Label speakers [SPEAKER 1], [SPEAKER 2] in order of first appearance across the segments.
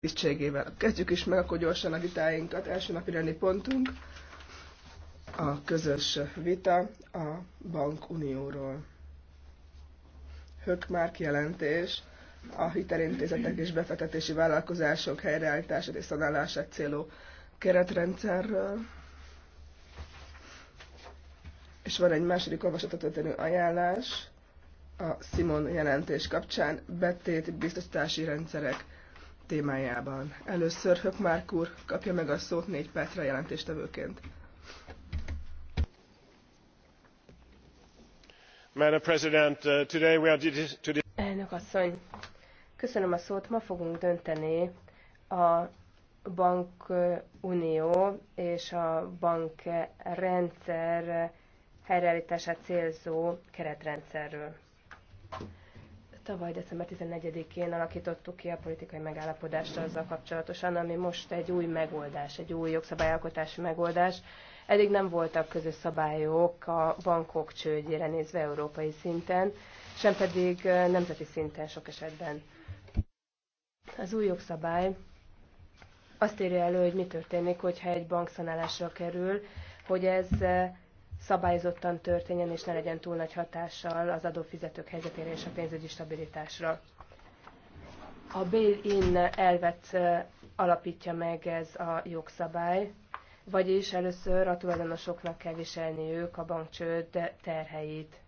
[SPEAKER 1] segítségével. Kezdjük is meg akkor gyorsan a vitáinkat. Első napi rendi pontunk a közös vita a bankunióról. Hökmárk jelentés a hitelintézetek és befektetési vállalkozások helyreállítását és szanálását célú keretrendszerről. És van egy második olvasatot történő ajánlás a Simon jelentés kapcsán betét biztosítási rendszerek témájában. Először Hökmárk úr kapja meg a szót négy percre jelentéstevőként.
[SPEAKER 2] Madam President, uh, today we are to the...
[SPEAKER 3] Elnök asszony, köszönöm a szót. Ma fogunk dönteni a bankunió és a bankrendszer helyreállítását célzó keretrendszerről. Tavaly december 14-én alakítottuk ki a politikai megállapodást azzal kapcsolatosan, ami most egy új megoldás, egy új jogszabályalkotási megoldás. Eddig nem voltak közös szabályok a bankok csődjére nézve európai szinten, sem pedig nemzeti szinten sok esetben. Az új jogszabály azt írja elő, hogy mi történik, hogyha egy bank szanálásra kerül, hogy ez szabályozottan történjen, és ne legyen túl nagy hatással az adófizetők helyzetére és a pénzügyi stabilitásra. A bail-in elvet alapítja meg ez a jogszabály, vagyis először a tulajdonosoknak kell viselni ők a bankcsőd terheit.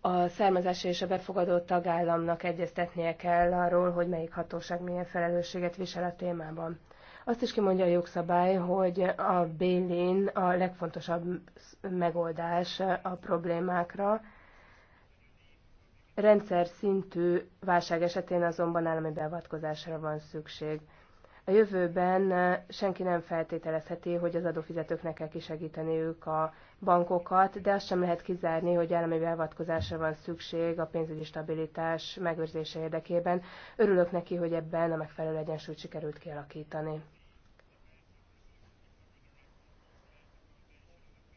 [SPEAKER 3] A származási és a befogadó tagállamnak egyeztetnie kell arról, hogy melyik hatóság milyen felelősséget visel a témában. Azt is kimondja a jogszabály, hogy a bélén a legfontosabb megoldás a problémákra. Rendszer szintű válság esetén azonban állami beavatkozásra van szükség. A jövőben senki nem feltételezheti, hogy az adófizetőknek kell kisegíteniük a bankokat, de azt sem lehet kizárni, hogy állami beavatkozásra van szükség a pénzügyi stabilitás megőrzése érdekében. Örülök neki, hogy ebben a megfelelő egyensúlyt sikerült kialakítani.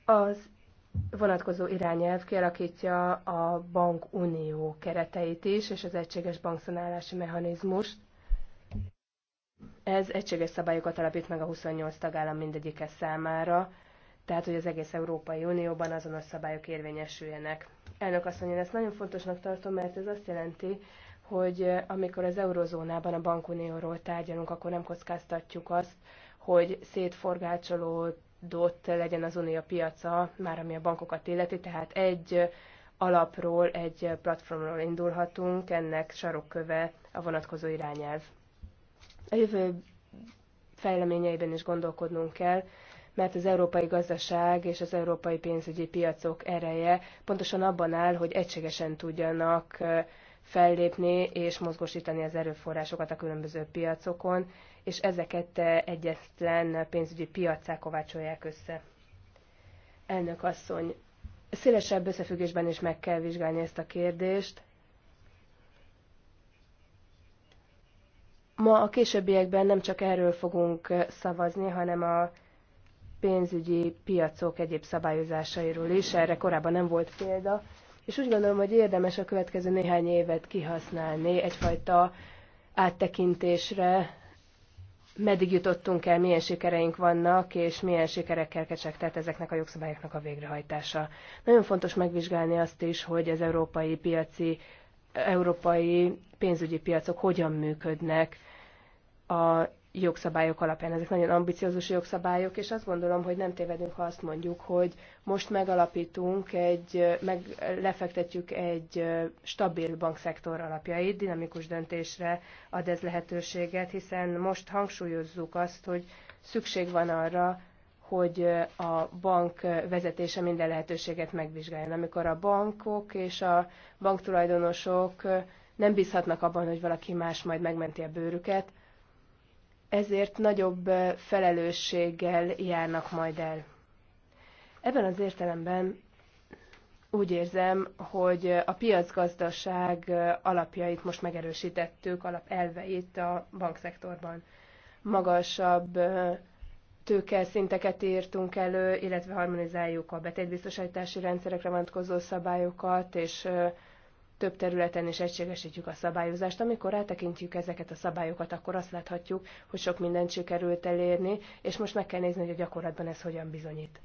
[SPEAKER 3] Az vonatkozó irányelv kialakítja a bankunió kereteit is, és az egységes bankszonálási mechanizmust. Ez egységes szabályokat alapít meg a 28 tagállam mindegyike számára, tehát hogy az egész Európai Unióban azonos szabályok érvényesüljenek. Elnök asszony, én ezt nagyon fontosnak tartom, mert ez azt jelenti, hogy amikor az eurozónában a bankunióról tárgyalunk, akkor nem kockáztatjuk azt, hogy szétforgácsolód, adott legyen az unió piaca, már ami a bankokat illeti, tehát egy alapról, egy platformról indulhatunk, ennek sarokköve a vonatkozó irányelv. A jövő fejleményeiben is gondolkodnunk kell, mert az európai gazdaság és az európai pénzügyi piacok ereje pontosan abban áll, hogy egységesen tudjanak fellépni és mozgosítani az erőforrásokat a különböző piacokon, és ezeket eh, egyetlen pénzügyi piacá kovácsolják össze. Elnök asszony, szélesebb összefüggésben is meg kell vizsgálni ezt a kérdést. Ma a későbbiekben nem csak erről fogunk eh, szavazni, hanem a pénzügyi piacok egyéb szabályozásairól is. Erre korábban nem volt példa. És úgy gondolom, hogy érdemes a következő néhány évet kihasználni egyfajta áttekintésre meddig jutottunk el, milyen sikereink vannak, és milyen sikerekkel kecsegtet ezeknek a jogszabályoknak a végrehajtása. Nagyon fontos megvizsgálni azt is, hogy az európai piaci, európai pénzügyi piacok hogyan működnek, a jogszabályok alapján. Ezek nagyon ambiciózus jogszabályok, és azt gondolom, hogy nem tévedünk, ha azt mondjuk, hogy most megalapítunk egy, meg lefektetjük egy stabil bankszektor alapjait, dinamikus döntésre ad ez lehetőséget, hiszen most hangsúlyozzuk azt, hogy szükség van arra, hogy a bank vezetése minden lehetőséget megvizsgáljon. Amikor a bankok és a banktulajdonosok nem bízhatnak abban, hogy valaki más majd megmenti a bőrüket, ezért nagyobb felelősséggel járnak majd el. Ebben az értelemben úgy érzem, hogy a piacgazdaság alapjait most megerősítettük, alapelveit a bankszektorban. Magasabb tőkelszinteket írtunk elő, illetve harmonizáljuk a betétbiztosítási rendszerekre vonatkozó szabályokat, és több területen is egységesítjük a szabályozást. Amikor rátekintjük ezeket a szabályokat, akkor azt láthatjuk, hogy sok mindent sikerült elérni, és most meg kell nézni, hogy a gyakorlatban ez hogyan bizonyít.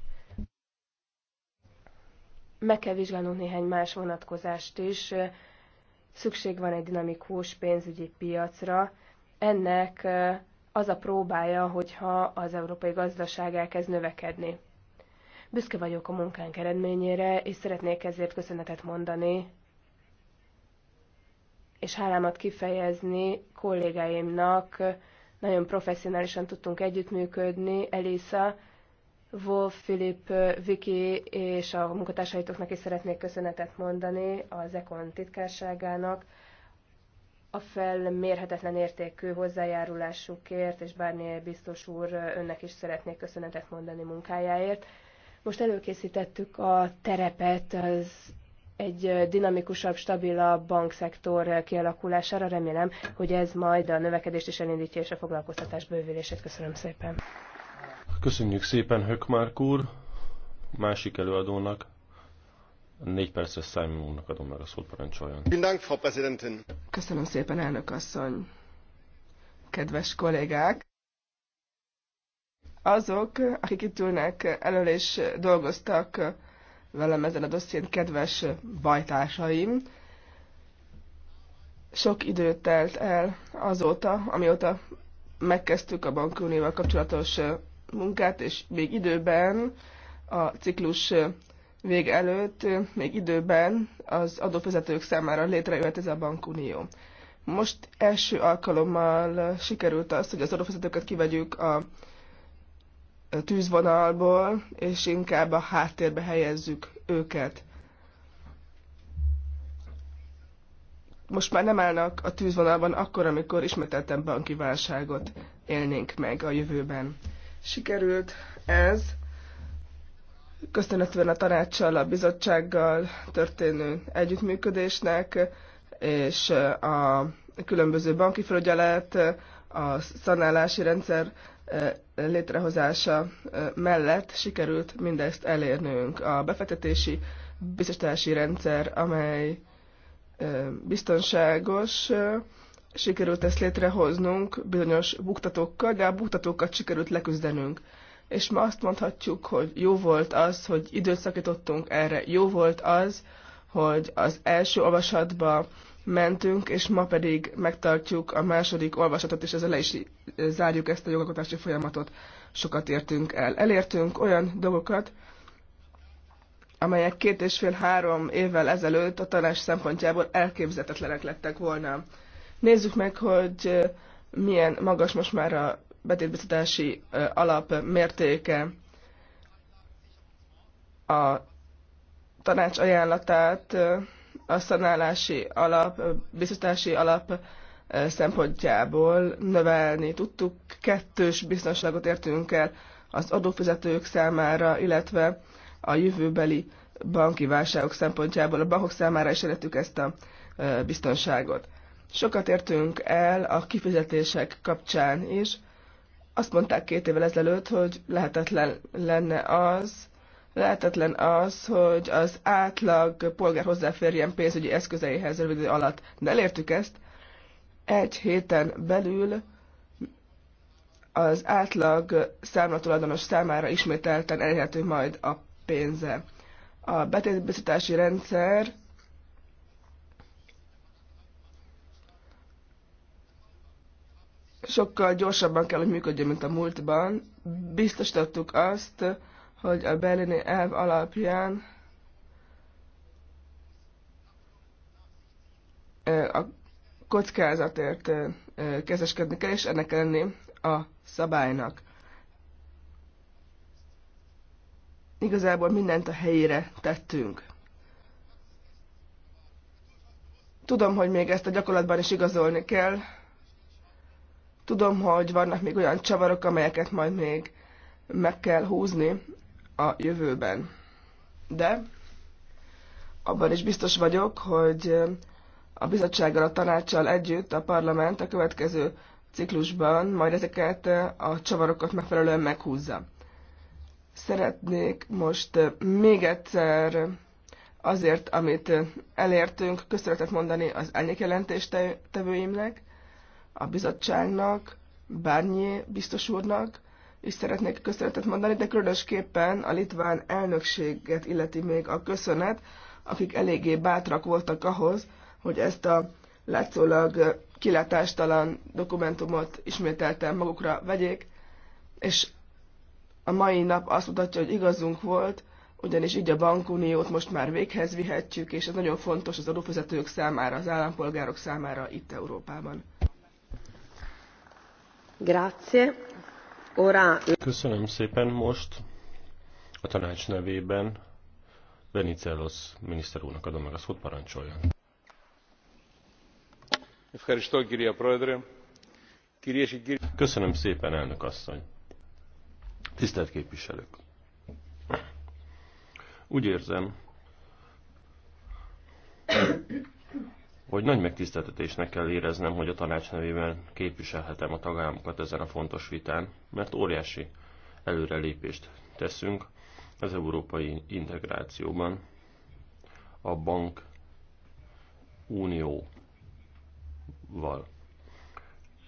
[SPEAKER 3] Meg kell vizsgálnunk néhány más vonatkozást is. Szükség van egy dinamikus pénzügyi piacra. Ennek az a próbája, hogyha az európai gazdaság elkezd növekedni. Büszke vagyok a munkánk eredményére, és szeretnék ezért köszönetet mondani és hálámat kifejezni kollégáimnak. Nagyon professzionálisan tudtunk együttműködni. Elisa, Wolf, Filip, Viki és a munkatársaitoknak is szeretnék köszönetet mondani az Ekon titkárságának a felmérhetetlen értékű hozzájárulásukért, és bármilyen biztos úr önnek is szeretnék köszönetet mondani munkájáért. Most előkészítettük a terepet az egy dinamikusabb, stabilabb bankszektor kialakulására. Remélem, hogy ez majd a növekedést is elindítja és a foglalkoztatás bővülését. Köszönöm szépen.
[SPEAKER 2] Köszönjük szépen Hökmárk úr, másik előadónak. Négy perces Simon úrnak adom meg a szót, parancsoljon.
[SPEAKER 1] Köszönöm szépen, elnök asszony. Kedves kollégák! Azok, akik itt ülnek elől és dolgoztak velem ezen a dosszén, kedves bajtársaim. Sok idő telt el azóta, amióta megkezdtük a bankunióval kapcsolatos munkát, és még időben a ciklus vég előtt, még időben az adófizetők számára létrejött ez a bankunió. Most első alkalommal sikerült az, hogy az adófizetőket kivegyük a tűzvonalból, és inkább a háttérbe helyezzük őket. Most már nem állnak a tűzvonalban akkor, amikor ismételten banki válságot élnénk meg a jövőben. Sikerült ez köszönhetően a tanácssal, a bizottsággal történő együttműködésnek, és a különböző banki felügyelet, a szanálási rendszer létrehozása mellett sikerült mindezt elérnünk. A befektetési biztosítási rendszer, amely biztonságos, sikerült ezt létrehoznunk bizonyos buktatókkal, de a buktatókat sikerült leküzdenünk. És ma azt mondhatjuk, hogy jó volt az, hogy időt szakítottunk erre, jó volt az, hogy az első olvasatban mentünk, és ma pedig megtartjuk a második olvasatot, és ezzel le is zárjuk ezt a jogalkotási folyamatot. Sokat értünk el. Elértünk olyan dolgokat, amelyek két és fél-három évvel ezelőtt a tanács szempontjából elképzetetlenek lettek volna. Nézzük meg, hogy milyen magas most már a betétbiztatási alap mértéke. A tanács ajánlatát a szanálási alap, biztosítási alap szempontjából növelni tudtuk. Kettős biztonságot értünk el az adófizetők számára, illetve a jövőbeli banki válságok szempontjából a bankok számára is elettük ezt a biztonságot. Sokat értünk el a kifizetések kapcsán is. Azt mondták két évvel ezelőtt, hogy lehetetlen lenne az, lehetetlen az, hogy az átlag polgár hozzáférjen pénzügyi eszközeihez rövid idő alatt. De elértük ezt. Egy héten belül az átlag számlatulajdonos számára ismételten elérhető majd a pénze. A betétbiztosítási rendszer sokkal gyorsabban kell, hogy működjön, mint a múltban. Biztosítottuk azt, hogy a berlini elv alapján a kockázatért kezeskedni kell, és ennek kell lenni a szabálynak. Igazából mindent a helyére tettünk. Tudom, hogy még ezt a gyakorlatban is igazolni kell. Tudom, hogy vannak még olyan csavarok, amelyeket majd még meg kell húzni a jövőben. De abban is biztos vagyok, hogy a bizottsággal, a tanácssal együtt a parlament a következő ciklusban majd ezeket a csavarokat megfelelően meghúzza. Szeretnék most még egyszer azért, amit elértünk, köszönetet mondani az jelentéstevőimnek, a bizottságnak, Bárnyi biztos úrnak, is szeretnék köszönetet mondani, de különösképpen a litván elnökséget illeti még a köszönet, akik eléggé bátrak voltak ahhoz, hogy ezt a látszólag kilátástalan dokumentumot ismételten magukra vegyék, és a mai nap azt mutatja, hogy igazunk volt, ugyanis így a bankuniót most már véghez vihetjük, és ez nagyon fontos az adófizetők számára, az állampolgárok számára itt Európában.
[SPEAKER 4] Grazie.
[SPEAKER 2] Köszönöm szépen most a tanács nevében Venizelos miniszter úrnak adom meg a szót, parancsoljon. Köszönöm szépen, elnök asszony. Tisztelt képviselők! Úgy érzem, hogy nagy megtiszteltetésnek kell éreznem, hogy a tanács nevében képviselhetem a tagállamokat ezen a fontos vitán, mert óriási előrelépést teszünk az európai integrációban, a bank unióval.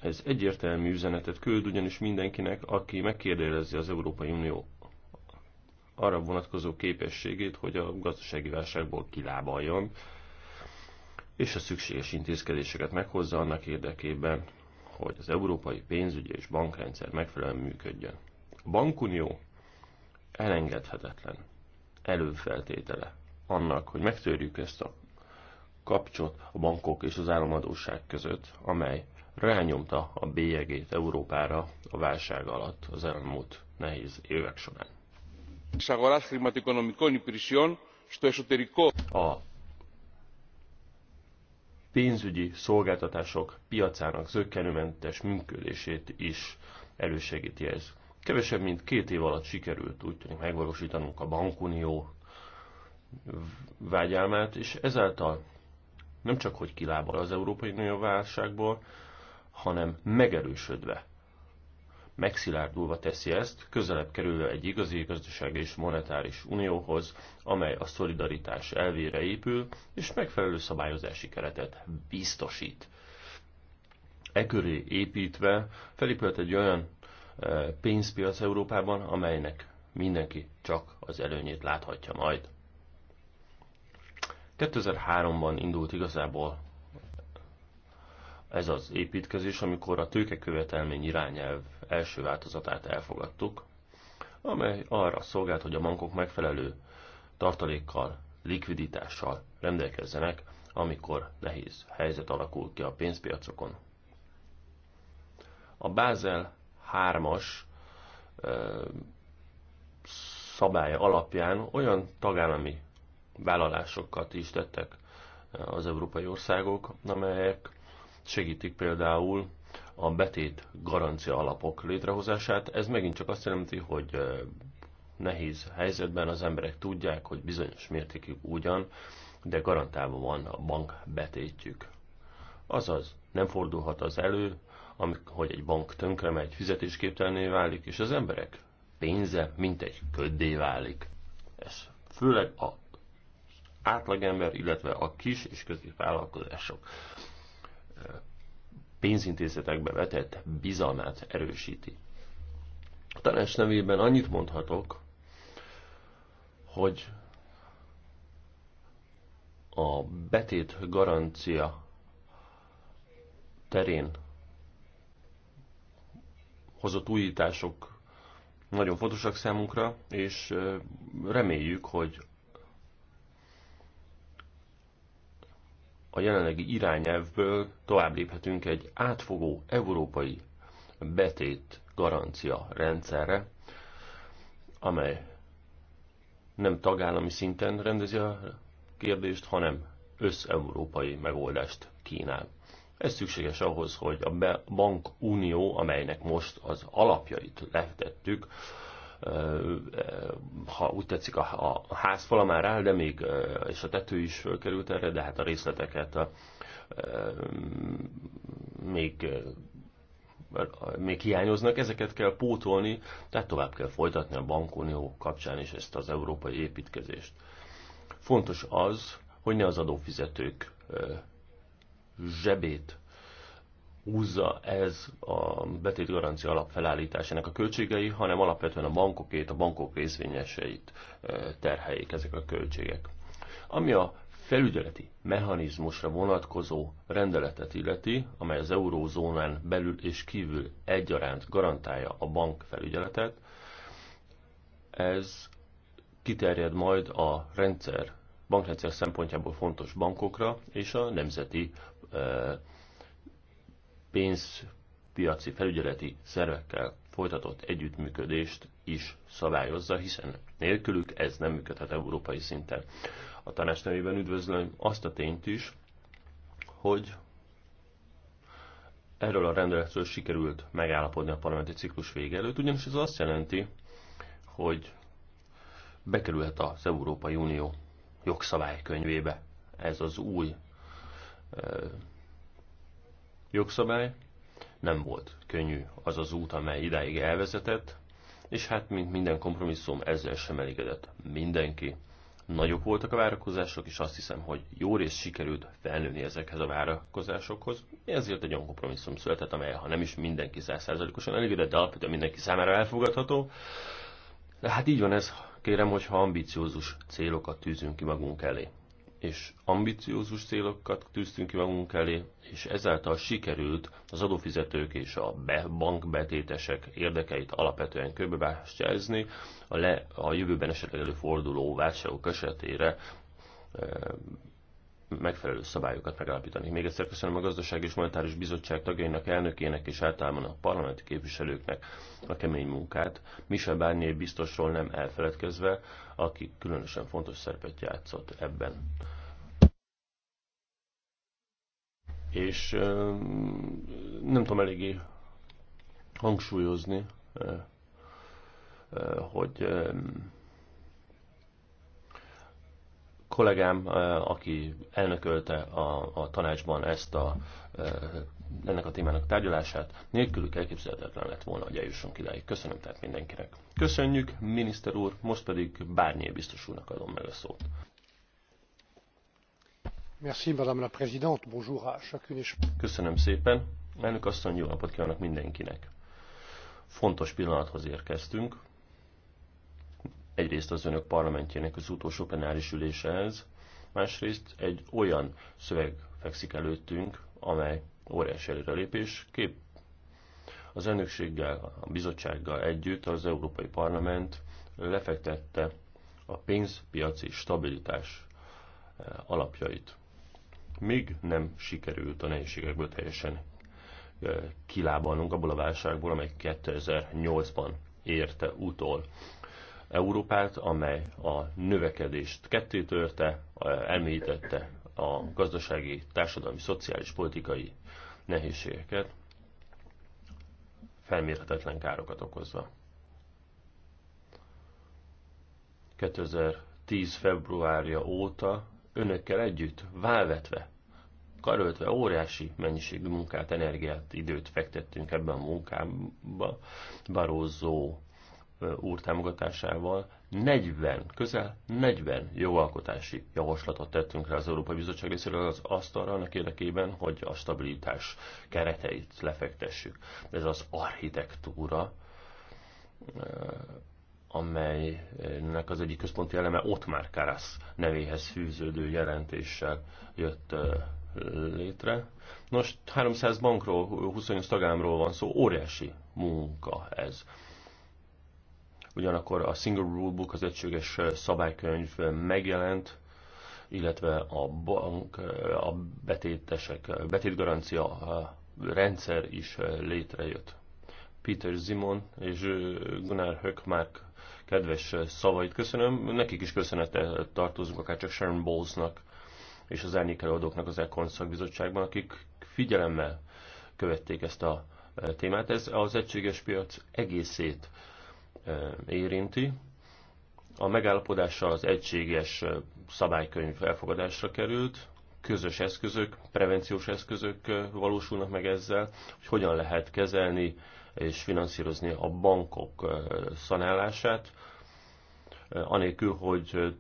[SPEAKER 2] Ez egyértelmű üzenetet küld ugyanis mindenkinek, aki megkérdezi az Európai Unió arra vonatkozó képességét, hogy a gazdasági válságból kilábaljon, és a szükséges intézkedéseket meghozza annak érdekében, hogy az európai pénzügyi és bankrendszer megfelelően működjön. A bankunió elengedhetetlen előfeltétele annak, hogy megtörjük ezt a kapcsot a bankok és az államadóság között, amely rányomta a bélyegét Európára a válság alatt az elmúlt nehéz évek során. A pénzügyi szolgáltatások piacának zöggenőmentes működését is elősegíti ez. Kevesebb, mint két év alatt sikerült úgy tűnik megvalósítanunk a bankunió vágyálmát, és ezáltal nem csak hogy kilábal az Európai Unió válságból, hanem megerősödve megszilárdulva teszi ezt, közelebb kerülve egy igazi gazdasági és monetáris unióhoz, amely a szolidaritás elvére épül, és megfelelő szabályozási keretet biztosít. E köré építve felépült egy olyan e, pénzpiac Európában, amelynek mindenki csak az előnyét láthatja majd. 2003-ban indult igazából ez az építkezés, amikor a tőkekövetelmény irányelv első változatát elfogadtuk, amely arra szolgált, hogy a bankok megfelelő tartalékkal, likviditással rendelkezzenek, amikor nehéz helyzet alakul ki a pénzpiacokon. A Bázel 3-as szabálya alapján olyan tagállami vállalásokat is tettek az európai országok, amelyek segítik például a betét garancia alapok létrehozását. Ez megint csak azt jelenti, hogy nehéz helyzetben az emberek tudják, hogy bizonyos mértékig ugyan, de garantálva van a bank betétjük. Azaz, nem fordulhat az elő, hogy egy bank tönkre megy, fizetésképtelné válik, és az emberek pénze mint egy köddé válik. Ez főleg a átlagember, illetve a kis és középvállalkozások pénzintézetekbe vetett bizalmát erősíti. A tanács nevében annyit mondhatok, hogy a betét garancia terén hozott újítások nagyon fontosak számunkra, és reméljük, hogy a jelenlegi irányelvből tovább léphetünk egy átfogó európai betét garancia rendszerre, amely nem tagállami szinten rendezi a kérdést, hanem összeurópai megoldást kínál. Ez szükséges ahhoz, hogy a bankunió, amelynek most az alapjait leftettük, ha úgy tetszik, a, a fala már áll, de még, és a tető is fölkerült erre, de hát a részleteket a, még még hiányoznak, ezeket kell pótolni, tehát tovább kell folytatni a bankunió kapcsán is ezt az európai építkezést. Fontos az, hogy ne az adófizetők zsebét húzza ez a betétgarancia alap felállításának a költségei, hanem alapvetően a bankokét, a bankok részvényeseit terheljék ezek a költségek. Ami a felügyeleti mechanizmusra vonatkozó rendeletet illeti, amely az eurózónán belül és kívül egyaránt garantálja a bank felügyeletet, ez kiterjed majd a rendszer, bankrendszer szempontjából fontos bankokra és a nemzeti pénzpiaci felügyeleti szervekkel folytatott együttműködést is szabályozza, hiszen nélkülük ez nem működhet európai szinten. A tanács nevében üdvözlöm azt a tényt is, hogy erről a rendeletről sikerült megállapodni a parlamenti ciklus vége előtt, ugyanis ez azt jelenti, hogy bekerülhet az Európai Unió jogszabálykönyvébe ez az új jogszabály. Nem volt könnyű az az út, amely idáig elvezetett, és hát, mint minden kompromisszum, ezzel sem elégedett mindenki. Nagyok voltak a várakozások, és azt hiszem, hogy jó rész sikerült felnőni ezekhez a várakozásokhoz. Ezért egy olyan kompromisszum született, amely ha nem is mindenki százszerzalékosan elégedett, de alapvetően mindenki számára elfogadható. De hát így van ez, kérem, hogyha ambiciózus célokat tűzünk ki magunk elé és ambiciózus célokat tűztünk ki magunk elé, és ezáltal sikerült az adófizetők és a bankbetétesek érdekeit alapvetően köbbebástyázni, a, le, a jövőben esetleg előforduló válságok esetére e, megfelelő szabályokat megállapítani. Még egyszer köszönöm a Gazdaság és Monetáris Bizottság tagjainak, elnökének és általában a parlamenti képviselőknek a kemény munkát. Michel Barnier biztosról nem elfeledkezve, aki különösen fontos szerepet játszott ebben. És nem tudom eléggé hangsúlyozni, hogy kollégám, aki elnökölte a, a tanácsban ezt a, ennek a témának tárgyalását, nélkülük elképzelhetetlen lett volna, hogy eljussunk idáig. Köszönöm tehát mindenkinek. Köszönjük, miniszter úr, most pedig bárnyi biztos úrnak adom meg a szót.
[SPEAKER 3] Merci, madame la présidente. Bonjour à chacune és...
[SPEAKER 2] Köszönöm szépen. Elnök asszony, jó napot kívánok mindenkinek. Fontos pillanathoz érkeztünk egyrészt az önök parlamentjének az utolsó plenáris ülése másrészt egy olyan szöveg fekszik előttünk, amely óriási előrelépés kép. Az elnökséggel, a bizottsággal együtt az Európai Parlament lefektette a pénzpiaci stabilitás eh, alapjait. Még nem sikerült a nehézségekből teljesen eh, kilábalnunk abból a válságból, amely 2008-ban érte utol Európát, amely a növekedést kettétörte, elmélyítette a gazdasági, társadalmi, szociális, politikai nehézségeket, felmérhetetlen károkat okozva. 2010. februárja óta önökkel együtt, válvetve, karöltve óriási mennyiségű munkát, energiát, időt fektettünk ebben a munkába. Barózó úr támogatásával 40, közel 40 jogalkotási javaslatot tettünk rá az Európai Bizottság részéről az asztalra annak érdekében, hogy a stabilitás kereteit lefektessük. Ez az architektúra, amelynek az egyik központi eleme ott már Karasz nevéhez fűződő jelentéssel jött létre. Nos, 300 bankról, 28 tagámról van szó, óriási munka ez. Ugyanakkor a Single Rulebook, az egységes szabálykönyv megjelent, illetve a bank, a betétesek, betétgarancia rendszer is létrejött. Peter Zimon és Gunnar Höckmark kedves szavait köszönöm. Nekik is köszönetet tartozunk, akár csak Sharon Bowlesnak és az elnékelőadóknak az Econ szakbizottságban, akik figyelemmel követték ezt a témát. Ez az egységes piac egészét érinti. A megállapodással az egységes szabálykönyv elfogadásra került, közös eszközök, prevenciós eszközök valósulnak meg ezzel, hogy hogyan lehet kezelni és finanszírozni a bankok szanálását, anélkül, hogy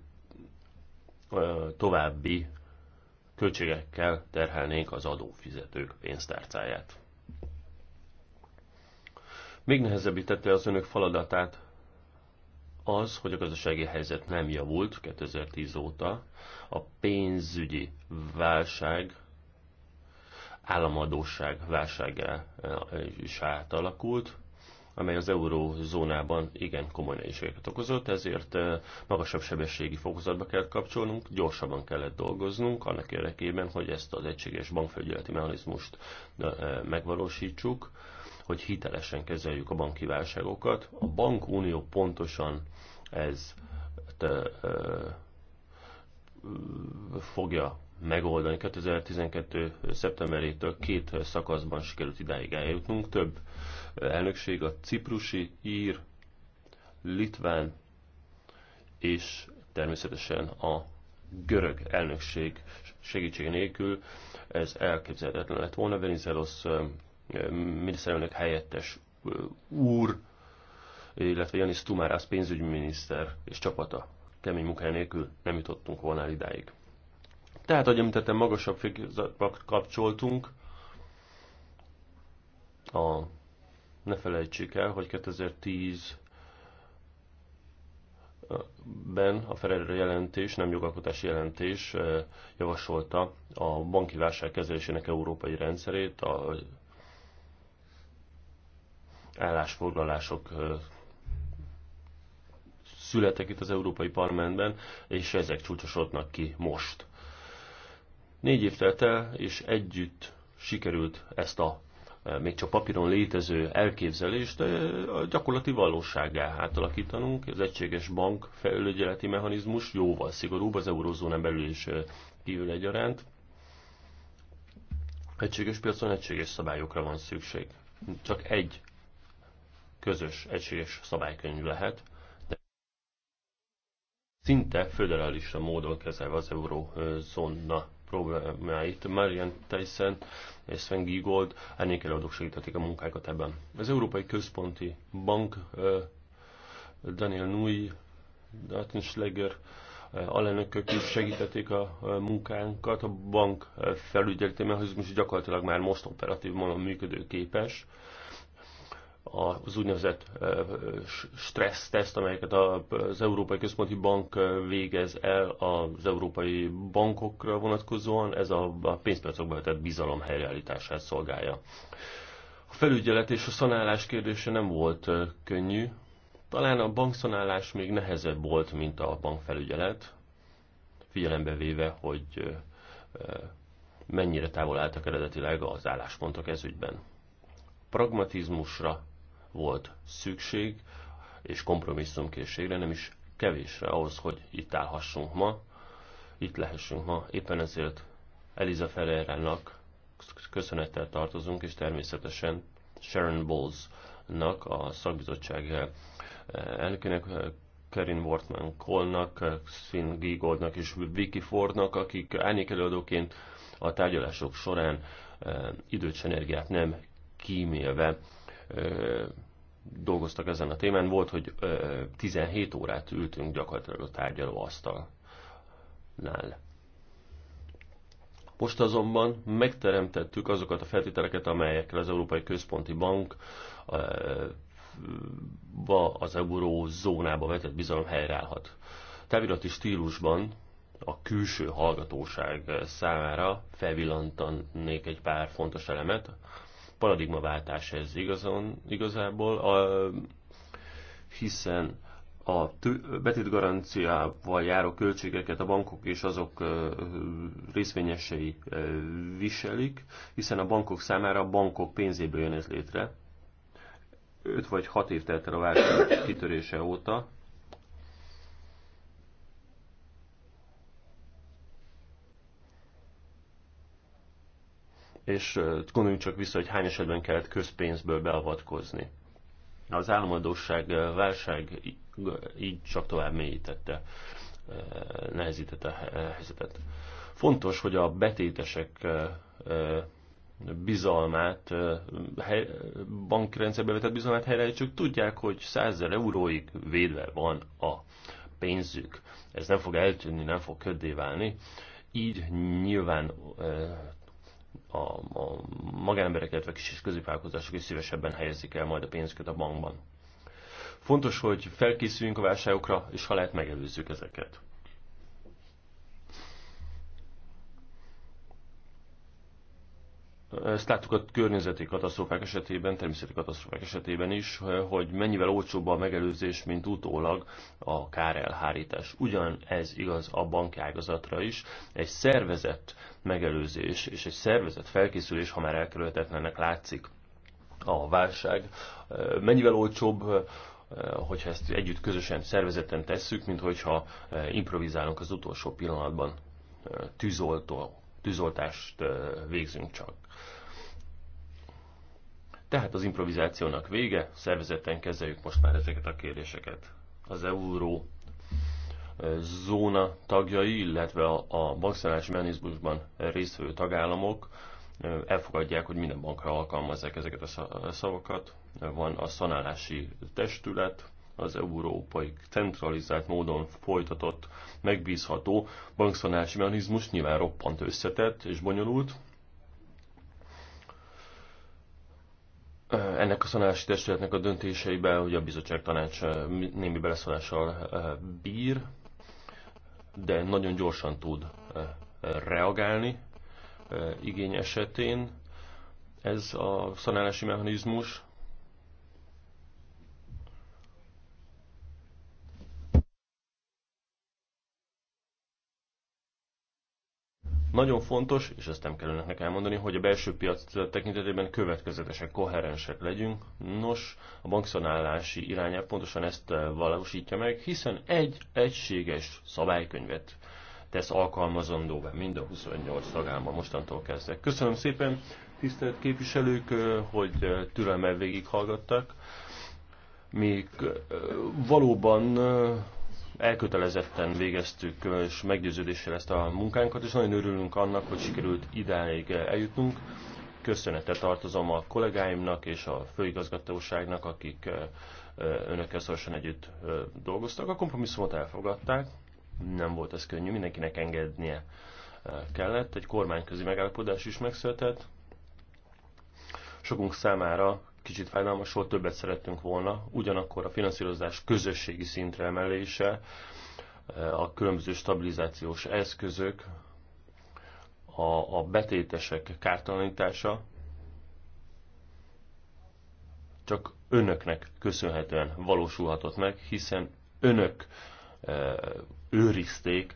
[SPEAKER 2] további költségekkel terhelnénk az adófizetők pénztárcáját. Még nehezebbítette az önök feladatát az, hogy a gazdasági helyzet nem javult 2010 óta, a pénzügyi válság, államadóság válságá eh, is átalakult, amely az eurózónában igen komoly nehézségeket okozott, ezért eh, magasabb sebességi fokozatba kell kapcsolnunk, gyorsabban kellett dolgoznunk annak érdekében, hogy ezt az egységes bankfelügyeleti mechanizmust eh, megvalósítsuk, hogy hitelesen kezeljük a banki válságokat. A bankunió pontosan ez te, ö, fogja megoldani. 2012. szeptemberétől két szakaszban sikerült idáig eljutnunk. Több elnökség a ciprusi, ír, litván és természetesen a görög elnökség segítség nélkül ez elképzelhetetlen lett volna. Venizelos miniszterelnök helyettes úr, illetve Janis Tumárász pénzügyminiszter és csapata kemény munkája nélkül nem jutottunk volna idáig. Tehát, ahogy említettem, magasabb fokozatba kapcsoltunk. A, ne felejtsük el, hogy 2010 ben a Ferreira jelentés, nem jogalkotási jelentés javasolta a banki válság kezelésének európai rendszerét, a állásfoglalások születek itt az Európai Parlamentben, és ezek csúcsosodnak ki most. Négy év telt el, és együtt sikerült ezt a még csak papíron létező elképzelést a gyakorlati valóságá átalakítanunk. Az egységes bank felügyeleti mechanizmus jóval szigorúbb az eurózónán belül is kívül egyaránt. Egységes piacon egységes szabályokra van szükség. Csak egy közös, egységes szabálykönyv lehet, de szinte föderalista módon kezelve az eurózóna problémáit. Marian Tyson és Sven Giegold árnyékelőadók segítették a munkákat ebben. Az Európai Központi Bank Daniel Nui, Datenschläger, alelnökök is segítették a munkánkat, a bank felügyeletében, hogy gyakorlatilag már most operatív módon működőképes az úgynevezett teszt, amelyeket az Európai Központi Bank végez el az európai bankokra vonatkozóan, ez a pénzpiacokba vetett bizalom helyreállítását szolgálja. A felügyelet és a szanálás kérdése nem volt könnyű. Talán a bankszanálás még nehezebb volt, mint a bankfelügyelet, figyelembe véve, hogy mennyire távol álltak eredetileg az álláspontok ezügyben pragmatizmusra volt szükség, és kompromisszumkészségre, nem is kevésre ahhoz, hogy itt állhassunk ma, itt lehessünk ma. Éppen ezért Eliza Ferreira-nak köszönettel tartozunk, és természetesen Sharon Bowles-nak, a szakbizottság eh, elnökének, eh, Karin Wortman Kolnak, eh, Sven Giegoldnak és Vicky Fordnak, akik árnyékelőadóként a tárgyalások során időt és energiát nem kímélve dolgoztak ezen a témán. Volt, hogy 17 órát ültünk gyakorlatilag a tárgyalóasztalnál. Most azonban megteremtettük azokat a feltételeket, amelyekkel az Európai Központi Bank az eurózónába vetett bizalom helyreállhat. Távirati stílusban a külső hallgatóság számára felvillantanék egy pár fontos elemet paradigmaváltás ez igazon, igazából, a, hiszen a betétgaranciával járó költségeket a bankok és azok részvényesei viselik, hiszen a bankok számára a bankok pénzéből jön ez létre. 5 vagy 6 év telt el a válság kitörése óta, és gondoljunk csak vissza, hogy hány esetben kellett közpénzből beavatkozni. Az államadóság válság így csak tovább mélyítette, nehezítette a helyzetet. Fontos, hogy a betétesek bizalmát, bankrendszerbe vetett bizalmát helyreállítsuk, tudják, hogy 100 euróig védve van a pénzük. Ez nem fog eltűnni, nem fog köddé válni. Így nyilván a, a magánemberek, illetve kis és középvállalkozások is szívesebben helyezik el majd a pénzüket a bankban. Fontos, hogy felkészüljünk a válságokra, és ha lehet megelőzzük ezeket. Ezt láttuk a környezeti katasztrófák esetében, természeti katasztrófák esetében is, hogy mennyivel olcsóbb a megelőzés, mint utólag a kárelhárítás. ez igaz a banki ágazatra is. Egy szervezett megelőzés és egy szervezett felkészülés, ha már elkerülhetetlennek látszik a válság, mennyivel olcsóbb hogyha ezt együtt közösen, szervezetten tesszük, mint hogyha improvizálunk az utolsó pillanatban, tűzoltó, tűzoltást végzünk csak. Tehát az improvizációnak vége, szervezetten kezeljük most már ezeket a kérdéseket. Az euró zóna tagjai, illetve a bankszanási mechanizmusban résztvevő tagállamok elfogadják, hogy minden bankra alkalmazzák ezeket a szavakat. Van a szanálási testület, az európai centralizált módon folytatott, megbízható bankszanási mechanizmus nyilván roppant összetett és bonyolult, ennek a szanálási testületnek a döntéseibe, hogy a bizottság tanács némi beleszólással bír, de nagyon gyorsan tud reagálni igény esetén. Ez a szanálási mechanizmus Nagyon fontos, és ezt nem kell önöknek elmondani, hogy a belső piac tekintetében következetesek, koherensek legyünk. Nos, a bankszonálási irányelv pontosan ezt eh, valósítja meg, hiszen egy egységes szabálykönyvet tesz alkalmazandóvá mind a 28 tagállamban mostantól kezdve. Köszönöm szépen, tisztelt képviselők, eh, hogy eh, türelmel végighallgattak. Még valóban elkötelezetten végeztük és meggyőződéssel ezt a munkánkat, és nagyon örülünk annak, hogy sikerült idáig eljutnunk. Köszönetet tartozom a kollégáimnak és a főigazgatóságnak, akik önökkel szorosan együtt dolgoztak. A kompromisszumot elfogadták, nem volt ez könnyű, mindenkinek engednie kellett. Egy kormányközi megállapodás is megszületett. Sokunk számára kicsit fájdalmas volt, többet szerettünk volna. Ugyanakkor a finanszírozás közösségi szintre emelése, eh, a különböző stabilizációs eszközök, a, a betétesek kártalanítása csak önöknek köszönhetően valósulhatott meg, hiszen önök eh, őrizték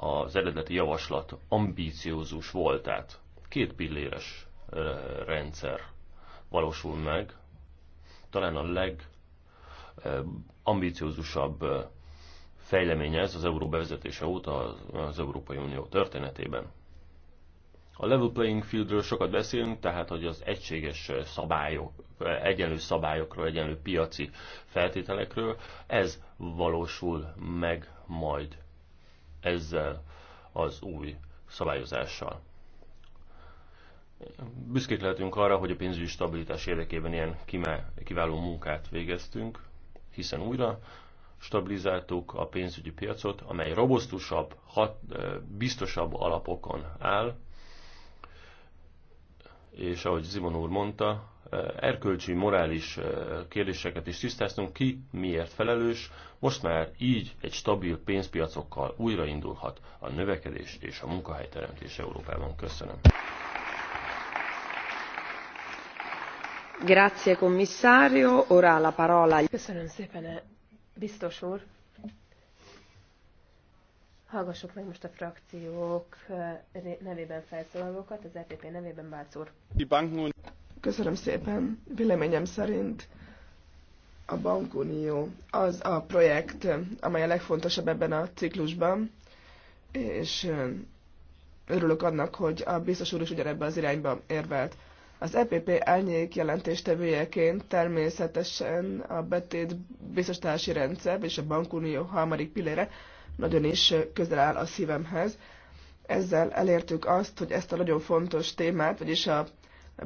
[SPEAKER 2] az eredeti javaslat ambíciózus voltát. Két pilléres eh, rendszer valósul meg. Talán a legambiciózusabb eh, fejleménye ez az euró bevezetése óta az Európai Unió történetében. A level playing fieldről sokat beszélünk, tehát hogy az egységes szabályok, egyenlő szabályokról, egyenlő piaci feltételekről, ez valósul meg majd ezzel az új szabályozással. Büszkék lehetünk arra, hogy a pénzügyi stabilitás érdekében ilyen kiváló munkát végeztünk, hiszen újra stabilizáltuk a pénzügyi piacot, amely robosztusabb, hat, biztosabb alapokon áll, és ahogy Zimon úr mondta, erkölcsi, morális kérdéseket is tisztáztunk, ki miért felelős, most már így egy stabil pénzpiacokkal újraindulhat a növekedés és a munkahelyteremtés Európában. Köszönöm.
[SPEAKER 4] Köszönöm szépen, eh, biztos úr.
[SPEAKER 3] Hallgassuk meg most a frakciók eh, nevében felszólalókat, az EPP nevében bác úr.
[SPEAKER 1] Köszönöm szépen. Véleményem szerint a Bankunió az a projekt, amely a legfontosabb ebben a ciklusban, és eh, örülök annak, hogy a biztos úr is ugyanebbe az irányba érvelt. Az EPP elnyék jelentéstevőjeként természetesen a betét biztosítási rendszer és a bankunió harmadik pillére nagyon is közel áll a szívemhez. Ezzel elértük azt, hogy ezt a nagyon fontos témát, vagyis a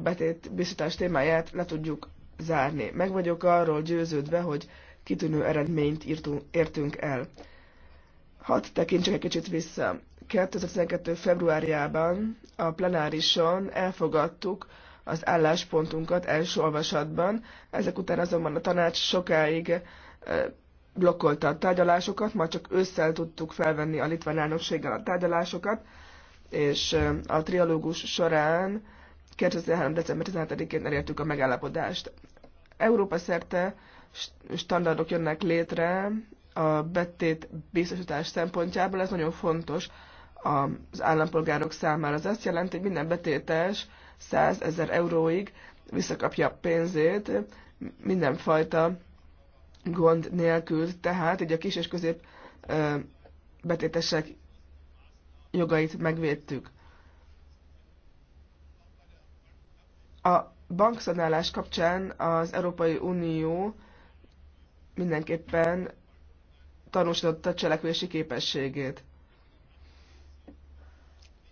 [SPEAKER 1] betét biztosítás témáját le tudjuk zárni. Meg vagyok arról győződve, hogy kitűnő eredményt írtunk, értünk el. Hadd tekintsek egy kicsit vissza. 2012. februárjában a plenárison elfogadtuk az álláspontunkat első olvasatban. Ezek után azonban a tanács sokáig blokkolta a tárgyalásokat, majd csak ősszel tudtuk felvenni a litván elnökséggel a tárgyalásokat, és a trialógus során 2003. december 17-én elértük a megállapodást. Európa szerte standardok jönnek létre a betét biztosítás szempontjából, ez nagyon fontos az állampolgárok számára. Ez azt jelenti, hogy minden betétes 100 ezer euróig visszakapja a pénzét mindenfajta gond nélkül. Tehát így a kis és közép betétesek jogait megvédtük. A bankszanálás kapcsán az Európai Unió mindenképpen tanúsította cselekvési képességét.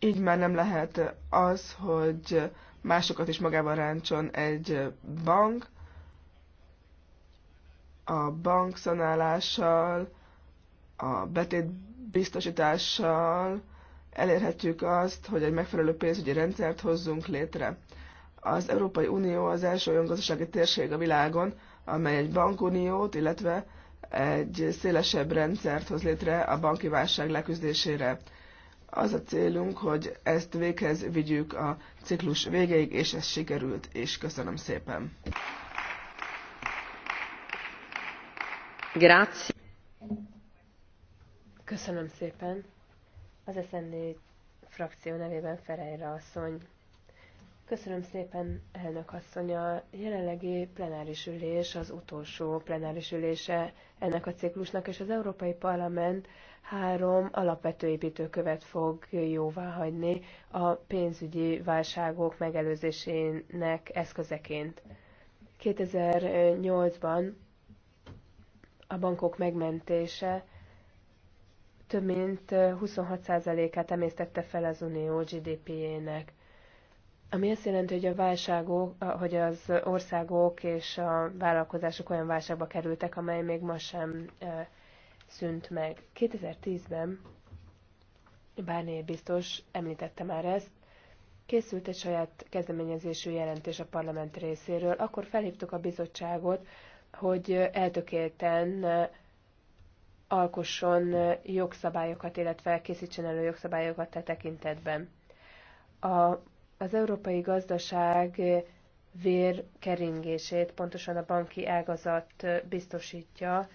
[SPEAKER 1] Így már nem lehet az, hogy másokat is magában ráncson egy bank, a bank szanálással, a biztosítással elérhetjük azt, hogy egy megfelelő pénzügyi rendszert hozzunk létre. Az Európai Unió az első olyan gazdasági térség a világon, amely egy bankuniót, illetve egy szélesebb rendszert hoz létre a banki válság leküzdésére az a célunk, hogy ezt véghez vigyük a ciklus végéig, és ez sikerült, és köszönöm szépen.
[SPEAKER 4] Grazie.
[SPEAKER 3] Köszönöm szépen. Az SZND frakció nevében Ferejra asszony. Köszönöm szépen, elnök asszony. A jelenlegi plenáris ülés az utolsó plenáris ülése ennek a ciklusnak, és az Európai Parlament három alapvető építőkövet fog jóvá hagyni a pénzügyi válságok megelőzésének eszközeként. 2008-ban a bankok megmentése több mint 26%-át emésztette fel az unió GDP-jének ami azt jelenti, hogy a válságok, hogy az országok és a vállalkozások olyan válságba kerültek, amely még ma sem szűnt meg. 2010-ben, Bárné biztos említette már ezt, készült egy saját kezdeményezésű jelentés a parlament részéről. Akkor felhívtuk a bizottságot, hogy eltökélten alkosson jogszabályokat, illetve készítsen elő jogszabályokat a e tekintetben. A az európai gazdaság eh, vérkeringését pontosan a banki ágazat eh, biztosítja,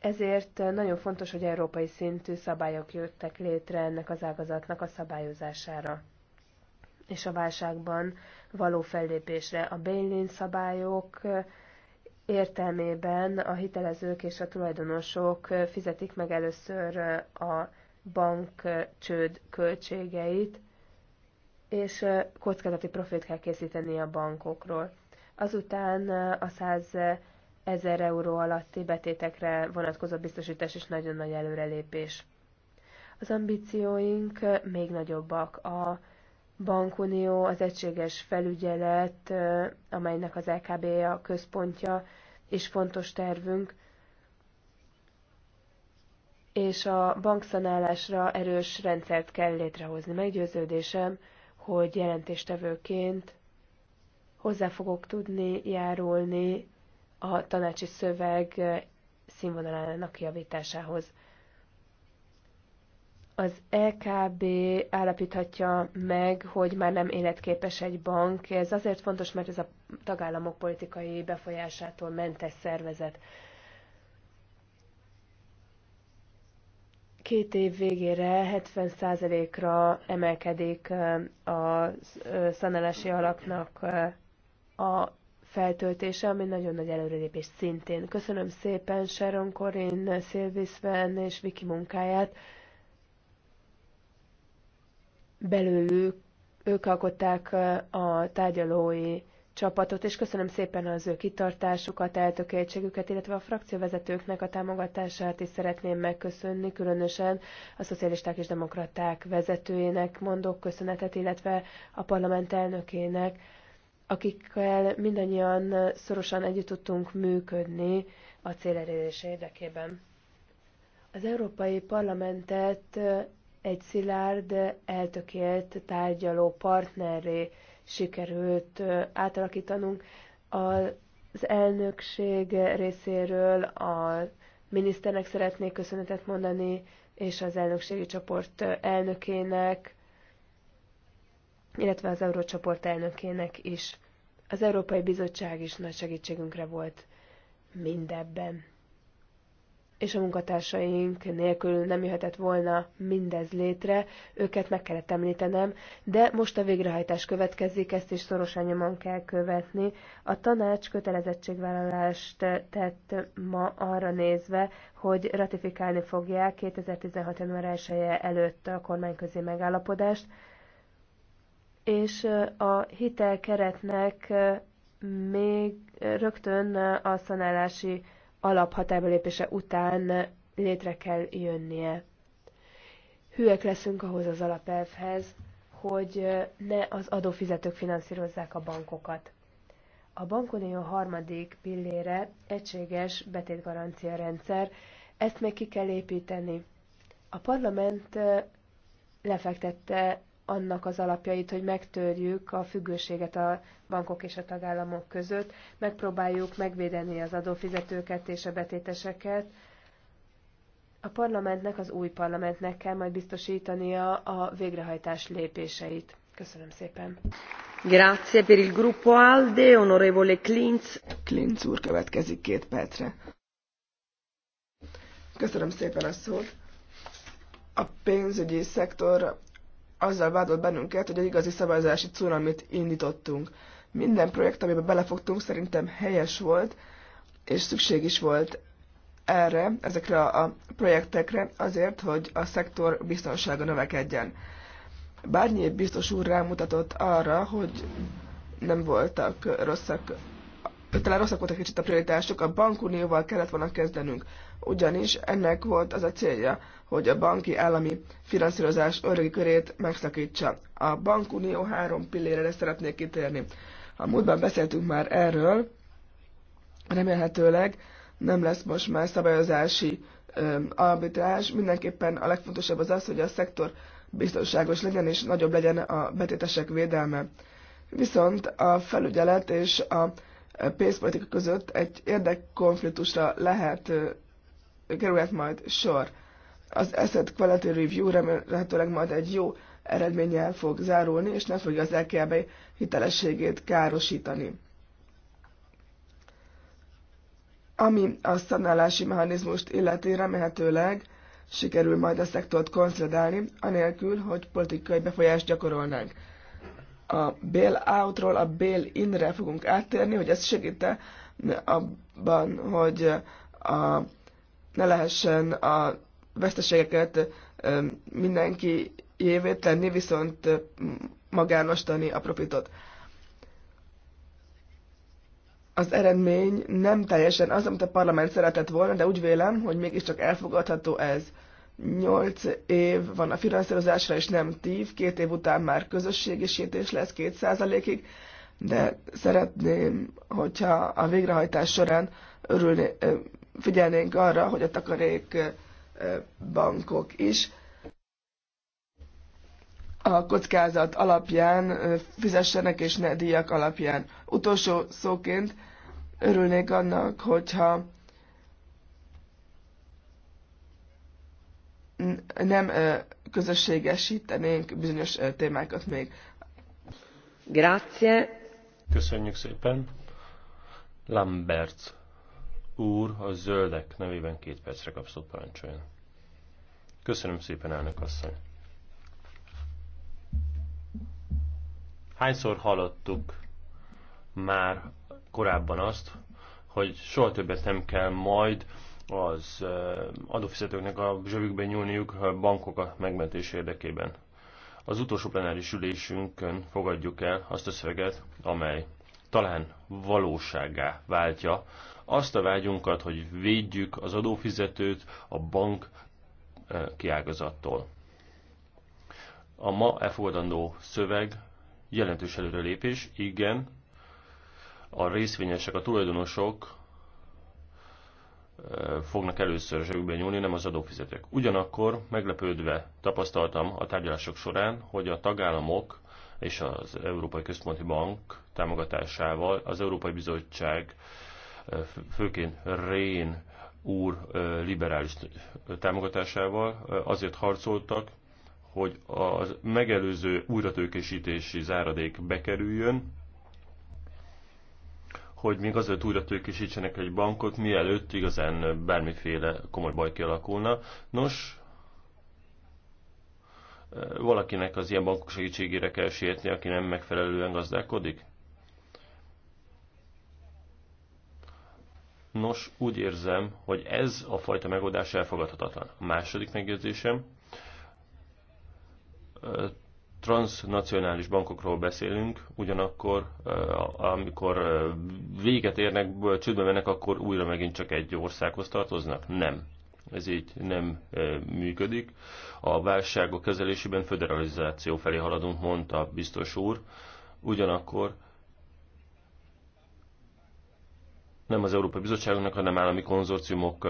[SPEAKER 3] ezért eh, nagyon fontos, hogy európai szintű szabályok jöttek létre ennek az ágazatnak a szabályozására és a válságban való fellépésre. A bail szabályok értelmében a hitelezők és a tulajdonosok fizetik meg először a bank csőd költségeit, és kockázati profit kell készíteni a bankokról. Azután a 100 ezer euró alatti betétekre vonatkozó biztosítás is nagyon nagy előrelépés. Az ambícióink még nagyobbak. A bankunió, az egységes felügyelet, amelynek az LKB a központja, és fontos tervünk, és a bankszanálásra erős rendszert kell létrehozni. Meggyőződésem, hogy jelentéstevőként hozzá fogok tudni járulni a tanácsi szöveg színvonalának javításához. Az LKB e állapíthatja meg, hogy már nem életképes egy bank. Ez azért fontos, mert ez a tagállamok politikai befolyásától mentes szervezet. két év végére 70%-ra emelkedik a szanálási alapnak a feltöltése, ami nagyon nagy előrelépés szintén. Köszönöm szépen Sharon Corin, Sylvie és Viki munkáját. Belőlük ők alkották a tárgyalói csapatot, és köszönöm szépen az ő kitartásukat, eltökéltségüket, illetve a frakcióvezetőknek a támogatását is szeretném megköszönni, különösen a szocialisták és demokraták vezetőjének mondok köszönetet, illetve a parlament elnökének, akikkel mindannyian szorosan együtt tudtunk működni a célerése érdekében. Az Európai Parlamentet egy szilárd, eltökélt tárgyaló partnerré sikerült átalakítanunk. Az elnökség részéről a miniszternek szeretnék köszönetet mondani, és az elnökségi csoport elnökének, illetve az Eurócsoport elnökének is. Az Európai Bizottság is nagy segítségünkre volt mindebben és a munkatársaink nélkül nem jöhetett volna mindez létre, őket meg kellett említenem, de most a végrehajtás következik, ezt is szorosan nyomon kell követni. A tanács kötelezettségvállalást tett ma arra nézve, hogy ratifikálni fogják 2016. január 1 -e előtt a kormányközi megállapodást, és a hitelkeretnek még rögtön a szanálási alaphatályba lépése után létre kell jönnie. Hűek leszünk ahhoz az alapelvhez, hogy ne az adófizetők finanszírozzák a bankokat. A bankunió harmadik pillére egységes betétgarancia rendszer, ezt még ki kell építeni. A parlament lefektette annak az alapjait, hogy megtörjük a függőséget a bankok és a tagállamok között, megpróbáljuk megvédeni az adófizetőket és a betéteseket. A parlamentnek, az új parlamentnek kell majd biztosítania a végrehajtás lépéseit. Köszönöm
[SPEAKER 1] szépen.
[SPEAKER 4] Grazie per il gruppo ALDE, onorevole Klinz. Klinz úr következik két percre.
[SPEAKER 1] Köszönöm szépen a szót. A pénzügyi szektor azzal vádolt bennünket, hogy egy igazi szabályozási cunamit indítottunk. Minden projekt, amiben belefogtunk, szerintem helyes volt, és szükség is volt erre, ezekre a projektekre, azért, hogy a szektor biztonsága növekedjen. Bárnyi biztos úr rámutatott arra, hogy nem voltak rosszak, talán rosszak voltak kicsit a prioritások, a bankunióval kellett volna kezdenünk, ugyanis ennek volt az a célja, hogy a banki állami finanszírozás örögi körét megszakítsa. A bankunió három pillére szeretnék kitérni. A múltban beszéltünk már erről, remélhetőleg nem lesz most már szabályozási ö, arbitrás. Mindenképpen a legfontosabb az az, hogy a szektor biztonságos legyen és nagyobb legyen a betétesek védelme. Viszont a felügyelet és a pénzpolitika között egy érdekkonfliktusra lehet kerülhet majd sor. Az Asset Quality Review remélhetőleg majd egy jó eredménnyel fog zárulni, és nem fogja az LKB hitelességét károsítani. Ami a szanálási mechanizmust illeti, remélhetőleg sikerül majd a szektort konszolidálni, anélkül, hogy politikai befolyást gyakorolnánk. A bail-outról a bail-inre fogunk áttérni, hogy ez segíte abban, hogy a ne lehessen a veszteségeket mindenki jévét tenni, viszont magánostani a profitot. Az eredmény nem teljesen az, amit a parlament szeretett volna, de úgy vélem, hogy mégiscsak elfogadható ez. Nyolc év van a finanszírozásra, és nem tív, két év után már közösségisítés lesz két százalékig, de szeretném, hogyha a végrehajtás során örülni, figyelnénk arra, hogy a takarék bankok is a kockázat alapján fizessenek, és ne díjak alapján. Utolsó szóként örülnék annak, hogyha nem közösségesítenénk bizonyos témákat még.
[SPEAKER 4] Grazie.
[SPEAKER 2] Köszönjük szépen. Lambert úr a zöldek nevében két percre kapszott parancsoljon. Köszönöm szépen, elnök asszony. Hányszor hallottuk már korábban azt, hogy soha többet nem kell majd az adófizetőknek a zsebükben nyúlniuk a bankok a megmentés érdekében. Az utolsó plenáris ülésünkön fogadjuk el azt a szöveget, amely talán valóságá váltja azt a vágyunkat, hogy védjük az adófizetőt a bank eh, kiágazattól. A ma elfogadandó szöveg jelentős előrelépés, igen, a részvényesek, a tulajdonosok eh, fognak először zsebükbe nyúlni, nem az adófizetők. Ugyanakkor meglepődve tapasztaltam a tárgyalások során, hogy a tagállamok és az Európai Központi Bank támogatásával az Európai Bizottság főként Rén úr liberális támogatásával azért harcoltak, hogy a megelőző újratőkésítési záradék bekerüljön, hogy még azért újratőkésítsenek egy bankot, mielőtt igazán bármiféle komoly baj kialakulna. Nos, valakinek az ilyen bankok segítségére kell sietni, aki nem megfelelően gazdálkodik? Nos, úgy érzem, hogy ez a fajta megoldás elfogadhatatlan. A második megjegyzésem, transnacionális bankokról beszélünk, ugyanakkor amikor véget érnek, csődbe mennek, akkor újra megint csak egy országhoz tartoznak? Nem ez így nem működik. A válságok kezelésében föderalizáció felé haladunk, mondta biztos úr. Ugyanakkor nem az Európai Bizottságnak, hanem állami konzorciumok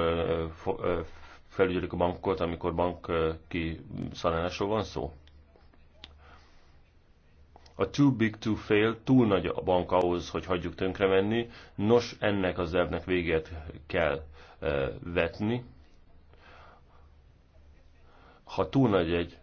[SPEAKER 2] felügyelik a bankot, amikor bank szanálásról van szó? A too big to fail, túl nagy a bank ahhoz, hogy hagyjuk tönkre menni, nos ennek az elvnek véget kell vetni ha túl nagy egy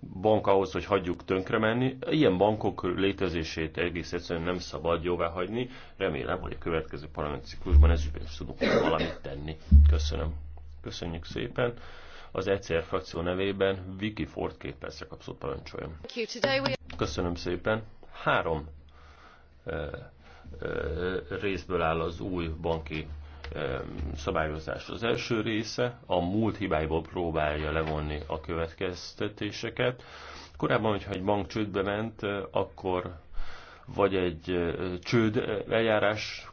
[SPEAKER 2] bank ahhoz, hogy hagyjuk tönkre menni. Ilyen bankok létezését egész egyszerűen nem szabad jóvá hagyni. Remélem, hogy a következő parlamenti ciklusban ez is tudunk valamit tenni. Köszönöm. Köszönjük szépen. Az ECR frakció nevében Vicky Ford két percre kapszott parancsoljon. Köszönöm szépen. Három részből áll az új banki szabályozás. Az első része a múlt hibáiból próbálja levonni a következtetéseket. Korábban, hogyha egy bank csődbe ment, eh, akkor vagy egy eh, csőd eljárás,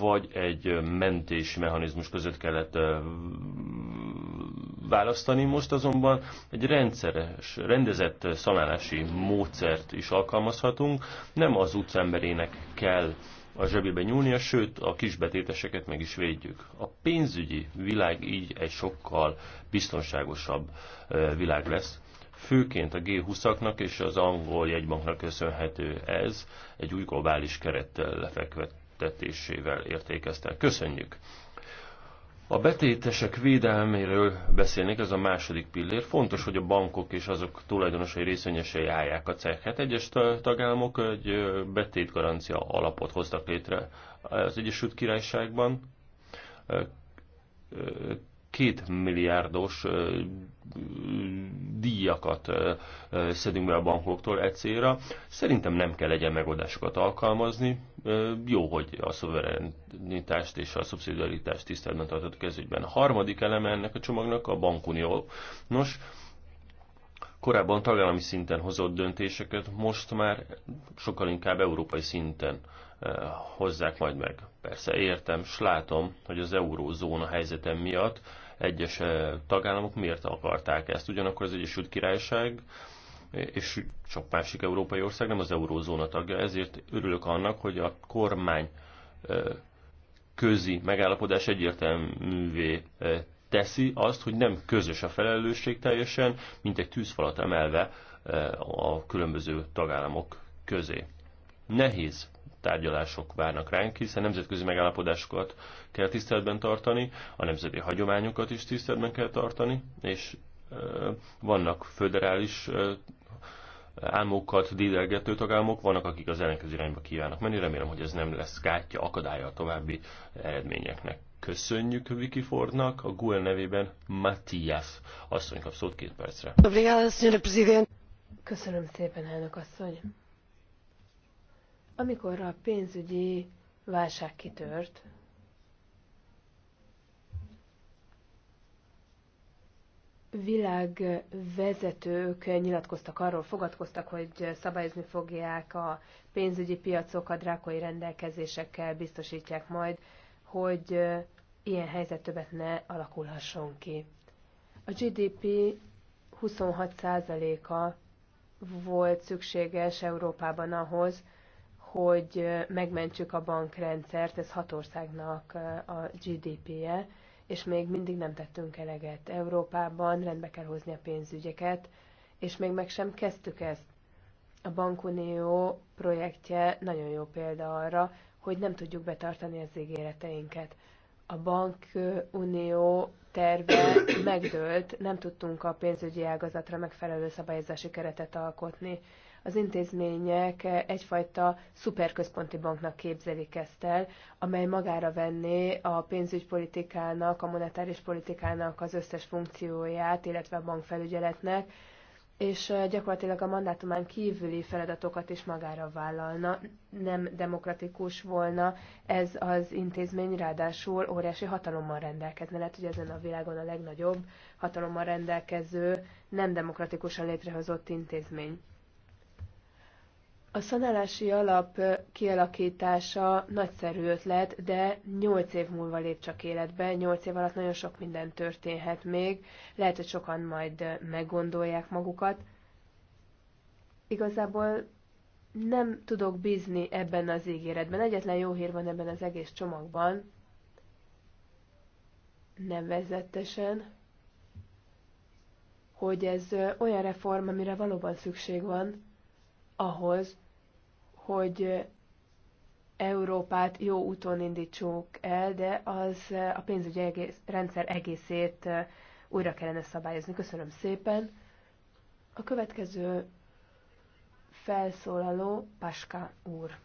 [SPEAKER 2] vagy egy eh, mentési mechanizmus között kellett választani. Most azonban egy rendszeres, rendezett szanálási módszert is alkalmazhatunk. Nem az utcemberének kell a zsebébe nyúlnia, sőt a kisbetéteseket meg is védjük. A pénzügyi világ így egy sokkal biztonságosabb világ lesz. Főként a G20-aknak és az angol jegybanknak köszönhető ez egy új globális kerettel lefekvetésével értékeztel. Köszönjük! A betétesek védelméről beszélnék, ez a második pillér. Fontos, hogy a bankok és azok tulajdonosai részvényesei állják a cekhet. Egyes tagállamok egy betétgarancia alapot hoztak létre az Egyesült Királyságban két milliárdos díjakat szedünk be a bankoktól egy célra. Szerintem nem kell egyen megoldásokat alkalmazni. Jó, hogy a szuverenitást és a szubszidiaritást tiszteletben tartott ez A harmadik eleme ennek a csomagnak a bankunió. Nos, korábban tagállami szinten hozott döntéseket, most már sokkal inkább európai szinten hozzák majd meg. Persze értem, s látom, hogy az eurózóna helyzetem miatt egyes tagállamok miért akarták ezt. Ugyanakkor az Egyesült Királyság és sok másik európai ország nem az eurózóna tagja, ezért örülök annak, hogy a kormány közi megállapodás egyértelművé teszi azt, hogy nem közös a felelősség teljesen, mint egy tűzfalat emelve a különböző tagállamok közé. Nehéz tárgyalások várnak ránk, hiszen nemzetközi megállapodásokat kell tiszteletben tartani, a nemzeti hagyományokat is tiszteletben kell tartani, és vannak föderális álmokat dédelgető tagállamok, vannak, akik az ellenkező irányba kívánnak menni. Remélem, hogy ez nem lesz gátja, akadálya a további eredményeknek. Köszönjük Vicky Fordnak, a GUE nevében Matthias asszony kap szót két percre.
[SPEAKER 3] Köszönöm szépen, elnök asszony. Amikor a pénzügyi válság kitört, világvezetők nyilatkoztak arról, fogadkoztak, hogy szabályozni fogják a pénzügyi piacokat, drákoi rendelkezésekkel biztosítják majd, hogy ilyen helyzet többet ne alakulhasson ki. A GDP 26%-a volt szükséges Európában ahhoz, hogy megmentsük a bankrendszert, ez hat országnak a GDP-je, és még mindig nem tettünk eleget. Európában rendbe kell hozni a pénzügyeket, és még meg sem kezdtük ezt. A Bankunió projektje nagyon jó példa arra, hogy nem tudjuk betartani az ígéreteinket. A Bankunió terve megdőlt, nem tudtunk a pénzügyi ágazatra megfelelő szabályozási keretet alkotni az intézmények egyfajta szuperközponti banknak képzelik ezt el, amely magára venné a pénzügypolitikának, a monetáris politikának az összes funkcióját, illetve a bankfelügyeletnek, és gyakorlatilag a mandátumán kívüli feladatokat is magára vállalna. Nem demokratikus volna ez az intézmény, ráadásul óriási hatalommal rendelkezne. Lehet, hogy ezen a világon a legnagyobb hatalommal rendelkező, nem demokratikusan létrehozott intézmény. A szanálási alap kialakítása nagyszerű ötlet, de 8 év múlva lép csak életbe, 8 év alatt nagyon sok minden történhet még, lehet, hogy sokan majd meggondolják magukat. Igazából nem tudok bízni ebben az ígéretben. Egyetlen jó hír van ebben az egész csomagban, nevezetesen, hogy ez olyan reform, amire valóban szükség van, ahhoz, hogy Európát jó úton indítsuk el, de az a pénzügyi egész, rendszer egészét eh, újra kellene szabályozni. Köszönöm szépen. A következő felszólaló Paska úr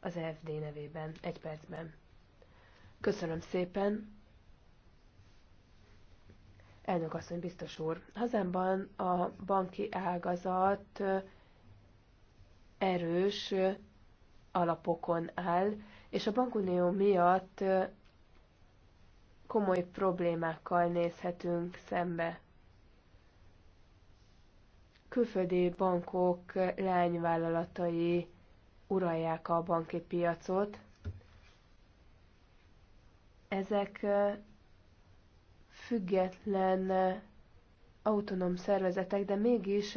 [SPEAKER 3] az FD nevében, egy percben. Köszönöm szépen. Elnök asszony, biztos úr. Hazámban a banki ágazat eh, erős alapokon áll, és a bankunió miatt komoly problémákkal nézhetünk szembe. Külföldi bankok lányvállalatai uralják a banki piacot. Ezek független autonóm szervezetek, de mégis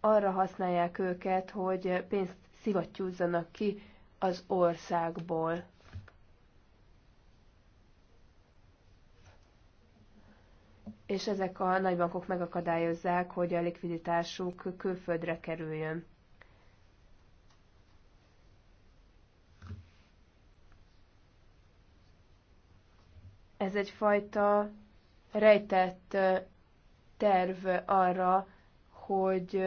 [SPEAKER 3] arra használják őket, hogy pénzt szivattyúzzanak ki az országból. És ezek a nagybankok megakadályozzák, hogy a likviditásuk külföldre kerüljön. Ez egyfajta rejtett terv arra, hogy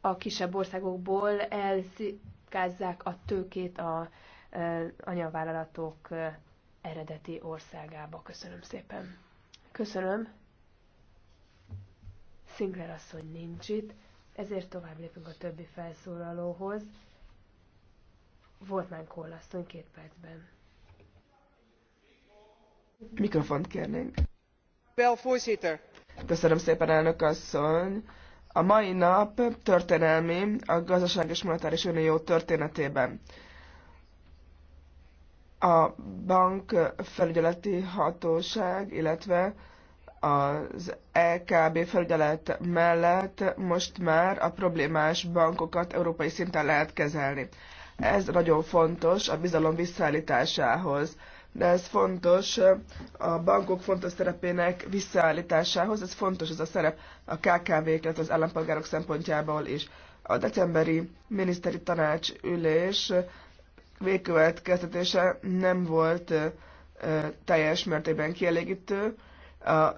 [SPEAKER 3] a kisebb országokból elszikázzák a tőkét a anyavállalatok eredeti országába. Köszönöm szépen. Köszönöm. Sinclair asszony nincs itt, ezért tovább lépünk a többi felszólalóhoz. Volt már kollasszony két percben.
[SPEAKER 1] Mikrofont kérnénk. Bel voorzitter. Köszönöm szépen, elnök asszony. A mai nap történelmi a Gazdaság és Monetáris Unió történetében. A bank felügyeleti hatóság, illetve az EKB felügyelet mellett most már a problémás bankokat európai szinten lehet kezelni. Ez nagyon fontos a bizalom visszaállításához de ez fontos a bankok fontos szerepének visszaállításához, ez fontos ez a szerep a KKV-k, illetve az állampolgárok szempontjából is. A decemberi miniszteri tanács ülés végkövetkeztetése nem volt teljes mértékben kielégítő. A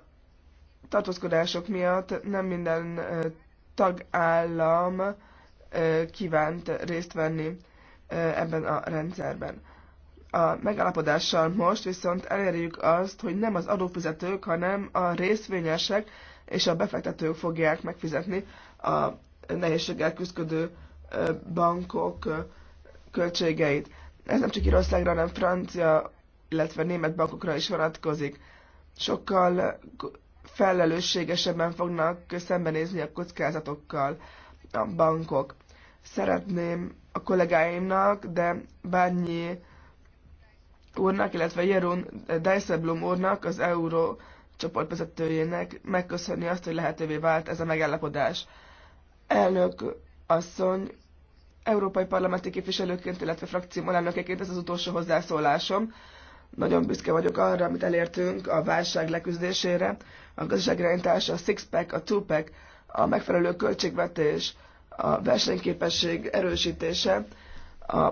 [SPEAKER 1] tartózkodások miatt nem minden tagállam kívánt részt venni ebben a rendszerben a megállapodással most viszont elérjük azt, hogy nem az adófizetők, hanem a részvényesek és a befektetők fogják megfizetni a nehézséggel küzdködő bankok költségeit. Ez nem csak Irországra, hanem francia, illetve német bankokra is vonatkozik. Sokkal felelősségesebben fognak szembenézni a kockázatokkal a bankok. Szeretném a kollégáimnak, de Bányi úrnak, illetve Jeroen Dijsselbloem úrnak, az euró csoportvezetőjének megköszönni azt, hogy lehetővé vált ez a megállapodás. Elnök asszony, európai parlamenti képviselőként, illetve frakció, alelnökeként ez az utolsó hozzászólásom. Nagyon büszke vagyok arra, amit elértünk a válság leküzdésére, a gazdaságrendítás, a six-pack, a two-pack, a megfelelő költségvetés, a versenyképesség erősítése, a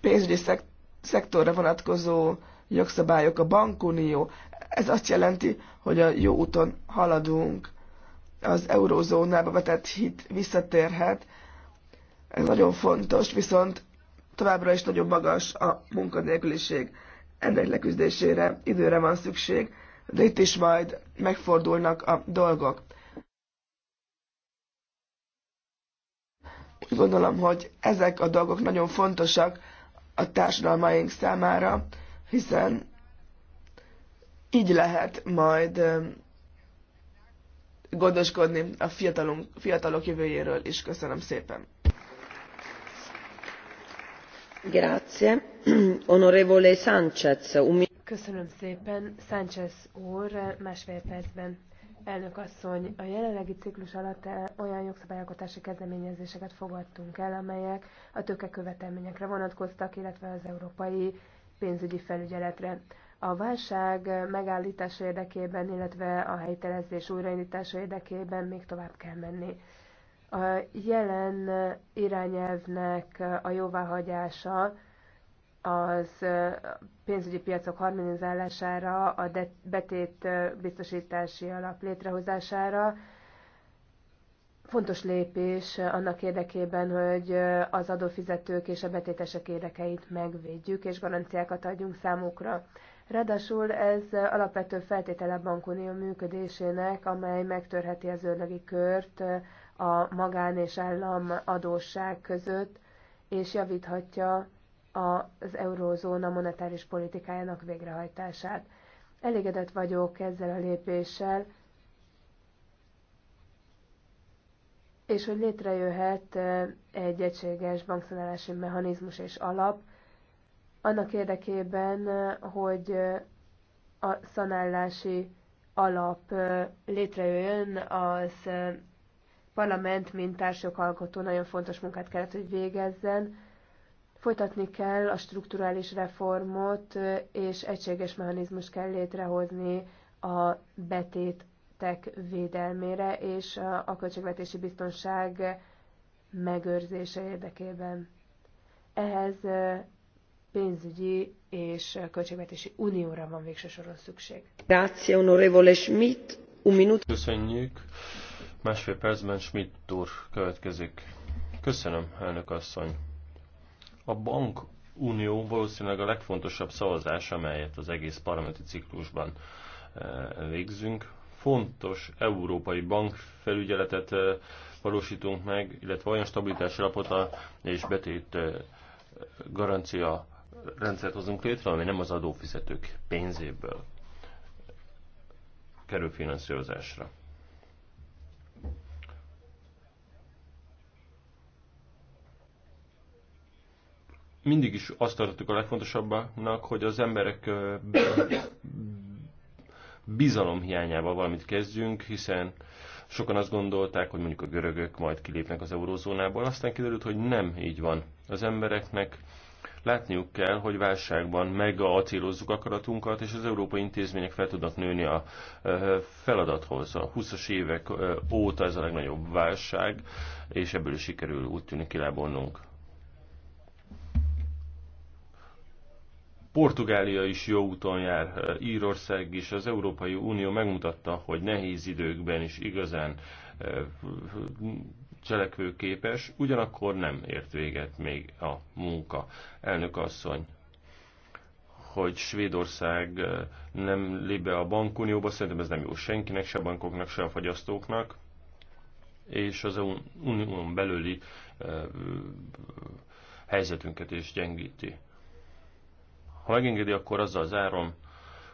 [SPEAKER 1] pénzügyi szektor, szektorra vonatkozó jogszabályok, a bankunió. Ez azt jelenti, hogy a jó úton haladunk. Az eurózónába vetett hit visszatérhet. Ez nagyon fontos, viszont továbbra is nagyon magas a munkanélküliség. Ennek leküzdésére időre van szükség, de itt is majd megfordulnak a dolgok. Úgy gondolom, hogy ezek a dolgok nagyon fontosak a társadalmaink számára, hiszen így lehet majd gondoskodni a fiatalunk, fiatalok jövőjéről is. Köszönöm szépen.
[SPEAKER 4] Grazie. Onorevole Sanchez. Um-
[SPEAKER 3] Köszönöm szépen. Sánchez úr, másfél percben. Elnök asszony, a jelenlegi ciklus alatt eh, olyan jogszabályalkotási kezdeményezéseket fogadtunk el, amelyek a tökekövetelményekre vonatkoztak, illetve az európai pénzügyi felügyeletre. A válság megállítása érdekében, illetve a helytelezés újraindítása érdekében még tovább kell menni. A jelen irányelvnek a jóváhagyása az pénzügyi piacok harmonizálására, a betét biztosítási alap létrehozására. Fontos lépés annak érdekében, hogy az adófizetők és a betétesek érdekeit megvédjük, és garanciákat adjunk számukra. Ráadásul ez alapvető feltétele a bankunió működésének, amely megtörheti az ördögi kört a magán és állam adósság között, és javíthatja az eurózóna monetáris politikájának végrehajtását. Elégedett vagyok ezzel a lépéssel, és hogy létrejöhet egy egységes bankszanálási mechanizmus és alap, annak érdekében, hogy a szanálási alap létrejöjjön, az parlament, mint társjogalkotó nagyon fontos munkát kellett, hogy végezzen, Folytatni kell a strukturális reformot, és egységes mechanizmus kell létrehozni a betétek védelmére és a költségvetési biztonság megőrzése érdekében. Ehhez pénzügyi és költségvetési unióra van végső soron szükség.
[SPEAKER 4] Grazie, onorevole Schmidt. Un minut.
[SPEAKER 2] Köszönjük. Másfél percben Schmidt úr következik. Köszönöm, elnök asszony. A bankunió valószínűleg a legfontosabb szavazás, amelyet az egész parlamenti ciklusban eh, végzünk. Fontos európai bankfelügyeletet eh, valósítunk meg, illetve olyan stabilitási lapot és betét eh, garancia rendszert hozunk létre, ami nem az adófizetők pénzéből kerül finanszírozásra. mindig is azt tartottuk a legfontosabbnak, hogy az emberek bizalom hiányával valamit kezdjünk, hiszen sokan azt gondolták, hogy mondjuk a görögök majd kilépnek az eurózónából, aztán kiderült, hogy nem így van. Az embereknek látniuk kell, hogy válságban megacélozzuk akaratunkat, és az európai intézmények fel tudnak nőni a feladathoz. A 20-as évek óta ez a legnagyobb válság, és ebből is sikerül úgy tűnik kilábolnunk. Portugália is jó úton jár, eh, Írország is, az Európai Unió megmutatta, hogy nehéz időkben is igazán eh, cselekvőképes, ugyanakkor nem ért véget még a munka. Elnök asszony, hogy Svédország eh, nem lép be a bankunióba, szerintem ez nem jó senkinek, se a bankoknak, se a fogyasztóknak, és az unión belüli helyzetünket is gyengíti. Ha megengedi, akkor azzal zárom,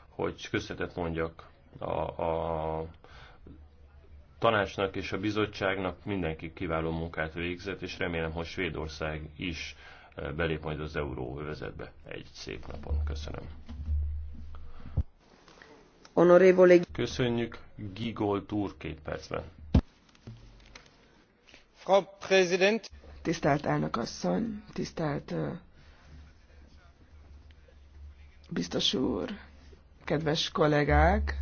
[SPEAKER 2] hogy köszönetet mondjak a, a tanácsnak és a bizottságnak mindenki kiváló munkát végzett, és remélem, hogy Svédország is e, belép majd az euróövezetbe egy szép napon. Köszönöm. Honorable... Köszönjük Gigol Túr két percben.
[SPEAKER 1] Frau President. Tisztelt elnök asszony, tisztelt Biztos úr, kedves kollégák,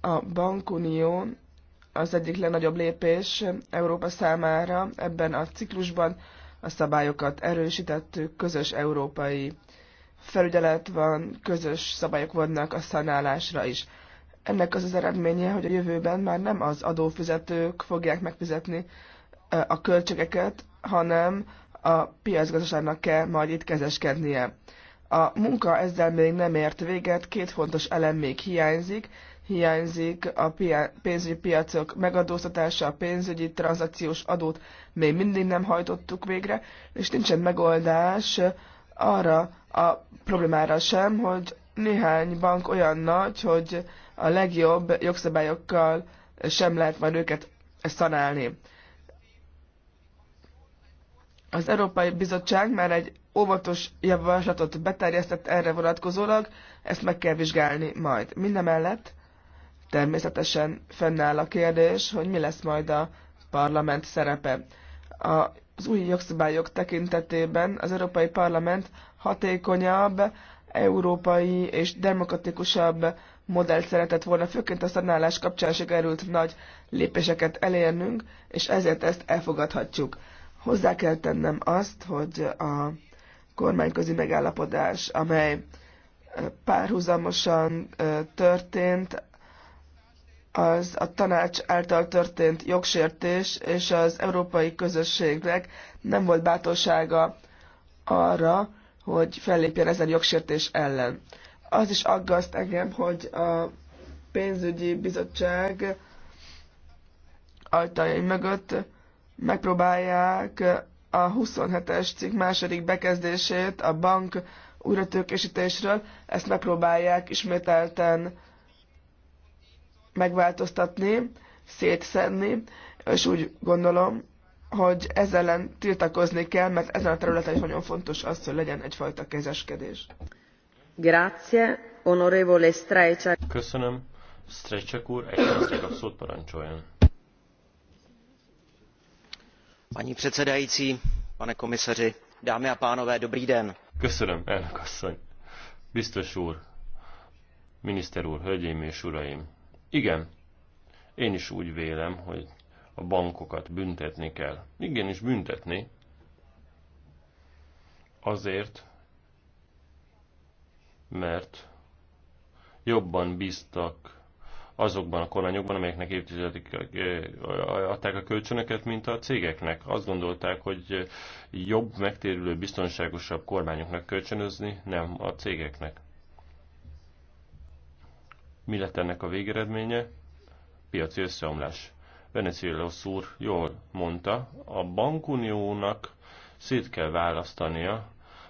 [SPEAKER 1] a bankunió az egyik legnagyobb lépés Európa számára ebben a ciklusban. A szabályokat erősítettük, közös európai felügyelet van, közös szabályok vannak a szanálásra is. Ennek az az eredménye, hogy a jövőben már nem az adófizetők fogják megfizetni a költségeket, hanem a piacgazdaságnak kell majd itt kezeskednie. A munka ezzel még nem ért véget, két fontos elem még hiányzik. Hiányzik a pénzügyi piacok megadóztatása, a pénzügyi tranzakciós adót még mindig nem hajtottuk végre, és nincsen megoldás arra a problémára sem, hogy néhány bank olyan nagy, hogy a legjobb jogszabályokkal sem lehet majd őket szanálni. Az Európai Bizottság már egy óvatos javaslatot beterjesztett erre vonatkozólag, ezt meg kell vizsgálni majd. Mindemellett természetesen fennáll a kérdés, hogy mi lesz majd a parlament szerepe. Az új jogszabályok tekintetében az Európai Parlament hatékonyabb, európai és demokratikusabb modell szeretett volna, főként a szanálás kapcsán sikerült nagy lépéseket elérnünk, és ezért ezt elfogadhatjuk. Hozzá kell tennem azt, hogy a kormányközi megállapodás, amely párhuzamosan történt, az a tanács által történt jogsértés, és az európai közösségnek nem volt bátorsága arra, hogy fellépjen ezen jogsértés ellen. Az is aggaszt engem, hogy a pénzügyi bizottság ajtajai mögött megpróbálják a 27-es cikk második bekezdését a bank újratőkésítésről, ezt megpróbálják ismételten megváltoztatni, szétszedni, és úgy gondolom, hogy ezzel ellen tiltakozni kell, mert ezen a területen is nagyon fontos az, hogy legyen egyfajta
[SPEAKER 4] kezeskedés. Grazie, onorevole Strejcsák.
[SPEAKER 2] Köszönöm. Strejcsák úr, egy szót parancsoljon paní předsedající pane komisaři dámy a pánové dobrý den. köszönöm elnök asszony biztos úr miniszter úr hölgyeim és uraim igen én is úgy vélem hogy a bankokat büntetni kell igenis büntetni azért mert jobban bíztak azokban a kormányokban, amelyeknek évtizedik eh, adták a kölcsönöket, mint a cégeknek. Azt gondolták, hogy jobb, megtérülő, biztonságosabb kormányoknak kölcsönözni, nem a cégeknek. Mi lett ennek a végeredménye? Piaci összeomlás. Venezuela úr jól mondta, a bankuniónak szét kell választania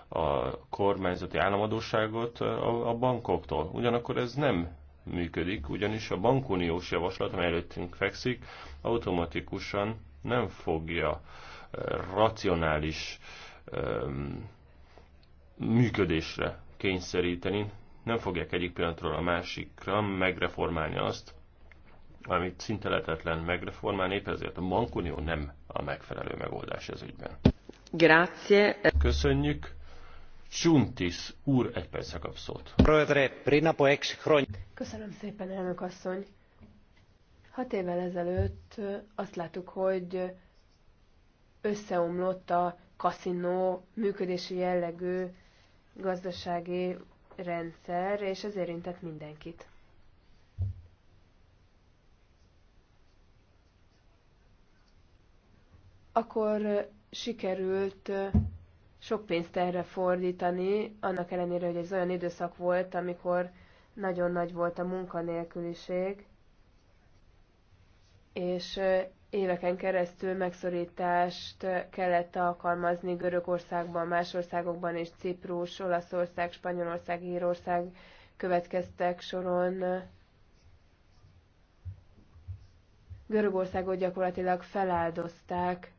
[SPEAKER 2] a kormányzati államadóságot a bankoktól. Ugyanakkor ez nem működik, ugyanis a bankuniós javaslat, amely előttünk fekszik, automatikusan nem fogja racionális működésre kényszeríteni, nem fogják egyik pillanatról a másikra megreformálni azt, amit szinte lehetetlen megreformálni, épp ezért a bankunió nem a megfelelő megoldás ez ügyben.
[SPEAKER 4] Grazie.
[SPEAKER 2] Köszönjük. Suntis úr egy percre kap szót.
[SPEAKER 4] Köszönöm szépen,
[SPEAKER 3] elnök asszony. Hat évvel ezelőtt azt láttuk, hogy összeomlott a kaszinó működési jellegű gazdasági rendszer, és ez érintett mindenkit. Akkor sikerült sok pénzt erre fordítani, annak ellenére, hogy ez olyan időszak volt, amikor nagyon nagy volt a munkanélküliség, és éveken keresztül megszorítást kellett alkalmazni Görögországban, más országokban és Ciprus, Olaszország, Spanyolország, Írország következtek soron. Görögországot gyakorlatilag feláldozták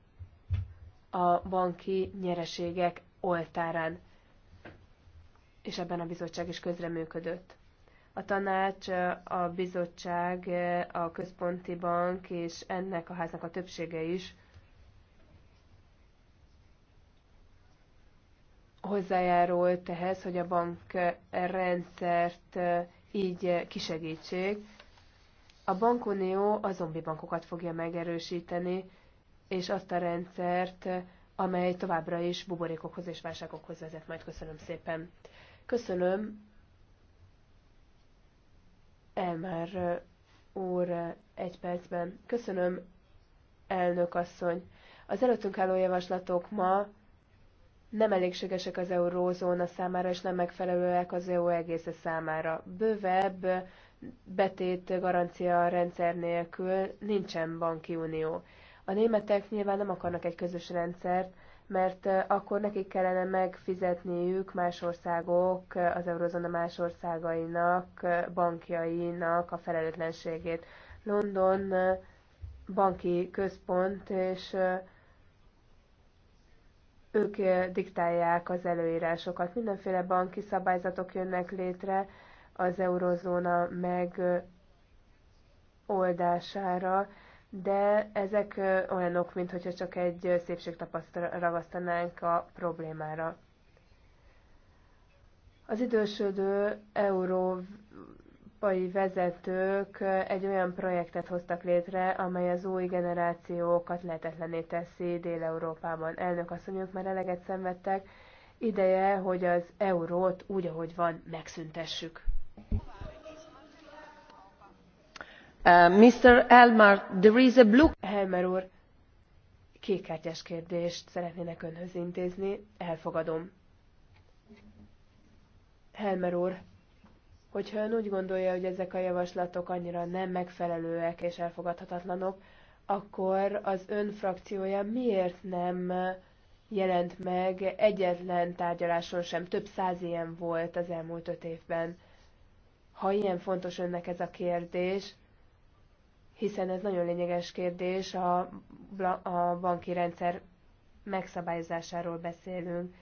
[SPEAKER 3] a banki nyereségek oltárán. És ebben a bizottság is közreműködött. A tanács, a bizottság, a központi bank és ennek a háznak a többsége is hozzájárult ehhez, hogy a bank rendszert így kisegítsék. A bankunió a zombi bankokat fogja megerősíteni, és azt a rendszert, amely továbbra is buborékokhoz és válságokhoz vezet majd. Köszönöm szépen. Köszönöm. Elmár úr egy percben. Köszönöm, elnök asszony. Az előttünk álló javaslatok ma nem elégségesek az eurózóna számára, és nem megfelelőek az EU egésze számára. Bővebb betét garancia rendszer nélkül nincsen banki unió. A németek nyilván nem akarnak egy közös rendszert, mert akkor nekik kellene megfizetniük más országok, az eurózona más országainak, bankjainak a felelőtlenségét. London banki központ, és ők diktálják az előírásokat. Mindenféle banki szabályzatok jönnek létre az eurozóna megoldására, de ezek olyanok, mintha csak egy szépségtapasztra ragasztanánk a problémára. Az idősödő európai vezetők egy olyan projektet hoztak létre, amely az új generációkat lehetetlené teszi Dél-Európában. Elnök asszonyok már eleget szenvedtek, ideje, hogy az eurót úgy, ahogy van, megszüntessük. Uh, Mr. Elmar, there is a blue... Helmer úr, kékkártyás kérdést szeretnének önhöz intézni. Elfogadom. Helmer úr, hogyha ön úgy gondolja, hogy ezek a javaslatok annyira nem megfelelőek és elfogadhatatlanok, akkor az ön frakciója miért nem jelent meg egyetlen tárgyaláson sem? Több száz ilyen volt az elmúlt öt évben. Ha ilyen fontos önnek ez a kérdés, hiszen ez nagyon lényeges kérdés, a, a banki rendszer megszabályozásáról beszélünk.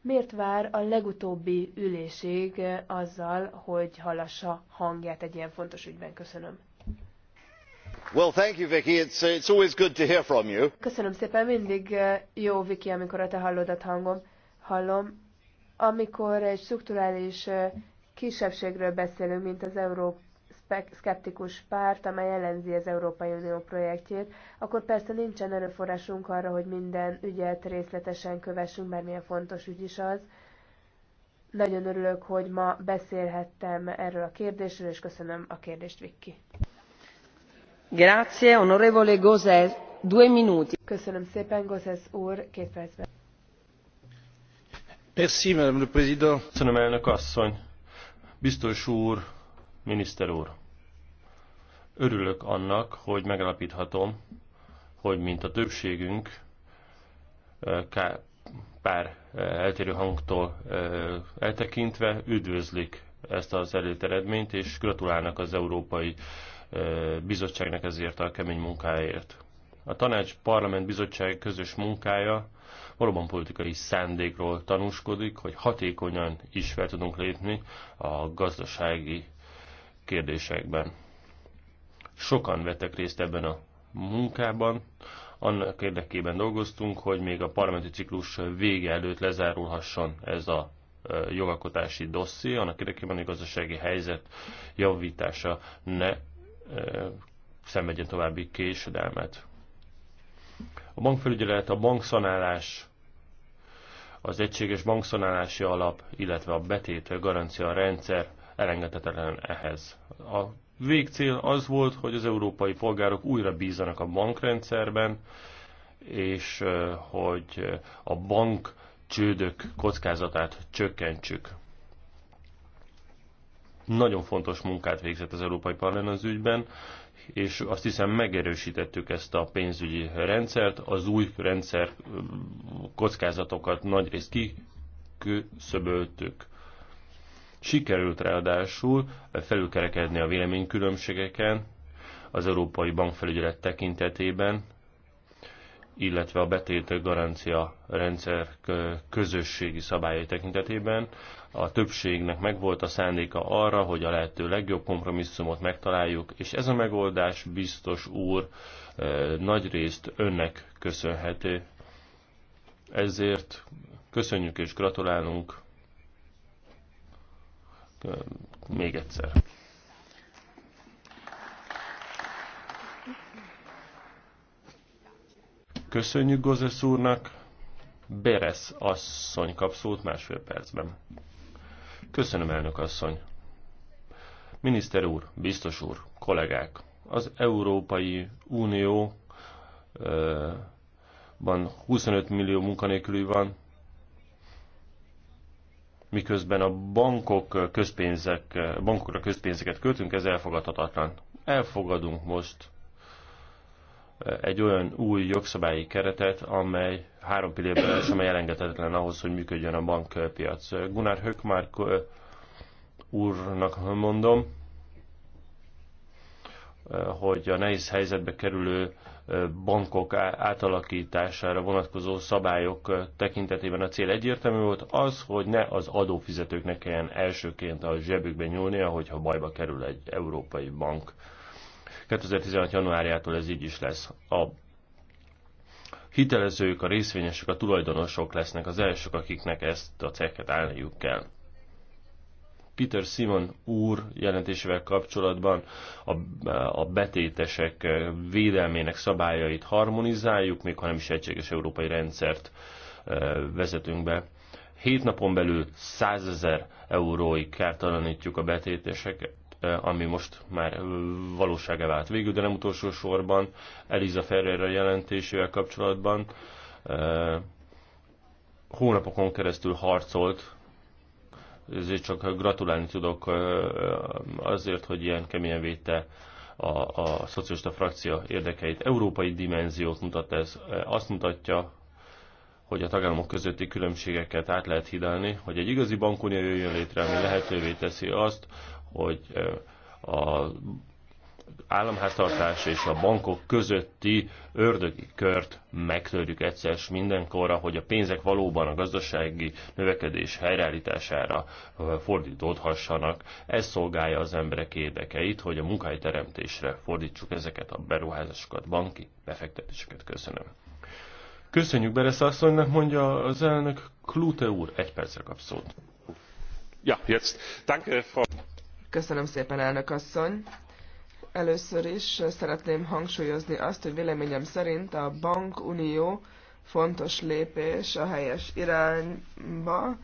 [SPEAKER 3] Miért vár a legutóbbi ülésig azzal, hogy halassa hangját egy ilyen fontos ügyben? Köszönöm.
[SPEAKER 2] Well, thank you, Vicky. It's, uh, it's always good to hear from you.
[SPEAKER 3] Köszönöm szépen, mindig uh, jó, Vicky, amikor a te hallodat hangom. Hallom. Amikor egy strukturális uh, kisebbségről beszélünk, mint az Európa, szkeptikus párt, amely ellenzi az Európai Unió projektjét, akkor persze nincsen erőforrásunk arra, hogy minden ügyet részletesen kövessünk, mert milyen fontos ügy is az. Nagyon örülök, hogy ma beszélhettem erről a kérdésről, és köszönöm a kérdést,
[SPEAKER 4] Vikki. Grazie, onorevole Gozes. Due minuti. Köszönöm szépen, Gozes úr, két percben.
[SPEAKER 2] Merci, madame le président. Köszönöm, elnök asszony. Biztos úr, miniszter úr. Örülök annak, hogy megalapíthatom, hogy mint a többségünk pár eltérő hangtól eltekintve üdvözlik ezt az elért eredményt, és gratulálnak az Európai Bizottságnak ezért a kemény munkáért. A tanács parlament bizottság közös munkája valóban politikai szándékról tanúskodik, hogy hatékonyan is fel tudunk lépni a gazdasági kérdésekben. Sokan vettek részt ebben a munkában. Annak érdekében dolgoztunk, hogy még a parlamenti ciklus vége előtt lezárulhasson ez a jogalkotási dosszi, annak érdekében, hogy a gazdasági helyzet javítása ne szenvedjen további késedelmet. A bankfelügyelet, a bankszanálás, az egységes bankszanálási alap, illetve a betét garancia rendszer elengedhetetlen ehhez. A végcél az volt, hogy az európai polgárok újra bízanak a bankrendszerben, és hogy a bank csődök kockázatát csökkentsük. Nagyon fontos munkát végzett az Európai Parlament az ügyben, és azt hiszem megerősítettük ezt a pénzügyi rendszert, az új rendszer kockázatokat nagyrészt kiküszöböltük. Sikerült ráadásul felülkerekedni a véleménykülönbségeken az Európai Bankfelügyelet tekintetében, illetve a betét garancia rendszer közösségi szabályai tekintetében. A többségnek megvolt a szándéka arra, hogy a lehető legjobb kompromisszumot megtaláljuk, és ez a megoldás biztos úr nagy részt önnek köszönhető. Ezért köszönjük és gratulálunk még egyszer. Köszönjük Gozesz úrnak. Beres asszony kap szót másfél percben. Köszönöm, elnök asszony. Miniszter úr, biztos úr, kollégák, az Európai Unióban 25 millió munkanélküli van, miközben a bankok közpénzek, bankokra közpénzeket költünk, ez elfogadhatatlan. Elfogadunk most egy olyan új jogszabályi keretet, amely három pillérben és amely elengedhetetlen ahhoz, hogy működjön a bankpiac. Gunnar Höckmark úrnak mondom, hogy a nehéz helyzetbe kerülő bankok átalakítására vonatkozó szabályok tekintetében a cél egyértelmű volt, az, hogy ne az adófizetőknek kelljen elsőként a zsebükbe nyúlnia, hogyha bajba kerül egy európai bank. 2016. januárjától ez így is lesz. A hitelezők, a részvényesek, a tulajdonosok lesznek az elsők, akiknek ezt a cekket állniuk kell. Peter Simon úr jelentésével kapcsolatban a, a betétesek védelmének szabályait harmonizáljuk, még ha nem is egységes európai rendszert e, vezetünk be. Hét napon belül 100 ezer euróig kártalanítjuk a betéteseket, e, ami most már valóságá vált végül, de nem utolsó sorban Eliza Ferreira jelentésével kapcsolatban e, hónapokon keresztül harcolt ezért csak gratulálni tudok azért, hogy ilyen keményen védte a, a szocialista frakció érdekeit. Európai dimenziót mutat ez. Azt mutatja, hogy a tagállamok közötti különbségeket át lehet hidalni, hogy egy igazi bankunió jöjjön létre, ami lehetővé teszi azt, hogy a államháztartás és a bankok közötti ördögi kört megtörjük egyszer s mindenkorra, hogy a pénzek valóban a gazdasági növekedés helyreállítására fordítódhassanak. Ez szolgálja az emberek érdekeit, hogy a munkahelyteremtésre fordítsuk ezeket a beruházásokat, banki befektetéseket. Köszönöm. Köszönjük Beresz asszonynak, mondja az elnök. Klute úr, egy percre kap szót. Ja, jetzt. Danke, Frau...
[SPEAKER 1] Köszönöm szépen, elnök asszony. Először is szeretném hangsúlyozni azt, hogy véleményem szerint a bankunió fontos lépés a helyes irányba.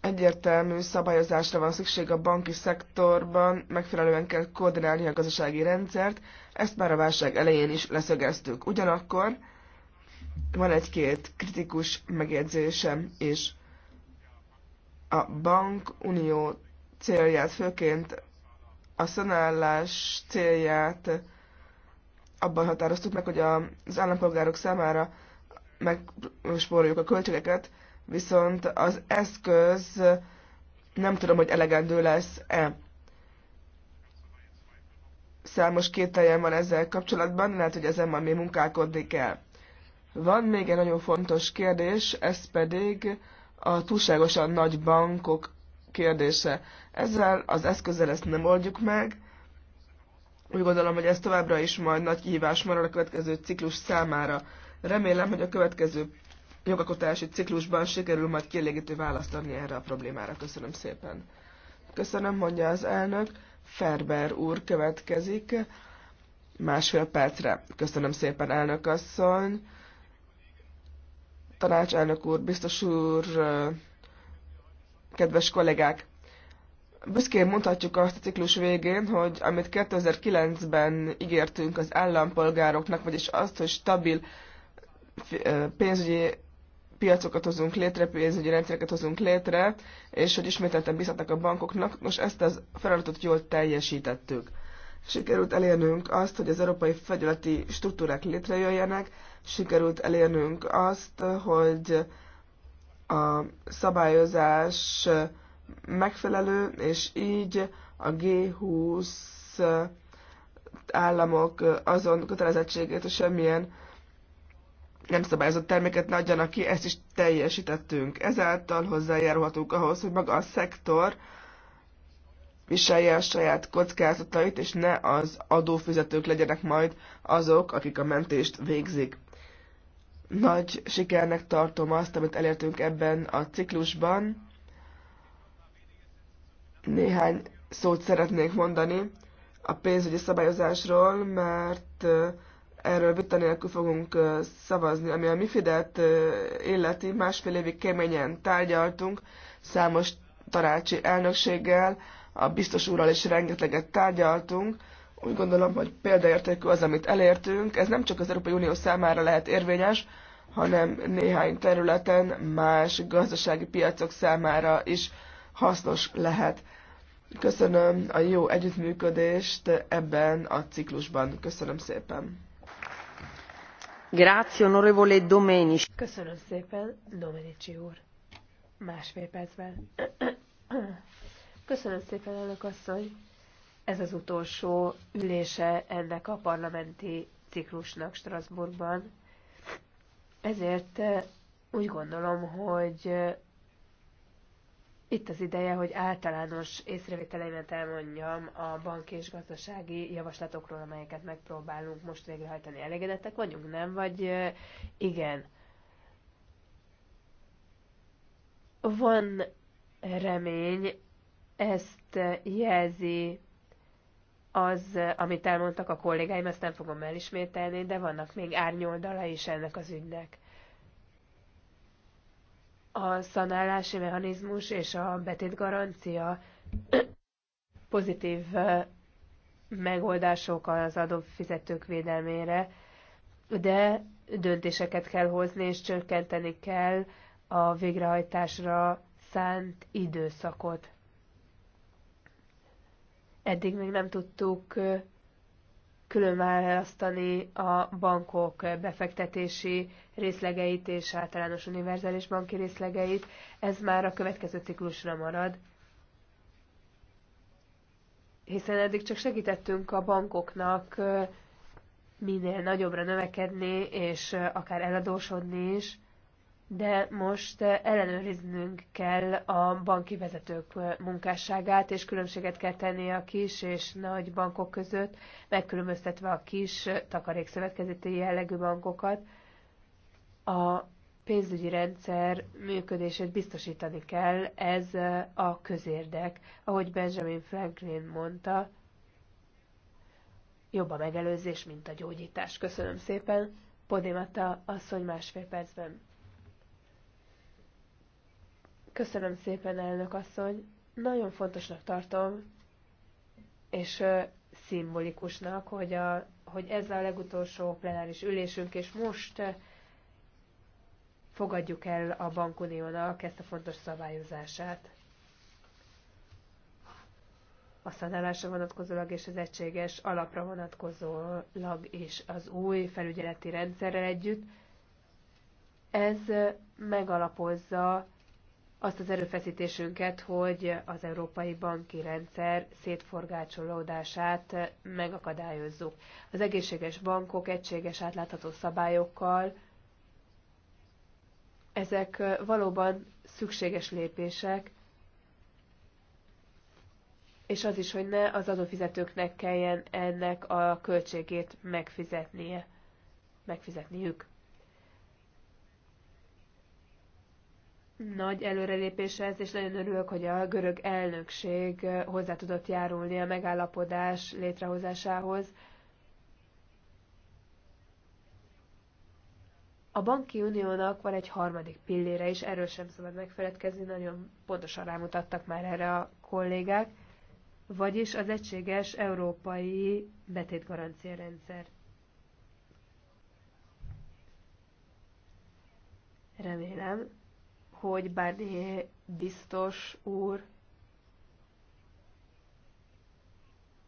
[SPEAKER 1] Egyértelmű szabályozásra van szükség a banki szektorban, megfelelően kell koordinálni a gazdasági rendszert, ezt már a válság elején is leszögeztük. Ugyanakkor van egy-két kritikus megjegyzésem is. A bankunió célját főként a szanállás célját abban határoztuk meg, hogy az állampolgárok számára megspóroljuk a költségeket, viszont az eszköz nem tudom, hogy elegendő lesz-e. Számos kételjem van ezzel kapcsolatban, lehet, hogy ezen majd még munkálkodni kell. Van még egy nagyon fontos kérdés, ez pedig a túlságosan nagy bankok kérdése. Ezzel az eszközzel ezt nem oldjuk meg. Úgy gondolom, hogy ez továbbra is majd nagy kihívás marad a következő ciklus számára. Remélem, hogy a következő jogakotási ciklusban sikerül majd kielégítő választ adni erre a problémára. Köszönöm szépen. Köszönöm, mondja az elnök. Ferber úr következik másfél percre. Köszönöm szépen, elnök asszony. elnök úr, biztos úr, kedves kollégák! Büszkén mondhatjuk azt a ciklus végén, hogy amit 2009-ben ígértünk az állampolgároknak, vagyis azt, hogy stabil pénzügyi piacokat hozunk létre, pénzügyi rendszereket hozunk létre, és hogy ismételten bízhatnak a bankoknak, most ezt az feladatot jól teljesítettük. Sikerült elérnünk azt, hogy az európai fegyeleti struktúrák létrejöjjenek, sikerült elérnünk azt, hogy a szabályozás megfelelő, és így a G20 államok azon kötelezettségét, hogy semmilyen nem szabályozott terméket ne adjanak ki, ezt is teljesítettünk. Ezáltal hozzájárulhatunk ahhoz, hogy maga a szektor viselje a saját kockázatait, és ne az adófizetők legyenek majd azok, akik a mentést végzik. Nagy sikernek tartom azt, amit elértünk ebben a ciklusban. Néhány szót szeretnék mondani a pénzügyi szabályozásról, mert erről vita nélkül fogunk szavazni, ami a Mifidet illeti. Másfél évig keményen tárgyaltunk számos tanácsi elnökséggel, a biztos úrral is rengeteget tárgyaltunk, úgy gondolom, hogy példaértékű az, amit elértünk. Ez nem csak az Európai Unió számára lehet érvényes, hanem néhány területen más gazdasági piacok számára is hasznos lehet. Köszönöm a jó együttműködést ebben a ciklusban. Köszönöm szépen.
[SPEAKER 4] Grazie, onorevole Domenici.
[SPEAKER 3] Köszönöm szépen, Domenici úr. Másfél percben. Köszönöm szépen, elnök asszony. Ez az utolsó ülése ennek a parlamenti ciklusnak Strasbourgban. Ezért úgy gondolom, hogy itt az ideje, hogy általános észrevételeimet elmondjam a banki és gazdasági javaslatokról, amelyeket megpróbálunk most végrehajtani. Elégedettek vagyunk, nem? Vagy igen. Van remény, ezt jelzi az, amit elmondtak a kollégáim, ezt nem fogom elismételni, de vannak még árnyoldala is ennek az ügynek. A szanálási mechanizmus és a betétgarancia pozitív megoldások az adófizetők védelmére, de döntéseket kell hozni, és csökkenteni kell a végrehajtásra szánt időszakot. Eddig még nem tudtuk különválasztani a bankok befektetési részlegeit és általános univerzális banki részlegeit. Ez már a következő ciklusra marad. Hiszen eddig csak segítettünk a bankoknak minél nagyobbra növekedni, és akár eladósodni is de most ellenőriznünk kell a banki vezetők munkásságát, és különbséget kell tenni a kis és nagy bankok között, megkülönböztetve a kis takarékszövetkezeti jellegű bankokat. A pénzügyi rendszer működését biztosítani kell, ez a közérdek. Ahogy Benjamin Franklin mondta, jobb a megelőzés, mint a gyógyítás. Köszönöm szépen. Podémata asszony másfél percben. Köszönöm szépen, elnök asszony. Nagyon fontosnak tartom, és szimbolikusnak, hogy, a, hogy ez a legutolsó plenáris ülésünk, és most fogadjuk el a bankuniónak ezt a fontos szabályozását. A szanálásra vonatkozólag és az egységes alapra vonatkozólag és az új felügyeleti rendszerrel együtt. Ez megalapozza azt az erőfeszítésünket, hogy az európai banki rendszer szétforgácsolódását megakadályozzuk. Az egészséges bankok egységes átlátható szabályokkal, ezek valóban szükséges lépések, és az is, hogy ne az adófizetőknek kelljen ennek a költségét megfizetnie, megfizetniük. nagy előrelépés ez, és nagyon örülök, hogy a görög elnökség hozzá tudott járulni a megállapodás létrehozásához. A banki uniónak van egy harmadik pillére is, erről sem szabad megfeledkezni, nagyon pontosan rámutattak már erre a kollégák, vagyis az egységes európai betétgarancia rendszer. Remélem, hogy Barnier biztos úr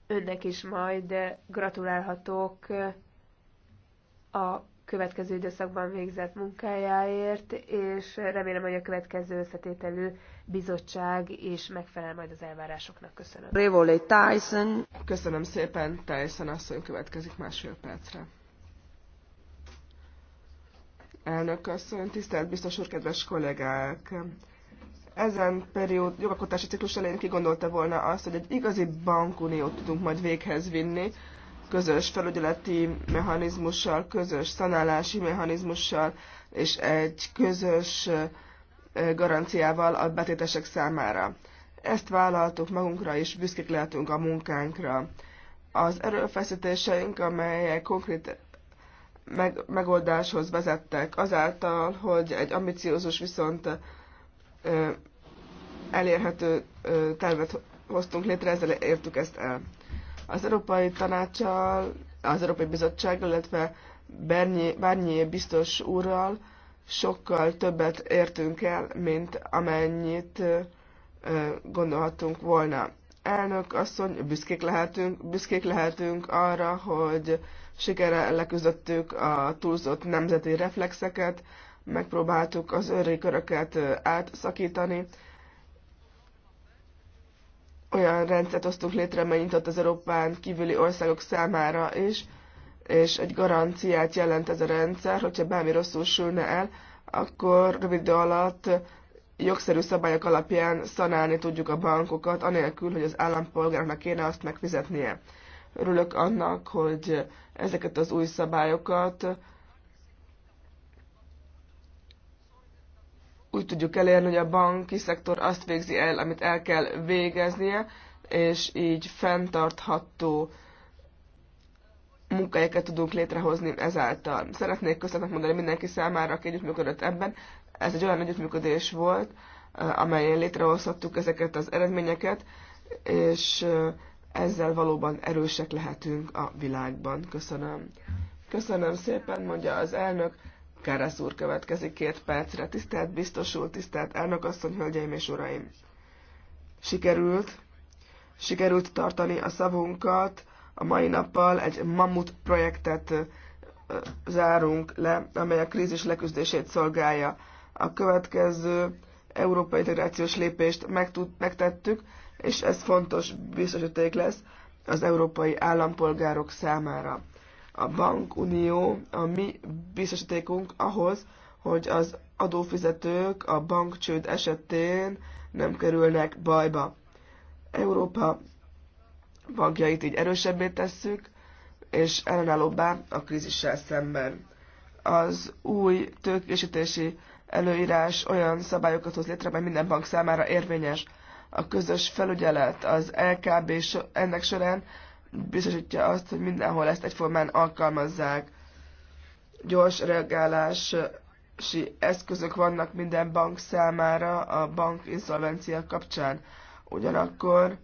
[SPEAKER 3] önnek is majd gratulálhatok a következő időszakban végzett munkájáért, és remélem, hogy a következő összetételű bizottság is megfelel majd az elvárásoknak. Köszönöm. Révolé
[SPEAKER 4] Tyson.
[SPEAKER 1] Köszönöm szépen, Tyson asszony következik másfél percre. Elnök asszony, tisztelt biztos úr, kedves kollégák! Ezen periód jogalkotási ciklus elején kigondolta volna azt, hogy egy igazi bankuniót tudunk majd véghez vinni, közös felügyeleti mechanizmussal, közös szanálási mechanizmussal és egy közös garanciával a betétesek számára. Ezt vállaltuk magunkra, és büszkék lehetünk a munkánkra. Az erőfeszítéseink, amelyek konkrét meg, megoldáshoz vezettek, azáltal, hogy egy ambiciózus viszont ö, elérhető ö, tervet hoztunk létre, ezzel értük ezt el. Az Európai Tanácsal, az Európai Bizottsággal, illetve Bárnyé biztos úrral sokkal többet értünk el, mint amennyit ö, gondolhattunk volna. Elnök asszony, büszkék lehetünk, büszkék lehetünk arra, hogy sikerrel leküzdöttük a túlzott nemzeti reflexeket, megpróbáltuk az őri köröket átszakítani, olyan rendszert hoztunk létre, amely nyitott az Európán kívüli országok számára is, és egy garanciát jelent ez a rendszer, hogyha bármi rosszul sülne el, akkor rövid idő alatt jogszerű szabályok alapján szanálni tudjuk a bankokat, anélkül, hogy az állampolgárnak kéne azt megfizetnie. Örülök annak, hogy ezeket az új szabályokat úgy tudjuk elérni, hogy a banki szektor azt végzi el, amit el kell végeznie, és így fenntartható munkahelyeket tudunk létrehozni ezáltal. Szeretnék köszönet mondani mindenki számára, aki együttműködött ebben. Ez egy olyan együttműködés volt, eh, amelyen létrehozhattuk ezeket az eredményeket, és eh, ezzel valóban erősek lehetünk a világban. Köszönöm. Köszönöm szépen, mondja az elnök. Kárász úr következik két percre. Tisztelt biztos úr, tisztelt asszony, hölgyeim és uraim! Sikerült, sikerült tartani a szavunkat. A mai nappal egy mamut projektet zárunk le, amely a krízis leküzdését szolgálja. A következő európai integrációs lépést megtettük, és ez fontos biztosíték lesz az európai állampolgárok számára. A bankunió a mi biztosítékunk ahhoz, hogy az adófizetők a bankcsőd esetén nem kerülnek bajba. Európa bankjait így erősebbé tesszük, és ellenállóbbá a krízissel szemben. Az új tőkésítési előírás olyan szabályokat hoz létre, mely minden bank számára érvényes a közös felügyelet az LKB ennek során biztosítja azt, hogy mindenhol ezt egyformán alkalmazzák. Gyors reagálási eszközök vannak minden bank számára a bank inszolvencia kapcsán. Ugyanakkor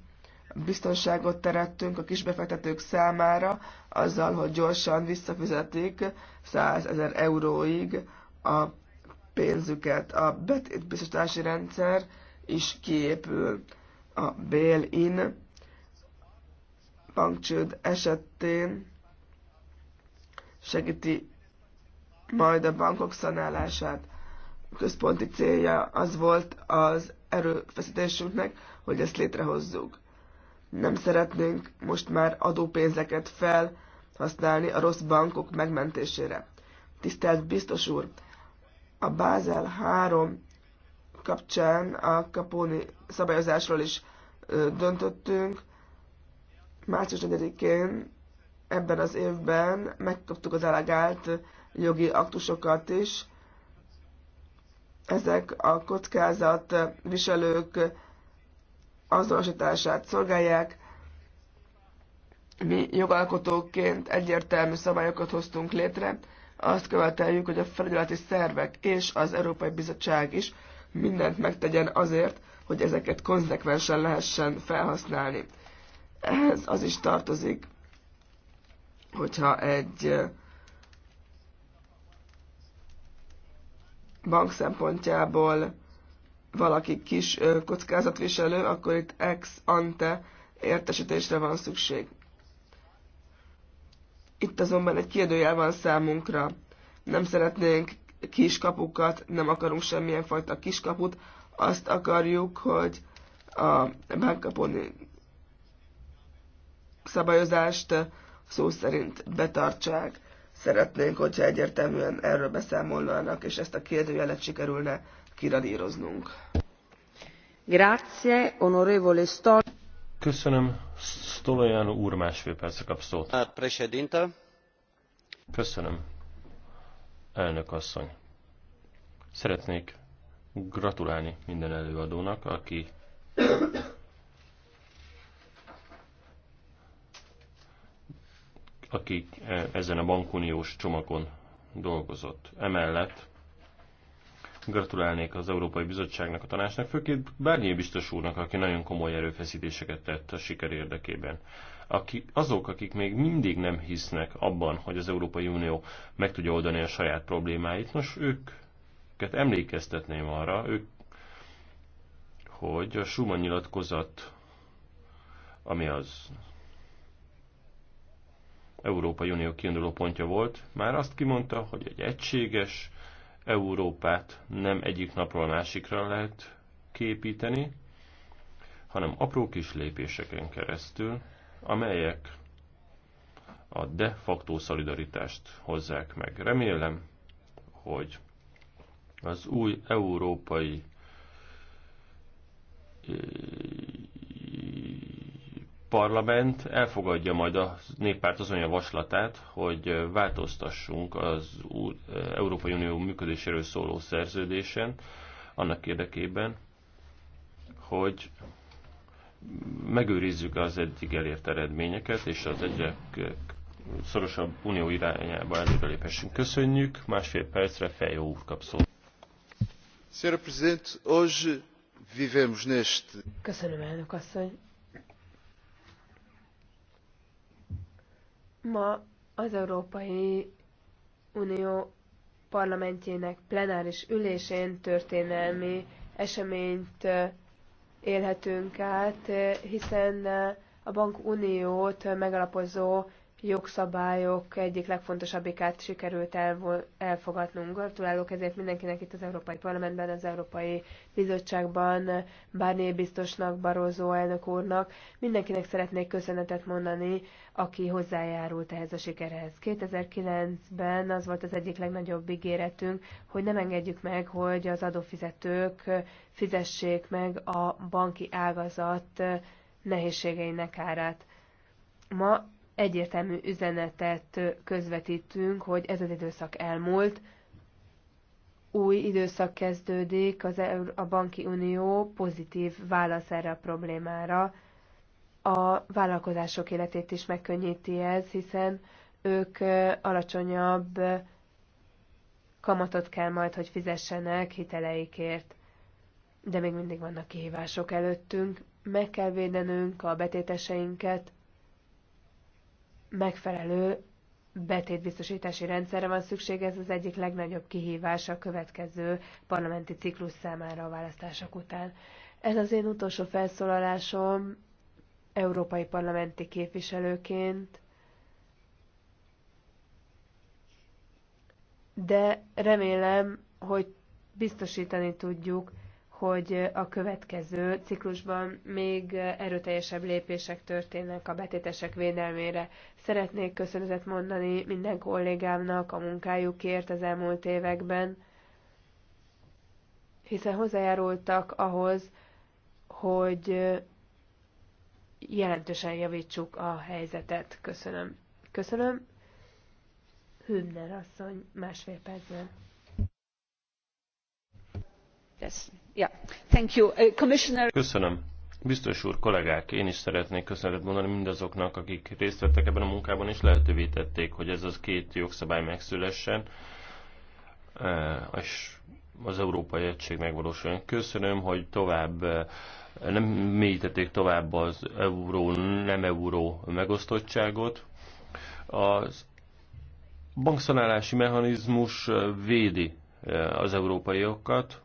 [SPEAKER 1] biztonságot teremtünk a kisbefektetők számára azzal, hogy gyorsan visszafizetik 100 ezer euróig a pénzüket. A betétbiztosítási rendszer is kiépül. A bail-in bankcsőd esetén segíti majd a bankok szanálását. A központi célja az volt az erőfeszítésünknek, hogy ezt létrehozzuk. Nem szeretnénk most már adópénzeket felhasználni a rossz bankok megmentésére. Tisztelt biztos úr, a Bázel 3 kapcsán a kapóni szabályozásról is döntöttünk. Március 4-én ebben az évben megkaptuk az elegált jogi aktusokat is. Ezek a kockázat viselők azonosítását szolgálják. Mi jogalkotóként egyértelmű szabályokat hoztunk létre, azt követeljük, hogy a felügyeleti szervek és az Európai Bizottság is mindent megtegyen azért, hogy ezeket konzekvensen lehessen felhasználni. Ehhez az is tartozik, hogyha egy eh, bank szempontjából valaki kis eh, kockázatviselő, akkor itt ex ante értesítésre van szükség. Itt azonban egy kérdőjel van számunkra. Nem szeretnénk kiskapukat, nem akarunk semmilyen fajta kiskaput, azt akarjuk, hogy a bankaponi szabályozást szó szerint betartsák. Szeretnénk, hogyha egyértelműen erről beszámolnának, és ezt a kérdőjelet sikerülne kiradíroznunk.
[SPEAKER 4] Grazie, onorevole Stol.
[SPEAKER 2] Köszönöm, Stolojano úr másfél percre kap szót. Hát, Köszönöm. Elnök asszony, szeretnék gratulálni minden előadónak, aki aki e, ezen a bankuniós csomagon dolgozott. Emellett gratulálnék az Európai Bizottságnak, a tanácsnak, főként Bárnyi biztos úrnak, aki nagyon komoly erőfeszítéseket tett a siker érdekében aki, azok, akik még mindig nem hisznek abban, hogy az Európai Unió meg tudja oldani a saját problémáit, nos, őket emlékeztetném arra, ők, hogy a Schumann nyilatkozat, ami az Európai Unió kiinduló pontja volt, már azt kimondta, hogy egy egységes Európát nem egyik napról másikra lehet képíteni, hanem apró kis lépéseken keresztül, amelyek a de facto szolidaritást hozzák meg. Remélem, hogy az új európai eh, parlament elfogadja majd a néppárt azon javaslatát, hogy változtassunk az eh, Európai Unió működéséről szóló szerződésen annak érdekében, hogy megőrizzük az eddig elért eredményeket, és az egyek szorosabb unió irányába előreléphessünk. Köszönjük, másfél percre Fejó úr kap szót.
[SPEAKER 3] Köszönöm, elnök asszony. Ma az Európai Unió parlamentjének plenáris ülésén történelmi eseményt élhetünk át, hiszen a bankuniót megalapozó jogszabályok egyik legfontosabbikát sikerült elfogadnunk. Gratulálok ezért mindenkinek itt az Európai Parlamentben, az Európai Bizottságban, Bárné biztosnak, Barozó elnök úrnak. Mindenkinek szeretnék köszönetet mondani, aki hozzájárult ehhez a sikerhez. 2009-ben az volt az egyik legnagyobb ígéretünk, hogy nem engedjük meg, hogy az adófizetők fizessék meg a banki ágazat nehézségeinek árát. Ma egyértelmű üzenetet közvetítünk, hogy ez az időszak elmúlt, új időszak kezdődik, az, a banki unió pozitív válasz erre a problémára. A vállalkozások életét is megkönnyíti ez, hiszen ők alacsonyabb kamatot kell majd, hogy fizessenek hiteleikért. De még mindig vannak kihívások előttünk. Meg kell védenünk a betéteseinket, megfelelő betétbiztosítási rendszerre van szükség, ez az egyik legnagyobb kihívás a következő parlamenti ciklus számára a választások után. Ez az én utolsó felszólalásom európai parlamenti képviselőként, de remélem, hogy biztosítani tudjuk hogy a következő ciklusban még erőteljesebb lépések történnek a betétesek védelmére. Szeretnék köszönetet mondani minden kollégámnak a munkájukért az elmúlt években, hiszen hozzájárultak ahhoz, hogy jelentősen javítsuk a helyzetet. Köszönöm. Köszönöm. Hübner asszony, másfél
[SPEAKER 4] percben. Köszönöm. Uh,
[SPEAKER 2] Köszönöm. Biztos úr, kollégák, én is szeretnék köszönetet mondani mindazoknak, akik részt vettek ebben a munkában, és lehetővé tették, hogy ez az két jogszabály megszülessen, eh, és az Európai Egység megvalósuljon. Köszönöm, hogy tovább eh, nem mélyítették tovább az euró, nem euró megosztottságot. Az bankszanálási mechanizmus eh, védi az európaiokat,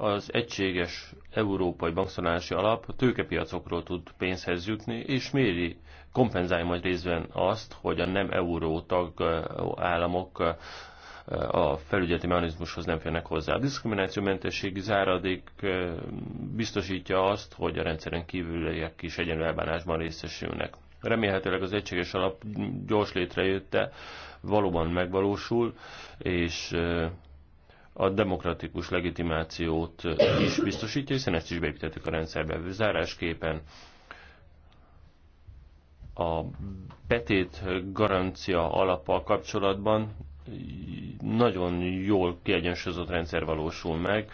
[SPEAKER 2] az egységes európai bankszolási alap a tőkepiacokról tud pénzhez jutni, és méri, kompenzálja majd részben azt, hogy a nem euró tag államok a felügyeleti mechanizmushoz nem férnek hozzá. A diszkriminációmentességi záradék biztosítja azt, hogy a rendszeren kívüliek is egyenlő elbánásban részesülnek. Remélhetőleg az egységes alap gyors létrejötte, valóban megvalósul, és a demokratikus legitimációt is biztosítja, hiszen ezt is beépítettük a rendszerbe. Zárásképpen a betét garancia alappal kapcsolatban nagyon jól kiegyensúlyozott rendszer valósul meg.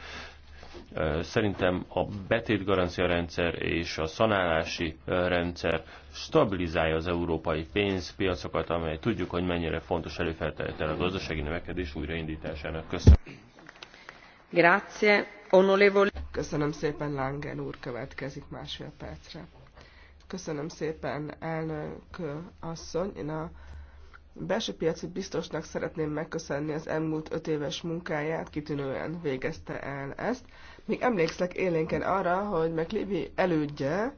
[SPEAKER 2] Szerintem a betét garancia rendszer és a szanálási rendszer stabilizálja az európai pénzpiacokat, amely tudjuk, hogy mennyire fontos előfeltétele a gazdasági növekedés újraindításának. Köszönöm.
[SPEAKER 4] Köszönöm szépen,
[SPEAKER 1] Langen úr következik másfél percre. Köszönöm szépen, elnök asszony. Én a belső piaci biztosnak szeretném megköszönni az elmúlt öt éves munkáját, kitűnően végezte el ezt. Még emlékszek élénken arra, hogy McLeavy elődje,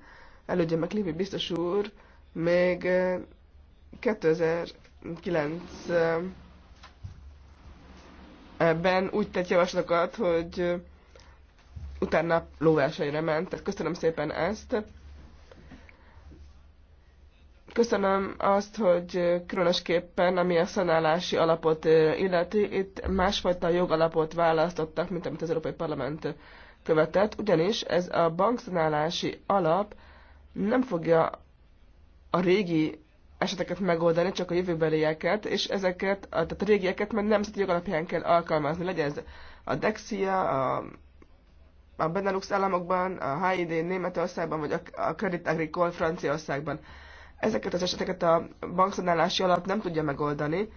[SPEAKER 1] elődje McLeavy biztos úr még 2009 eh, ben úgy tett javaslatokat, hogy utána lóversenyre ment. Tehát köszönöm szépen ezt. Köszönöm azt, hogy különösképpen, ami a szanálási alapot illeti, itt másfajta jogalapot választottak, mint amit az Európai Parlament követett, ugyanis ez a bankszanálási alap nem fogja a régi eseteket megoldani, csak a jövőbelieket, és ezeket, a, tehát a régieket már nemzeti jog alapján kell alkalmazni. Legyen ez a Dexia, a, a Benelux államokban, a HID Németországban, vagy a, a Credit Agricole Franciaországban. Ezeket az eseteket a bankszanálási alap nem tudja megoldani,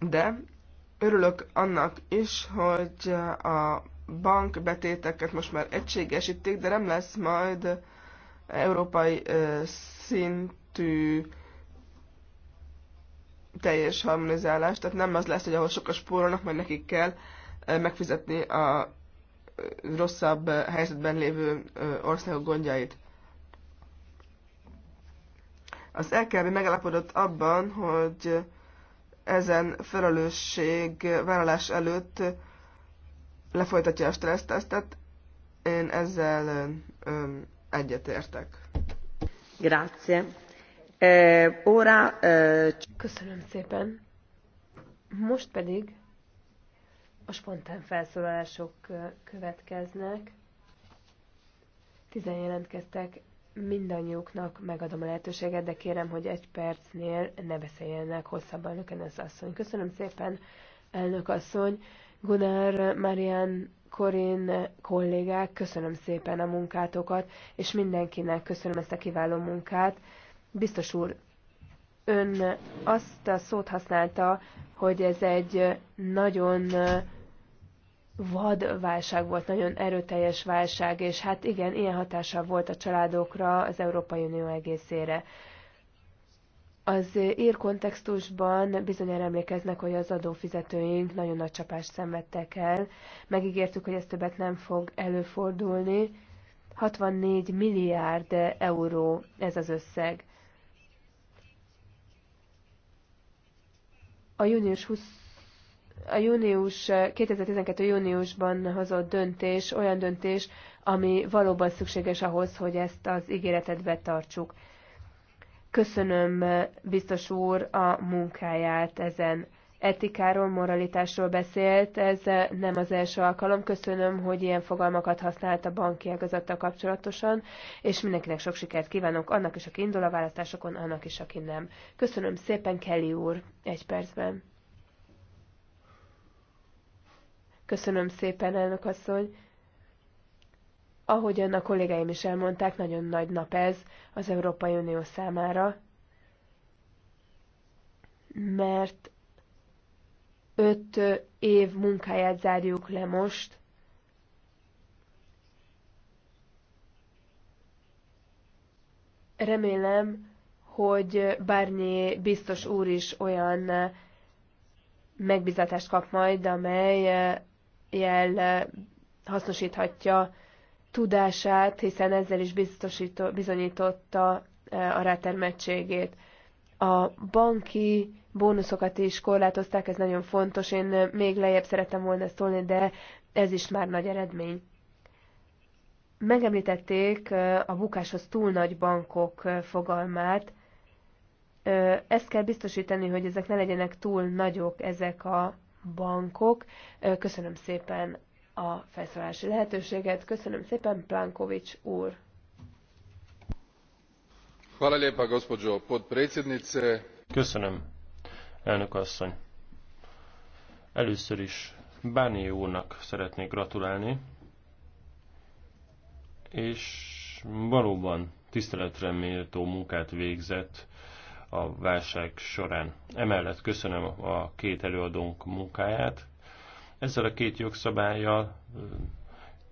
[SPEAKER 1] de örülök annak is, hogy a bankbetéteket most már egységesítik, de nem lesz majd európai szintű teljes harmonizálás, tehát nem az lesz, hogy ahol sokat spórolnak, majd nekik kell megfizetni a rosszabb helyzetben lévő országok gondjait. Az LKB megállapodott abban, hogy ezen felelősség vállalás előtt lefolytatja a stressztesztet. Én ezzel egyetértek. Grazie. E, ora, e... Köszönöm szépen. Most
[SPEAKER 3] pedig a spontán felszólalások eh, következnek. Tizen jelentkeztek, mindannyiuknak megadom a lehetőséget, de kérem, hogy egy percnél ne beszéljenek hosszabban Lökenes asszony. Köszönöm szépen, elnök asszony. Gunnar Marian Korin kollégák, köszönöm szépen a munkátokat, és mindenkinek köszönöm ezt a kiváló munkát. Biztos úr, ön azt a szót használta, hogy ez egy nagyon vad válság volt, nagyon erőteljes válság, és hát igen, ilyen hatással volt a családokra, az Európai Unió egészére. Az ír kontextusban bizonyára emlékeznek, hogy az adófizetőink nagyon nagy csapást szenvedtek el. Megígértük, hogy ez többet nem fog előfordulni. 64 milliárd euró ez az összeg. A június 20 a június, 2012. júniusban hozott döntés, olyan döntés, ami valóban szükséges ahhoz, hogy ezt az ígéretet betartsuk. Köszönöm, biztos úr, a munkáját ezen etikáról, moralitásról beszélt. Ez nem az első alkalom. Köszönöm, hogy ilyen fogalmakat használt a banki ágazattal kapcsolatosan, és mindenkinek sok sikert kívánok, annak is, aki indul a választásokon, annak is, aki nem. Köszönöm szépen, Kelly úr, egy percben. Köszönöm szépen, elnök asszony. Ahogyan a kollégáim is elmondták, nagyon nagy nap ez az Európai Unió számára, mert öt év munkáját zárjuk le most, remélem, hogy bárnyi biztos úr is olyan megbizatást kap majd, amely jel hasznosíthatja tudását, hiszen ezzel is bizonyította e, a rátermettségét. A banki bónuszokat is korlátozták, ez nagyon fontos. Én e, még lejjebb szeretem volna szólni, de ez is már nagy eredmény. Megemlítették e, a bukáshoz túl nagy bankok fogalmát. Ezt kell biztosítani, hogy ezek ne legyenek túl nagyok ezek a bankok. Köszönöm szépen a felszólási lehetőséget. Köszönöm szépen, Plankovics úr!
[SPEAKER 2] Köszönöm, elnök asszony! Először is Báni úrnak szeretnék gratulálni, és valóban tiszteletre méltó munkát végzett a válság során. Emellett köszönöm a két előadónk munkáját, ezzel a két jogszabályjal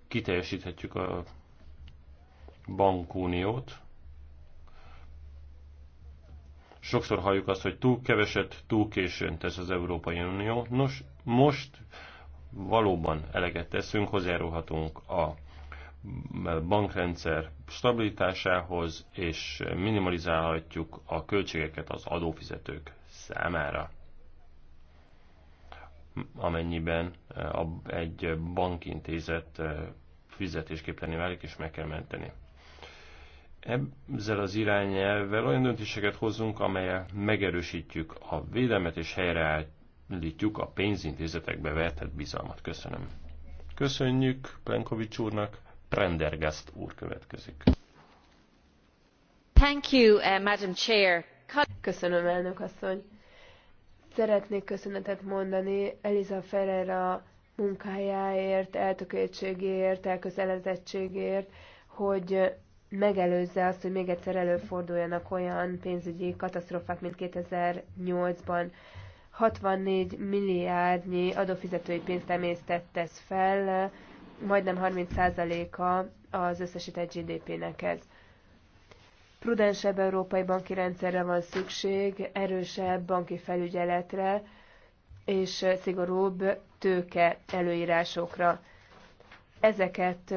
[SPEAKER 2] kiteljesíthetjük a bankuniót. Sokszor halljuk azt, hogy túl keveset, túl későn tesz az Európai Unió. Nos, most valóban eleget teszünk, hozzájárulhatunk a bankrendszer stabilitásához, és minimalizálhatjuk a költségeket az adófizetők számára amennyiben eh, egy bankintézet eh, fizetésképtelenné válik, és meg kell menteni. Ezzel az irányelvvel olyan döntéseket hozzunk, amelyel megerősítjük a védelmet és helyreállítjuk a pénzintézetekbe vetett bizalmat. Köszönöm. Köszönjük Plenkovics úrnak, Prendergast úr következik.
[SPEAKER 4] Thank you, uh, Madam
[SPEAKER 3] Chair. Köszönöm, elnök asszony Szeretnék köszönetet mondani Eliza a munkájáért, eltökéltségéért, elközelezettségéért, hogy megelőzze azt, hogy még egyszer előforduljanak olyan pénzügyi katasztrofák, mint 2008-ban. 64 milliárdnyi adófizetői pénzt emésztett tesz fel, majdnem 30%-a az összesített GDP-nek ez. Prudensebb európai banki rendszerre van szükség, erősebb banki felügyeletre és szigorúbb tőke előírásokra. Ezeket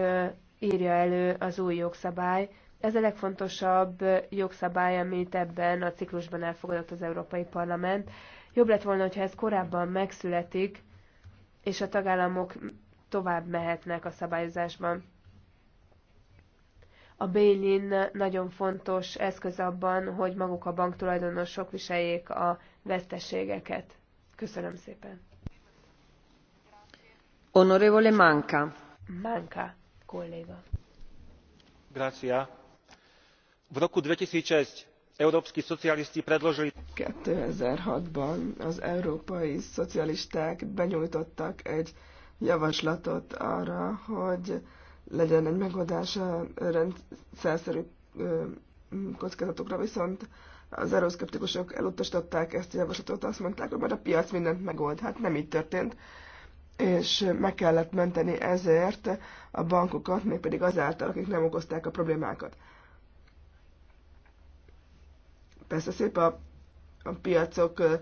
[SPEAKER 3] írja elő az új jogszabály. Ez a legfontosabb jogszabály, amit ebben a ciklusban elfogadott az Európai Parlament. Jobb lett volna, hogyha ez korábban megszületik, és a tagállamok tovább mehetnek a szabályozásban. A bail nagyon fontos eszköz abban, hogy maguk a banktulajdonosok viseljék a veszteségeket. Köszönöm szépen.
[SPEAKER 4] Honorevole Manca. Manca,
[SPEAKER 2] kolléga. Grazia. V roku 2006 európski szocialisti predložili...
[SPEAKER 1] 2006-ban az európai szocialisták benyújtottak egy javaslatot arra, hogy legyen egy megoldás a rendszerszerű kockázatokra, viszont az euroszkeptikusok elutasították ezt a javaslatot, azt mondták, hogy majd a piac mindent megold. Hát nem így történt, és meg kellett menteni ezért a bankokat, mégpedig azáltal, akik nem okozták a problémákat. Persze szép a, a piacok ö,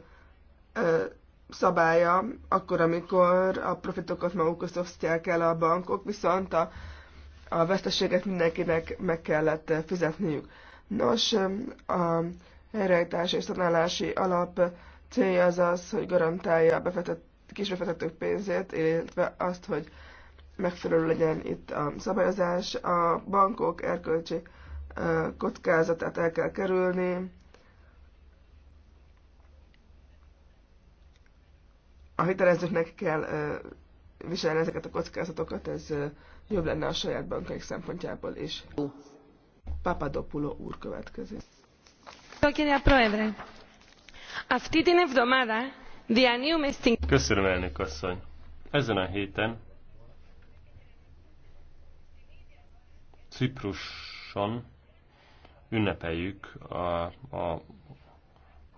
[SPEAKER 1] ö, szabálya, akkor, amikor a profitokat maguk osztják el a bankok, viszont a a veszteséget mindenkinek meg kellett fizetniük. Nos, a helyreállítás és szanálási alap célja az az, hogy garantálja a befetett, kisbefetettők pénzét, illetve azt, hogy megfelelő legyen itt a szabályozás. A bankok erkölcsi kockázatát el kell kerülni. A hitelezőknek kell viselni ezeket a kockázatokat, ez jobb lenne a saját bankaik szempontjából is. Papadopulo úr következik.
[SPEAKER 2] Köszönöm, elnök asszony. Ezen a héten Cipruson ünnepeljük a, a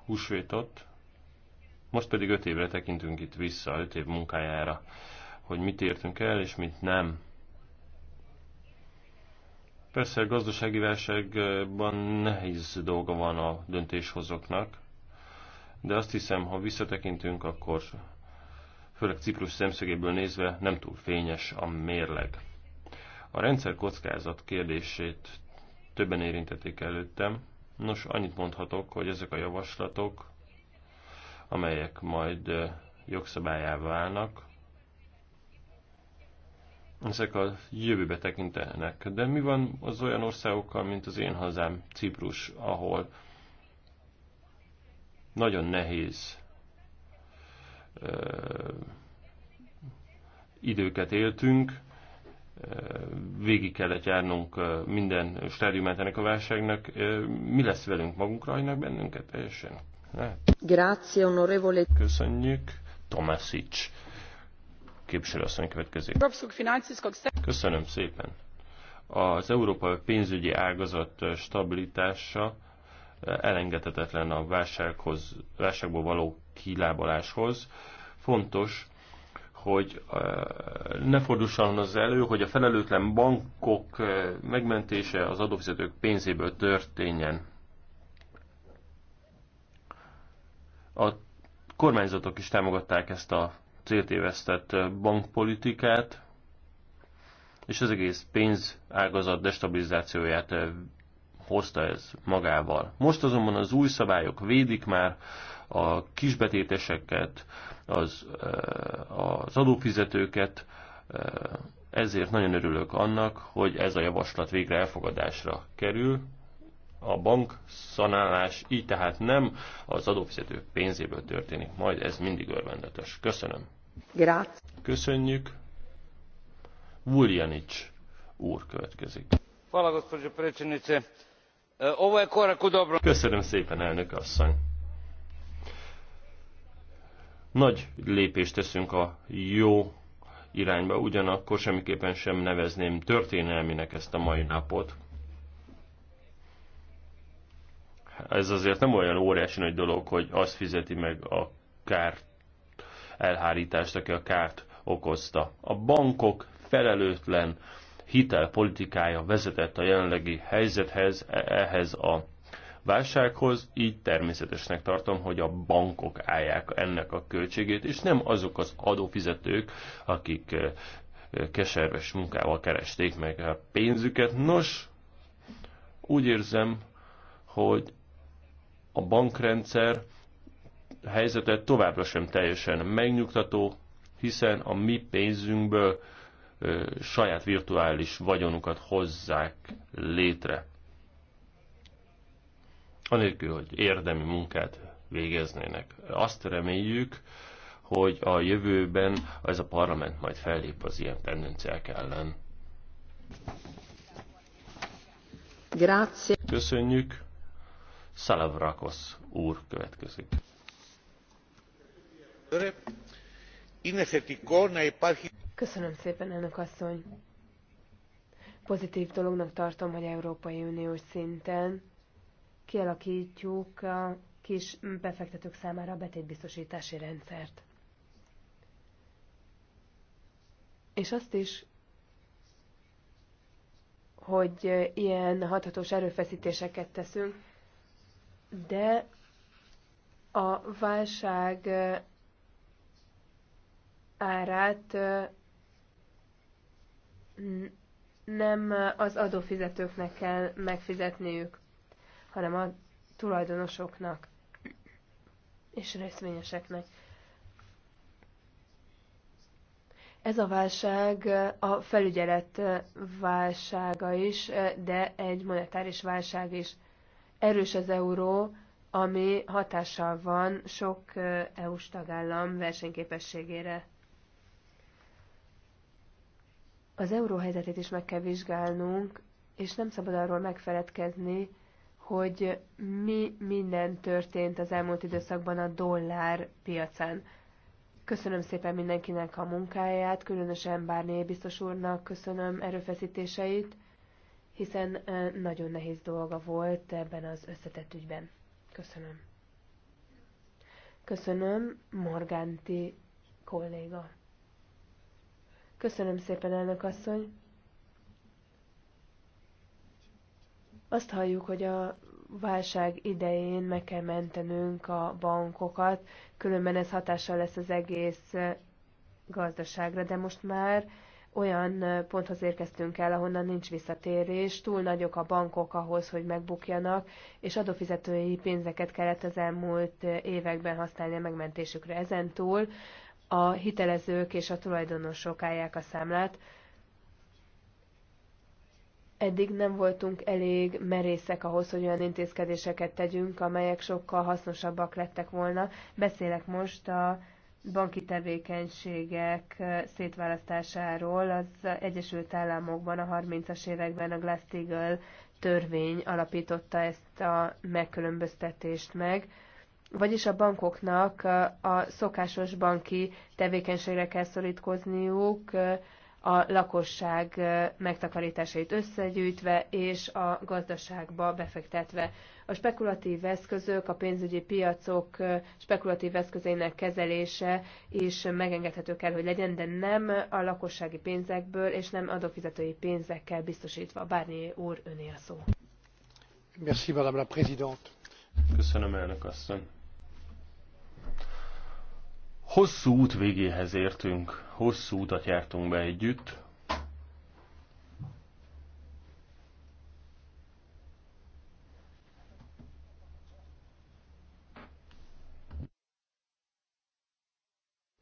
[SPEAKER 2] húsvétot, most pedig öt évre tekintünk itt vissza, öt év munkájára, hogy mit értünk el és mit nem. Persze a gazdasági válságban nehéz dolga van a döntéshozóknak, de azt hiszem, ha visszatekintünk, akkor főleg Ciprus szemszögéből nézve nem túl fényes a mérleg. A rendszer kockázat kérdését többen érintették előttem. Nos, annyit mondhatok, hogy ezek a javaslatok, amelyek majd jogszabályává válnak, ezek a jövőbe tekintenek. De mi van az olyan országokkal, mint az én hazám, Ciprus, ahol nagyon nehéz ö, időket éltünk, végig kellett járnunk minden stádiumát ennek a válságnak. Mi lesz velünk? Magunkra hagynak bennünket teljesen? Grazie, onorevole. Köszönjük. Tomasics. Képviselőasszony következik. Köszönöm szépen. Az európai pénzügyi ágazat stabilitása eh, elengedhetetlen a válsághoz, válságból való kilábaláshoz. Fontos, hogy eh, ne fordulsan az elő, hogy a felelőtlen bankok eh, megmentése az adófizetők pénzéből történjen. A kormányzatok is támogatták ezt a céltévesztett bankpolitikát, és az egész pénzágazat destabilizációját eh, hozta ez magával. Most azonban az új szabályok védik már a kisbetéteseket, az, eh, az adófizetőket, eh, ezért nagyon örülök annak, hogy ez a javaslat végre elfogadásra kerül. A bank szanálás így tehát nem az adófizetők pénzéből történik, majd ez mindig örvendetes. Köszönöm. Köszönjük. Vuljanics úr következik.
[SPEAKER 4] Hvala, gospođo predsjednice. E, ovo je korak u dobro. Köszönöm
[SPEAKER 2] szépen, elnök asszony. Nagy lépést teszünk a jó irányba, ugyanakkor semmiképpen sem nevezném történelminek ezt a mai napot. Ez azért nem olyan óriási nagy dolog, hogy azt fizeti meg a kárt, elhárítást, aki a kárt okozta. A bankok felelőtlen hitelpolitikája vezetett a jelenlegi helyzethez, e- ehhez a válsághoz, így természetesnek tartom, hogy a bankok állják ennek a költségét, és nem azok az adófizetők, akik e, keserves munkával keresték meg a pénzüket. Nos, úgy érzem, hogy a bankrendszer helyzete továbbra sem teljesen megnyugtató, hiszen a mi pénzünkből ö, saját virtuális vagyonukat hozzák létre. Anélkül, hogy érdemi munkát végeznének. Azt reméljük, hogy a jövőben ez a parlament majd fellép az ilyen tendenciák ellen.
[SPEAKER 4] Grazie.
[SPEAKER 2] Köszönjük. Szalavrakosz úr következik pozitv
[SPEAKER 3] Pozitív dolognak tartom, hogy Európai Uniós szinten kialaktjuk a kis befektetők számára a betétbiztosítási rendszert. És azt is, hogy ilyen hathatós erőfeszítéseket teszünk, de a válság árát nem az adófizetőknek kell megfizetniük, hanem a tulajdonosoknak és részvényeseknek. Ez a válság a felügyelet válsága is, de egy monetáris válság is. Erős az euró, ami hatással van sok EU-s tagállam versenyképességére. Az euróhelyzetét is meg kell vizsgálnunk, és nem szabad arról megfeledkezni, hogy mi minden történt az elmúlt időszakban a dollár piacán. Köszönöm szépen mindenkinek a munkáját, különösen Bárné biztos úrnak köszönöm erőfeszítéseit, hiszen nagyon nehéz dolga volt ebben az összetett ügyben. Köszönöm. Köszönöm, Morganti kolléga. Köszönöm szépen, elnök asszony. Azt halljuk, hogy a válság idején meg kell mentenünk a bankokat, különben ez hatással lesz az egész eh, gazdaságra, de most már olyan eh, ponthoz érkeztünk el, ahonnan nincs visszatérés, túl nagyok a bankok ahhoz, hogy megbukjanak, és adófizetői pénzeket kellett az elmúlt eh, években használni a megmentésükre. Ezen túl a hitelezők és a tulajdonosok állják a számlát. Eddig nem voltunk elég merészek ahhoz, hogy olyan intézkedéseket tegyünk, amelyek sokkal hasznosabbak lettek volna. Beszélek most a banki tevékenységek szétválasztásáról az Egyesült Államokban a 30-as években a Glass-Steagall törvény alapította ezt a megkülönböztetést meg vagyis a bankoknak a szokásos banki tevékenységre kell szorítkozniuk, a lakosság megtakarításait összegyűjtve és a gazdaságba befektetve. A spekulatív eszközök, a pénzügyi piacok spekulatív eszközének kezelése is megengedhető kell, hogy legyen, de nem a lakossági pénzekből és nem adófizetői pénzekkel biztosítva. Bárnyi úr, öné a szó.
[SPEAKER 4] Merci, Madame la Présidente.
[SPEAKER 2] Köszönöm, elnök asszony. Hosszú út végéhez értünk, hosszú utat jártunk be együtt.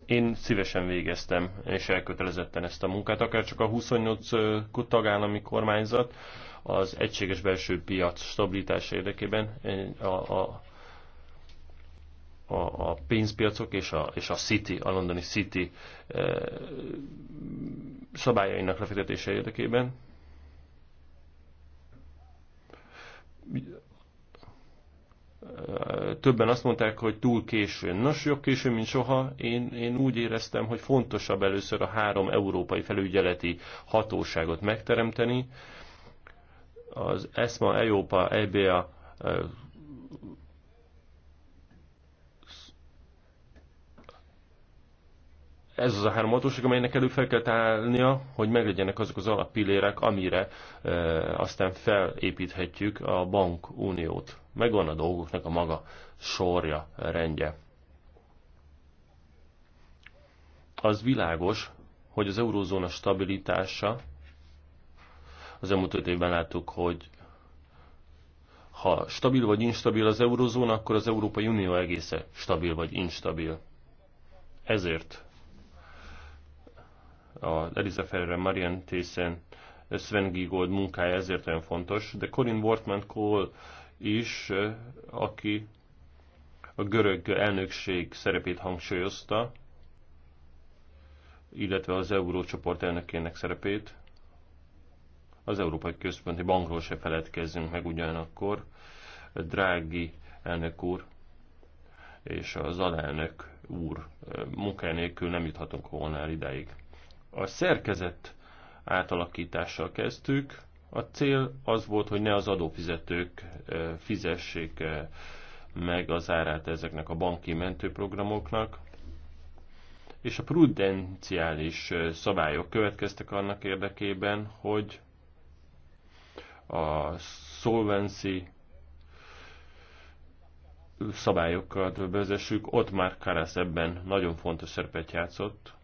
[SPEAKER 2] Én szívesen végeztem, és elkötelezetten ezt a munkát, akár csak a 28 tagállami kormányzat az egységes belső piac stabilitása érdekében a, a a, a pénzpiacok és a, és a City, a londoni City e, szabályainak lefektetése érdekében. Eh, többen azt mondták, hogy túl későn. Nos, jobb későn, mint soha. Én, én úgy éreztem, hogy fontosabb először a három európai felügyeleti hatóságot megteremteni. Az ESMA, EIOPA, EBA eh, ez az a három hatóság, amelynek elő fel kell állnia, hogy meglegyenek azok az alappillérek, amire e, aztán felépíthetjük a bankuniót. Megvan a dolgoknak a maga sorja, rendje. Az világos, hogy az eurózóna stabilitása, az elmúlt öt évben láttuk, hogy ha stabil vagy instabil az eurózóna, akkor az Európai Unió egésze stabil vagy instabil. Ezért a Eliza Ferrer, Marian Thyssen, Sven Giegold munkája ezért olyan fontos, de Corin Wortman Cole is, aki a görög elnökség szerepét hangsúlyozta, illetve az Eurócsoport elnökének szerepét. Az Európai Központi Bankról se feledkezzünk meg ugyanakkor. Drági elnök úr és az alelnök úr eh, munkánélkül nem juthatunk volna el idáig. A szerkezet átalakítással kezdtük. A cél az volt, hogy ne az adófizetők eh, fizessék eh, meg az árát ezeknek a banki mentőprogramoknak, és a prudenciális eh, szabályok következtek annak érdekében, hogy a szolvenci szabályokat vezessük. Ott már Karasz ebben nagyon fontos szerepet játszott,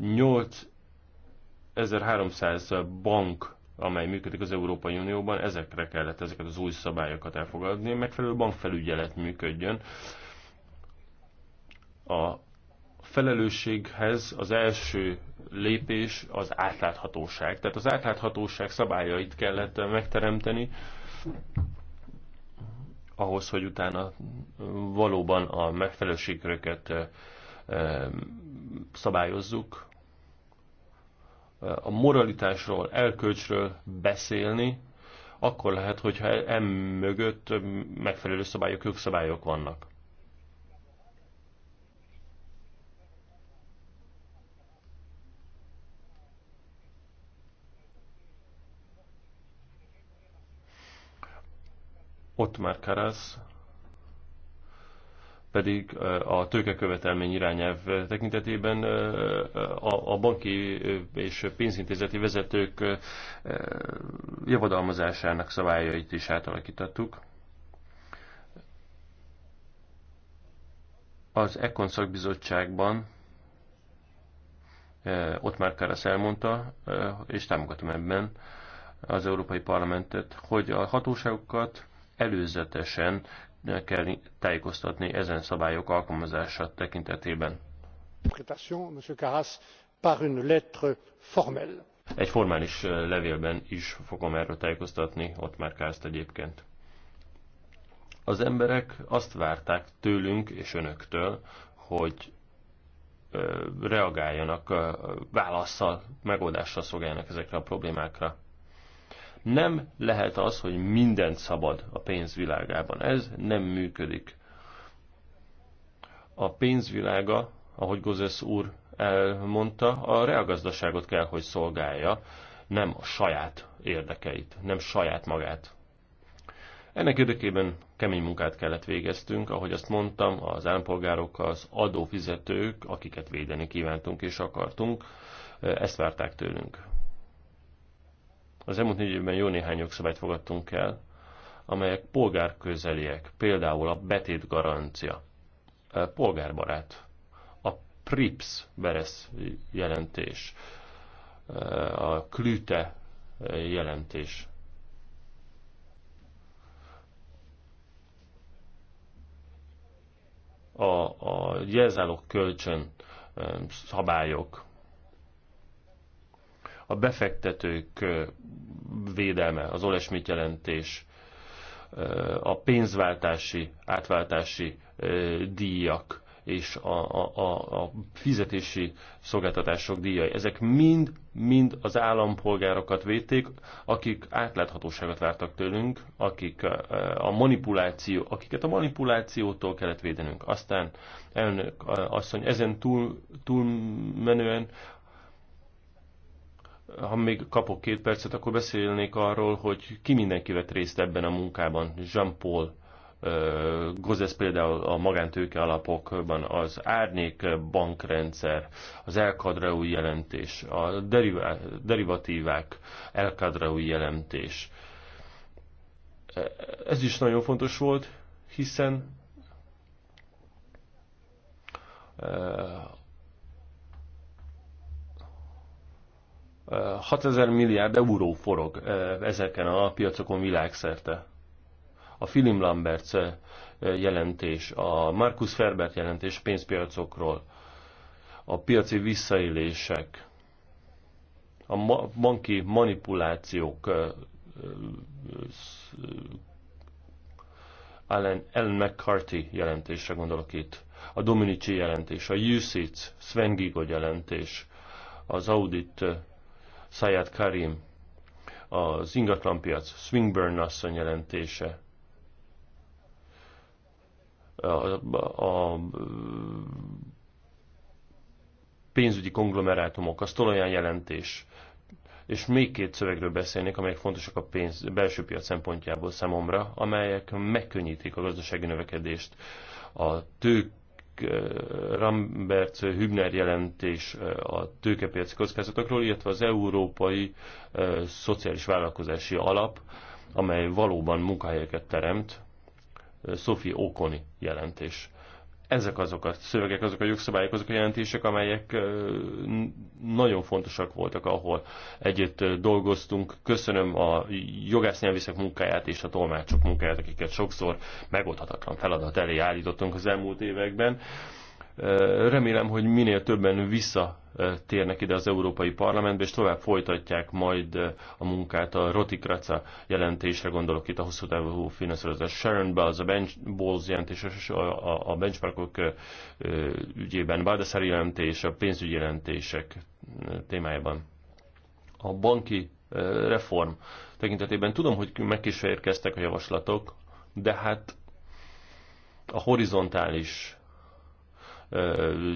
[SPEAKER 2] 8300 bank amely működik az Európai Unióban, ezekre kellett ezeket az új szabályokat elfogadni, megfelelő bankfelügyelet működjön. A felelősséghez az első lépés az átláthatóság. Tehát az átláthatóság szabályait kellett megteremteni, ahhoz, hogy utána valóban a megfelelőségköket Ehm, szabályozzuk. A moralitásról, elkölcsről beszélni, akkor lehet, hogyha mögött megfelelő szabályok, jogszabályok vannak. Ott már Karasz pedig a tőkekövetelmény irányelv tekintetében a banki és pénzintézeti vezetők javadalmazásának szabályait is átalakítottuk. Az Econ szakbizottságban ott már Kárasz elmondta, és támogatom ebben az Európai Parlamentet, hogy a hatóságokat előzetesen kell tájékoztatni ezen szabályok alkalmazása tekintetében. Egy formális levélben is fogom erről tájékoztatni, ott már Kászt egyébként. Az emberek azt várták tőlünk és önöktől, hogy reagáljanak, válaszsal, megoldással szolgáljanak ezekre a problémákra. Nem lehet az, hogy mindent szabad a pénzvilágában. Ez nem működik. A pénzvilága, ahogy Gozesz úr elmondta, a reagazdaságot kell, hogy szolgálja, nem a saját érdekeit, nem saját magát. Ennek érdekében kemény munkát kellett végeztünk, ahogy azt mondtam, az állampolgárok, az adófizetők, akiket védeni kívántunk és akartunk, eh, ezt várták tőlünk. Az elmúlt négy évben jó néhány jogszabályt fogadtunk el, amelyek polgárközeliek, például a betét garancia, polgárbarát, a PRIPS beresz jelentés, a Klüte jelentés. A, a jelzálók kölcsön szabályok, a befektetők védelme, az olesmit jelentés, a pénzváltási, átváltási díjak és a, a, a fizetési szolgáltatások díjai. Ezek mind-mind az állampolgárokat védték, akik átláthatóságot vártak tőlünk, akik a manipuláció, akiket a manipulációtól kellett védenünk. Aztán elnök asszony ezen túl, túl menően ha még kapok két percet, akkor beszélnék arról, hogy ki mindenki vett részt ebben a munkában. Jean-Paul Gozes például a magántőke alapokban az árnyék bankrendszer, az elkadreú jelentés, a derivatívák elkadreú jelentés. Ez is nagyon fontos volt, hiszen 6000 milliárd euró forog ezeken a piacokon világszerte. A Philip Lambert jelentés, a Markus Ferbert jelentés pénzpiacokról, a piaci visszaélések, a banki manipulációk Ellen, Ellen McCarthy jelentésre gondolok itt, a Dominici jelentés, a USITS, Sven Gigo jelentés, az audit Sayed Karim, az ingatlanpiac, Swingburn asszony jelentése, a, a, a pénzügyi konglomerátumok, a Stolajan jelentés, és még két szövegről beszélnék, amelyek fontosak a pénz, belső piac szempontjából számomra, amelyek megkönnyítik a gazdasági növekedést, a tők Rambert Hübner jelentés a tőkepiaci kockázatokról, illetve az Európai Szociális Vállalkozási Alap, amely valóban munkahelyeket teremt, Sophie Okoni jelentés ezek azok a szövegek, azok a jogszabályok, azok a jelentések, amelyek nagyon fontosak voltak, ahol együtt dolgoztunk. Köszönöm a jogásznyelviszek munkáját és a tolmácsok munkáját, akiket sokszor megoldhatatlan feladat elé állítottunk az elmúlt években. Remélem, hogy minél többen visszatérnek ide az Európai Parlamentbe, és tovább folytatják majd a munkát. A Rotikraca jelentésre gondolok itt a hosszú távú finanszírozás. Sharon Bells, a bench, Balls jelentés, a, a benchmarkok ügyében, Baldassari jelentés, a pénzügyi jelentések témájában. A banki reform tekintetében tudom, hogy megkísérkeztek a javaslatok, de hát a horizontális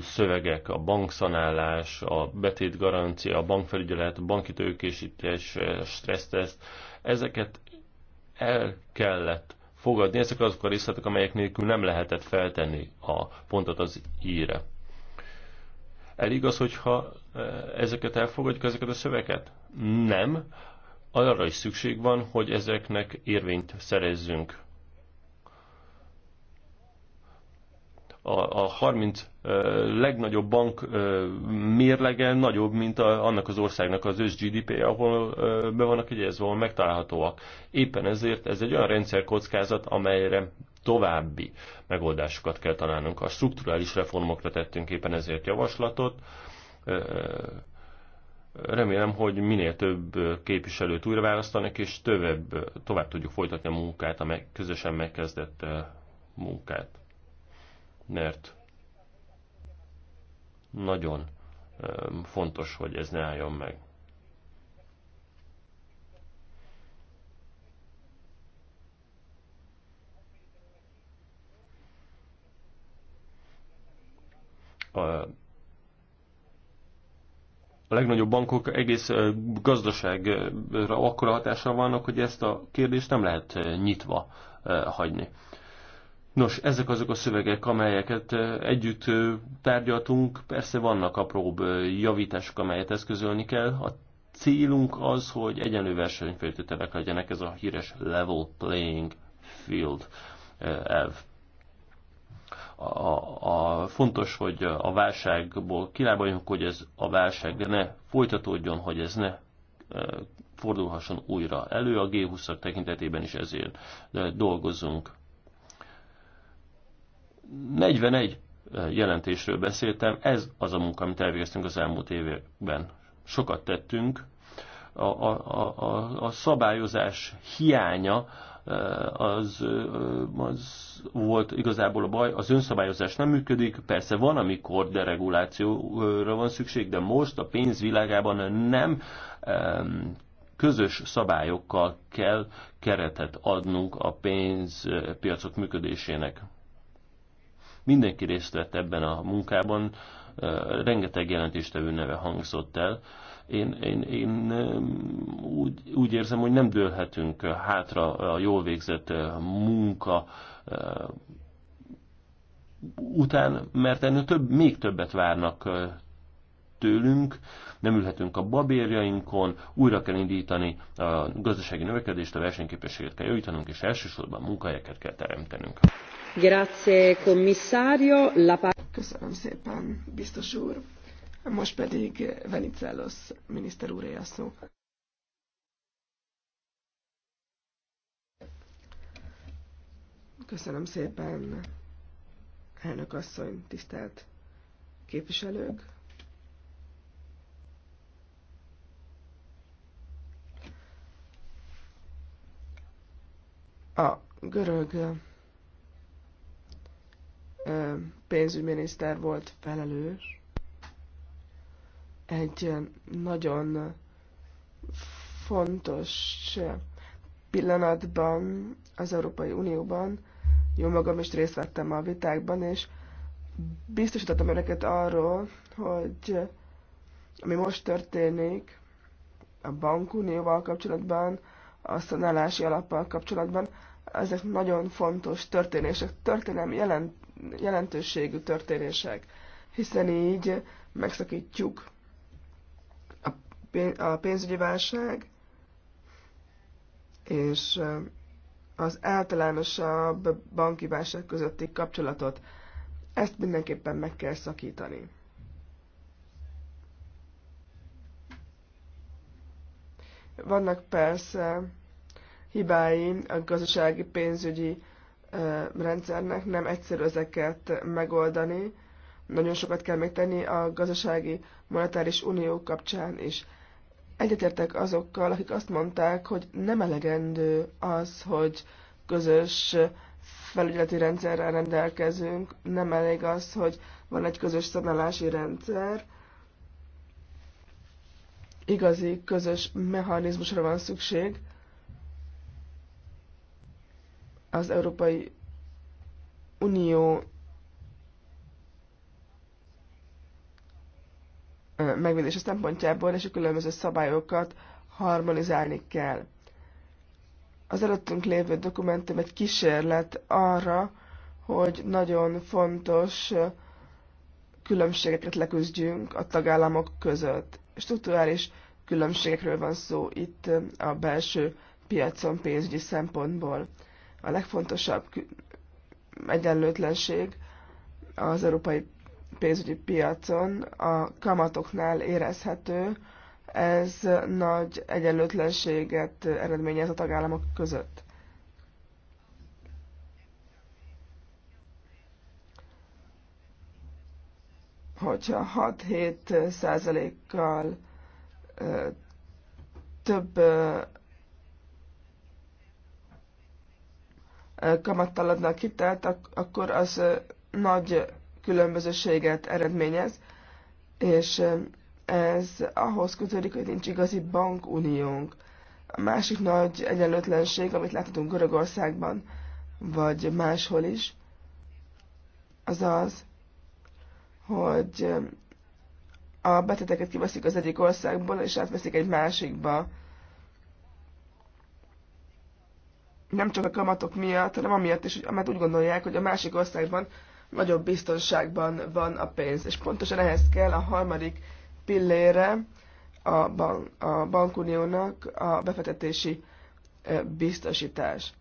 [SPEAKER 2] szövegek, a bankszanálás, a betétgarancia, a bankfelügyelet, a banki tőkésítés, stresszteszt, ezeket el kellett fogadni, ezek azok a részletek, amelyek nélkül nem lehetett feltenni a pontot az íre. Elég az, hogyha ezeket elfogadjuk, ezeket a szöveket? Nem. Arra is szükség van, hogy ezeknek érvényt szerezzünk a, a 30 legnagyobb bank mérlege nagyobb, mint a, annak az országnak az ős GDP-je, ahol be vannak egyezve, ahol megtalálhatóak. Éppen ezért ez egy olyan rendszerkockázat, amelyre további megoldásokat kell találnunk. A strukturális reformokra tettünk éppen ezért javaslatot. Remélem, hogy minél több képviselőt újra választanak, és tövebb, tovább tudjuk folytatni a munkát, a meg, közösen megkezdett munkát mert nagyon fontos, hogy ez ne álljon meg. A legnagyobb bankok egész gazdaságra akkora hatással vannak, hogy ezt a kérdést nem lehet nyitva hagyni. Nos, ezek azok a szövegek, amelyeket együtt tárgyaltunk. Persze vannak apróbb javítások, amelyet eszközölni kell. A célunk az, hogy egyenlő versenyfeltételek legyenek, ez a híres level playing field elv. A, a, fontos, hogy a válságból kilábaljunk, hogy ez a válság ne folytatódjon, hogy ez ne fordulhasson újra elő. A G20-ak tekintetében is ezért dolgozunk. 41 eh, jelentésről beszéltem, ez az a munka, amit elvégeztünk az elmúlt években. Sokat tettünk, a, a, a, a szabályozás hiánya eh, az, eh, az volt igazából a baj. Az önszabályozás nem működik, persze van, amikor deregulációra van szükség, de most a pénzvilágában nem közös szabályokkal kell keretet adnunk a pénzpiacok működésének. Mindenki részt vett ebben a munkában, rengeteg jelentéstevő neve hangzott el. Én, én, én úgy, úgy érzem, hogy nem dőlhetünk hátra a jól végzett munka után, mert ennél több, még többet várnak tőlünk, nem ülhetünk a babérjainkon, újra kell indítani a gazdasági növekedést, a versenyképességet kell javítanunk, és elsősorban munkahelyeket kell teremtenünk.
[SPEAKER 4] Köszönöm szépen, biztos úr. Most pedig Venizelos miniszter úré a szó.
[SPEAKER 1] Köszönöm szépen, elnök asszony, tisztelt képviselők. A görög pénzügyminiszter volt felelős egy nagyon fontos pillanatban az Európai Unióban, jó magam is részt vettem a vitákban, és biztosítottam önöket arról, hogy ami most történik a bankunióval kapcsolatban, a szanálási alappal kapcsolatban, ezek nagyon fontos történések, történelmi jelent, jelentőségű történések, hiszen így megszakítjuk a pénzügyi válság és eh, az általánosabb banki válság közötti kapcsolatot. Ezt mindenképpen meg kell szakítani. Vannak persze hibái a gazdasági pénzügyi rendszernek, nem egyszerű ezeket megoldani. Nagyon sokat kell még tenni a gazdasági monetáris unió kapcsán is. Egyetértek azokkal, akik azt mondták, hogy nem elegendő az, hogy közös felügyeleti rendszerrel rendelkezünk, nem elég az, hogy van egy közös szanálási rendszer, igazi közös mechanizmusra van szükség, az Európai Unió megvédése szempontjából és a különböző szabályokat harmonizálni kell. Az előttünk lévő dokumentum egy kísérlet arra, hogy nagyon fontos különbségeket leküzdjünk a tagállamok között. Strukturális különbségekről van szó itt a belső piacon pénzügyi szempontból a legfontosabb egyenlőtlenség az európai pénzügyi piacon a kamatoknál érezhető, ez nagy egyenlőtlenséget eredményez a tagállamok között. Hogyha 6-7 százalékkal több kamattal adnak hitelt, akkor az nagy különbözőséget eredményez, és ez ahhoz kötődik, hogy nincs igazi bankuniónk. A másik nagy egyenlőtlenség, amit láthatunk Görögországban, vagy máshol is, az az, hogy a betegeket kiveszik az egyik országból, és átveszik egy másikba. nem csak a kamatok miatt, hanem amiatt is, mert úgy gondolják, hogy a másik országban nagyobb biztonságban van a pénz. És pontosan ehhez kell a harmadik pillére a, ban- a bankuniónak a befektetési biztosítás.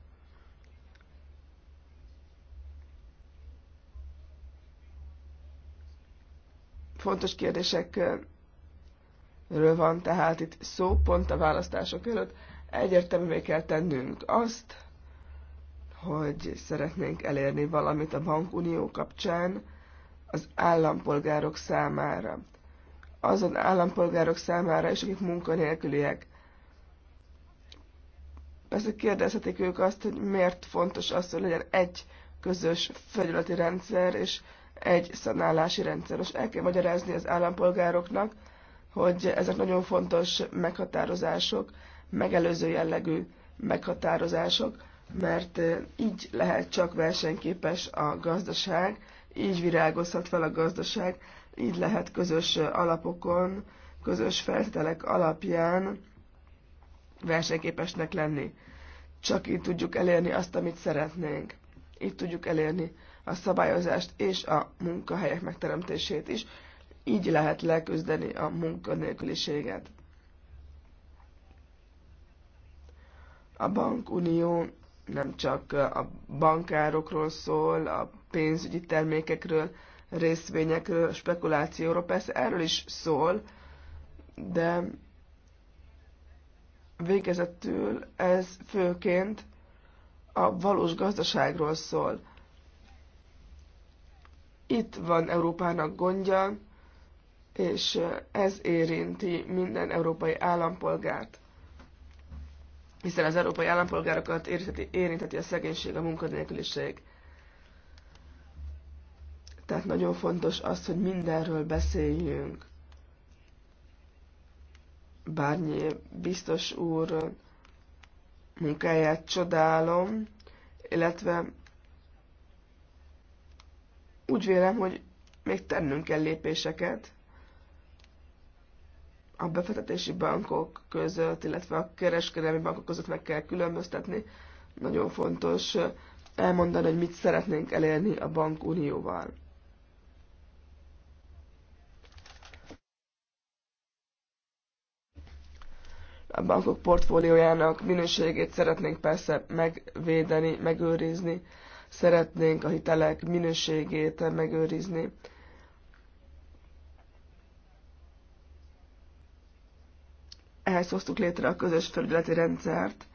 [SPEAKER 1] Fontos kérdésekről van tehát itt szó pont a választások előtt Egyértelművé kell tennünk azt, hogy szeretnénk elérni valamit a bankunió kapcsán az állampolgárok számára. Azon állampolgárok számára is, akik munkanélküliek. Persze kérdezhetik ők azt, hogy miért fontos az, hogy legyen egy közös felületi rendszer és egy szanálási rendszer. Most el kell magyarázni az állampolgároknak, hogy ezek nagyon fontos meghatározások, megelőző jellegű meghatározások, mert így lehet csak versenyképes a gazdaság, így virágozhat fel a gazdaság, így lehet közös alapokon, közös feltételek alapján versenyképesnek lenni. Csak így tudjuk elérni azt, amit szeretnénk. Így tudjuk elérni a szabályozást és a munkahelyek megteremtését is. Így lehet leküzdeni a munkanélküliséget. A bankunió nem csak a bankárokról szól, a pénzügyi termékekről, részvényekről, spekulációról, persze erről is szól, de végezetül ez főként a valós gazdaságról szól. Itt van Európának gondja, és ez érinti minden európai állampolgárt hiszen az európai állampolgárokat érintheti, érintheti a szegénység, a munkanélküliség. Tehát nagyon fontos az, hogy mindenről beszéljünk. Bárnyi biztos úr munkáját csodálom, illetve úgy vélem, hogy még tennünk kell lépéseket, a befektetési bankok között, illetve a kereskedelmi bankok között meg kell különböztetni. Nagyon fontos elmondani, hogy mit szeretnénk elérni a bankunióval. A bankok portfóliójának minőségét szeretnénk persze megvédeni, megőrizni, szeretnénk a hitelek minőségét megőrizni ehhez hoztuk létre a közös felületi rendszert,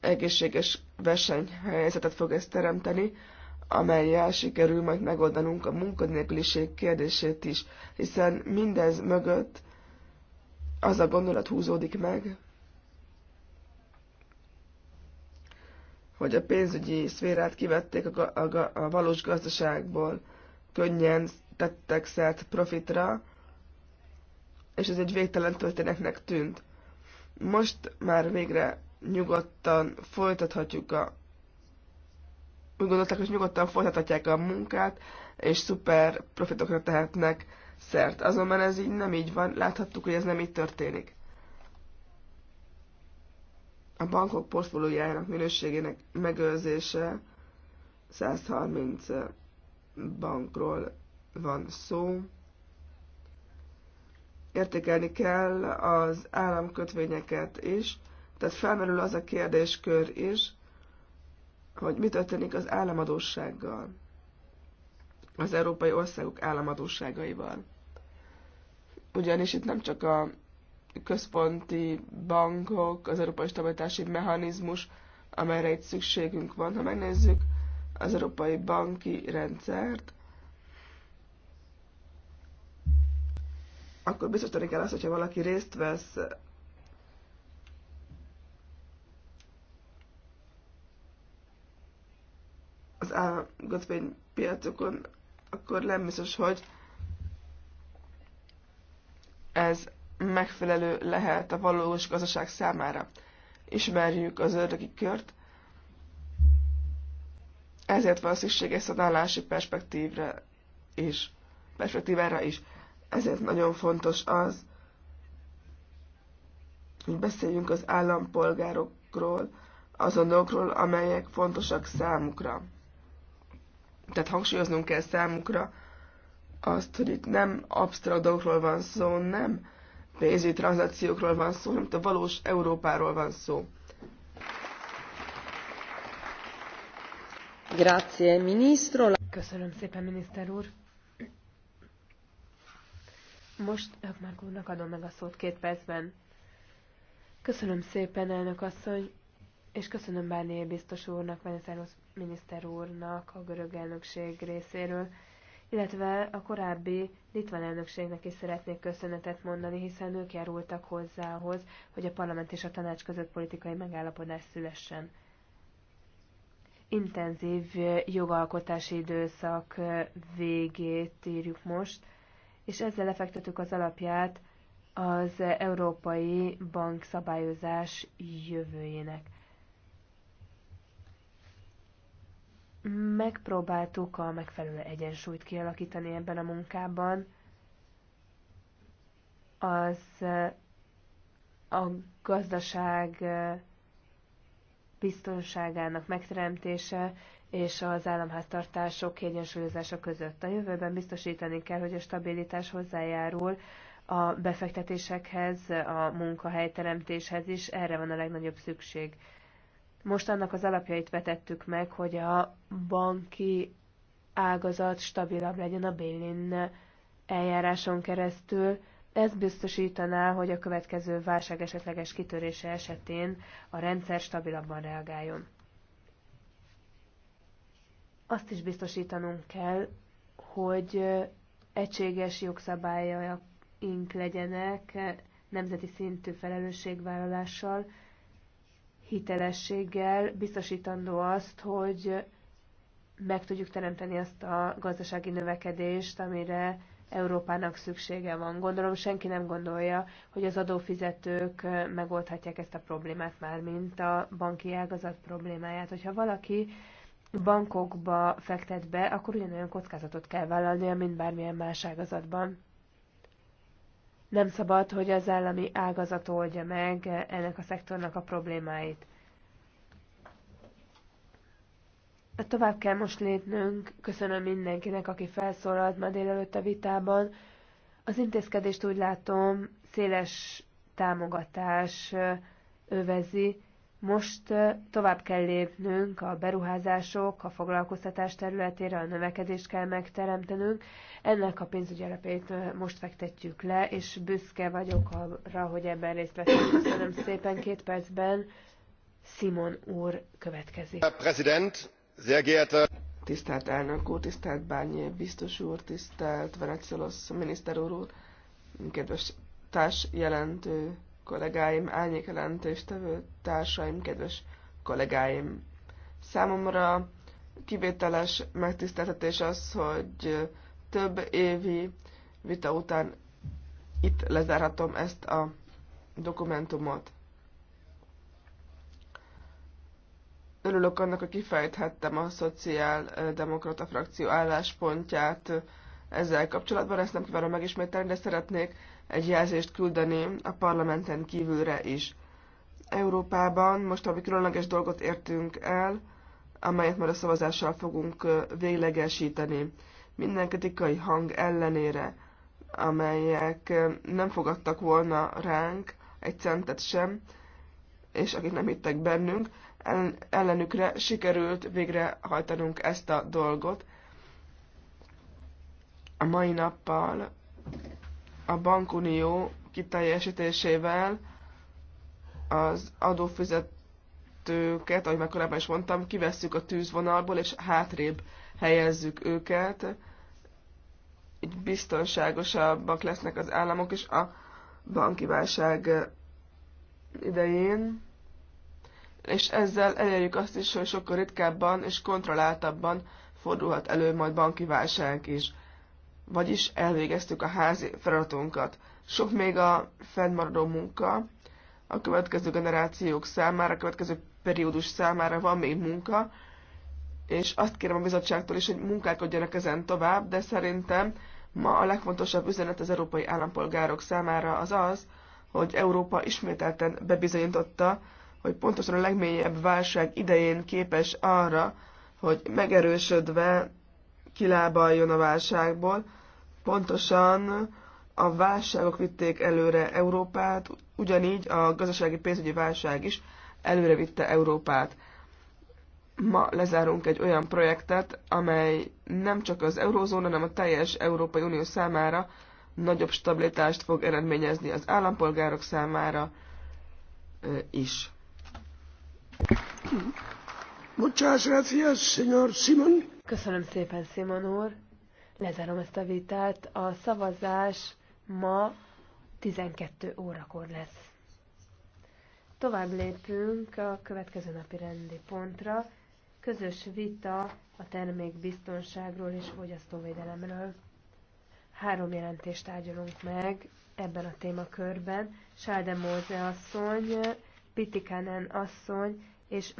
[SPEAKER 1] egészséges versenyhelyzetet fog ezt teremteni, amelyel sikerül majd megoldanunk a munkanélküliség kérdését is, hiszen mindez mögött az a gondolat húzódik meg, hogy a pénzügyi szférát kivették a, a, a valós gazdaságból, könnyen tettek szert profitra, és ez egy végtelen történetnek tűnt. Most már végre nyugodtan folytathatjuk a úgy gondolták, hogy nyugodtan folytathatják a munkát, és szuper profitokra tehetnek szert. Azonban ez így nem így van, láthattuk, hogy ez nem így történik. A bankok portfóliójának minőségének megőrzése 130 bankról van szó értékelni kell az államkötvényeket is, tehát felmerül az a kérdéskör is, hogy mi történik az államadósággal, az európai országok államadóságaival. Ugyanis itt nem csak a központi bankok, az európai stabilitási mechanizmus, amelyre itt szükségünk van. Ha megnézzük az európai banki rendszert, akkor biztosítani kell azt, hogyha valaki részt vesz az piacokon, akkor nem biztos, hogy ez megfelelő lehet a valós gazdaság számára. Ismerjük az ördögi kört, ezért van szükség egy szanálási perspektívre is, perspektívára is. Ezért nagyon fontos az, hogy beszéljünk az állampolgárokról, azon dolgokról, amelyek fontosak számukra. Tehát hangsúlyoznunk kell számukra azt, hogy itt nem absztrakt dolgokról van szó, nem pénzügyi tranzakciókról van szó, hanem a valós Európáról van szó.
[SPEAKER 3] Grazie, ministro. Köszönöm szépen, miniszter úr. Most Ökmark eh, úrnak adom meg a szót két percben. Köszönöm szépen, elnök asszony, és köszönöm Bárné biztos úrnak, Venizelos miniszter úrnak a görög elnökség részéről, illetve a korábbi litván elnökségnek is szeretnék köszönetet mondani, hiszen ők járultak ahhoz, hogy a parlament és a tanács között politikai megállapodás szülessen intenzív jogalkotási időszak eh, végét írjuk most és ezzel lefektetük az alapját az európai bankszabályozás jövőjének. Megpróbáltuk a megfelelő egyensúlyt kialakítani ebben a munkában. Az a gazdaság biztonságának megteremtése és az államháztartások kiegyensúlyozása között. A jövőben biztosítani kell, hogy a stabilitás hozzájárul a befektetésekhez, a munkahelyteremtéshez is, erre van a legnagyobb szükség. Most annak az alapjait vetettük meg, hogy a banki ágazat stabilabb legyen a Bélin eljáráson keresztül. Ez biztosítaná, hogy a következő válság esetleges kitörése esetén a rendszer stabilabban reagáljon azt is biztosítanunk kell, hogy egységes jogszabályaink legyenek nemzeti szintű felelősségvállalással, hitelességgel, biztosítandó azt, hogy meg tudjuk teremteni azt a gazdasági növekedést, amire Európának szüksége van. Gondolom senki nem gondolja, hogy az adófizetők megoldhatják ezt a problémát már, mint a banki ágazat problémáját. Hogyha valaki bankokba fektet be, akkor ugyanolyan kockázatot kell vállalnia, mint bármilyen más ágazatban. Nem szabad, hogy az állami ágazat oldja meg ennek a szektornak a problémáit. Tovább kell most lépnünk, köszönöm mindenkinek, aki felszólalt ma délelőtt a vitában. Az intézkedést úgy látom, széles támogatás övezi, most tovább kell lépnünk a beruházások, a foglalkoztatás területére, a növekedést kell megteremtenünk. Ennek a pénzügyi alapjait most fektetjük le, és büszke vagyok arra, hogy ebben részt veszünk. Köszönöm szépen két percben. Simon úr következik.
[SPEAKER 2] President, sehr geehrter...
[SPEAKER 1] Tisztelt elnök úr, tisztelt Bányi biztos úr, tisztelt Veneciolosz miniszter úr, kedves társ jelentő kollégáim, árnyékelentéstevő társaim, kedves kollégáim. Számomra kivételes megtiszteltetés az, hogy több évi vita után itt lezárhatom ezt a dokumentumot. Örülök annak, hogy kifejthettem a szociáldemokrata frakció álláspontját ezzel kapcsolatban. Ezt nem kívánom megismételni, de szeretnék egy jelzést küldeni a parlamenten kívülre is. Európában most ami különleges dolgot értünk el, amelyet már a szavazással fogunk véglegesíteni. Minden kritikai hang ellenére, amelyek nem fogadtak volna ránk egy centet sem, és akik nem hittek bennünk, ellenükre sikerült végrehajtanunk ezt a dolgot. A mai nappal a bankunió kiteljesítésével az adófizetőket, ahogy már korábban is mondtam, kivesszük a tűzvonalból, és hátrébb helyezzük őket. Így biztonságosabbak lesznek az államok is a banki válság idején. És ezzel elérjük azt is, hogy sokkal ritkábban és kontrolláltabban fordulhat elő majd banki válság is vagyis elvégeztük a házi feladatunkat. Sok még a fennmaradó munka, a következő generációk számára, a következő periódus számára van még munka, és azt kérem a bizottságtól is, hogy munkálkodjanak ezen tovább, de szerintem ma a legfontosabb üzenet az európai állampolgárok számára az az, hogy Európa ismételten bebizonyította, hogy pontosan a legmélyebb válság idején képes arra, hogy megerősödve kilábaljon a válságból, Pontosan a válságok vitték előre Európát, ugyanígy a gazdasági pénzügyi válság is előre vitte Európát. Ma lezárunk egy olyan projektet, amely nem csak az eurózóna, hanem a teljes Európai Unió számára nagyobb stabilitást fog eredményezni az állampolgárok számára is.
[SPEAKER 4] Muchas gracias, señor Simon.
[SPEAKER 3] Köszönöm szépen, Simon úr. Lezárom ezt a vitát. A szavazás ma 12 órakor lesz. Tovább lépünk a következő napi rendi pontra. Közös vita a termékbiztonságról és fogyasztóvédelemről. Három jelentést tárgyalunk meg ebben a témakörben. Sáldemóze asszony, Pitikánen asszony és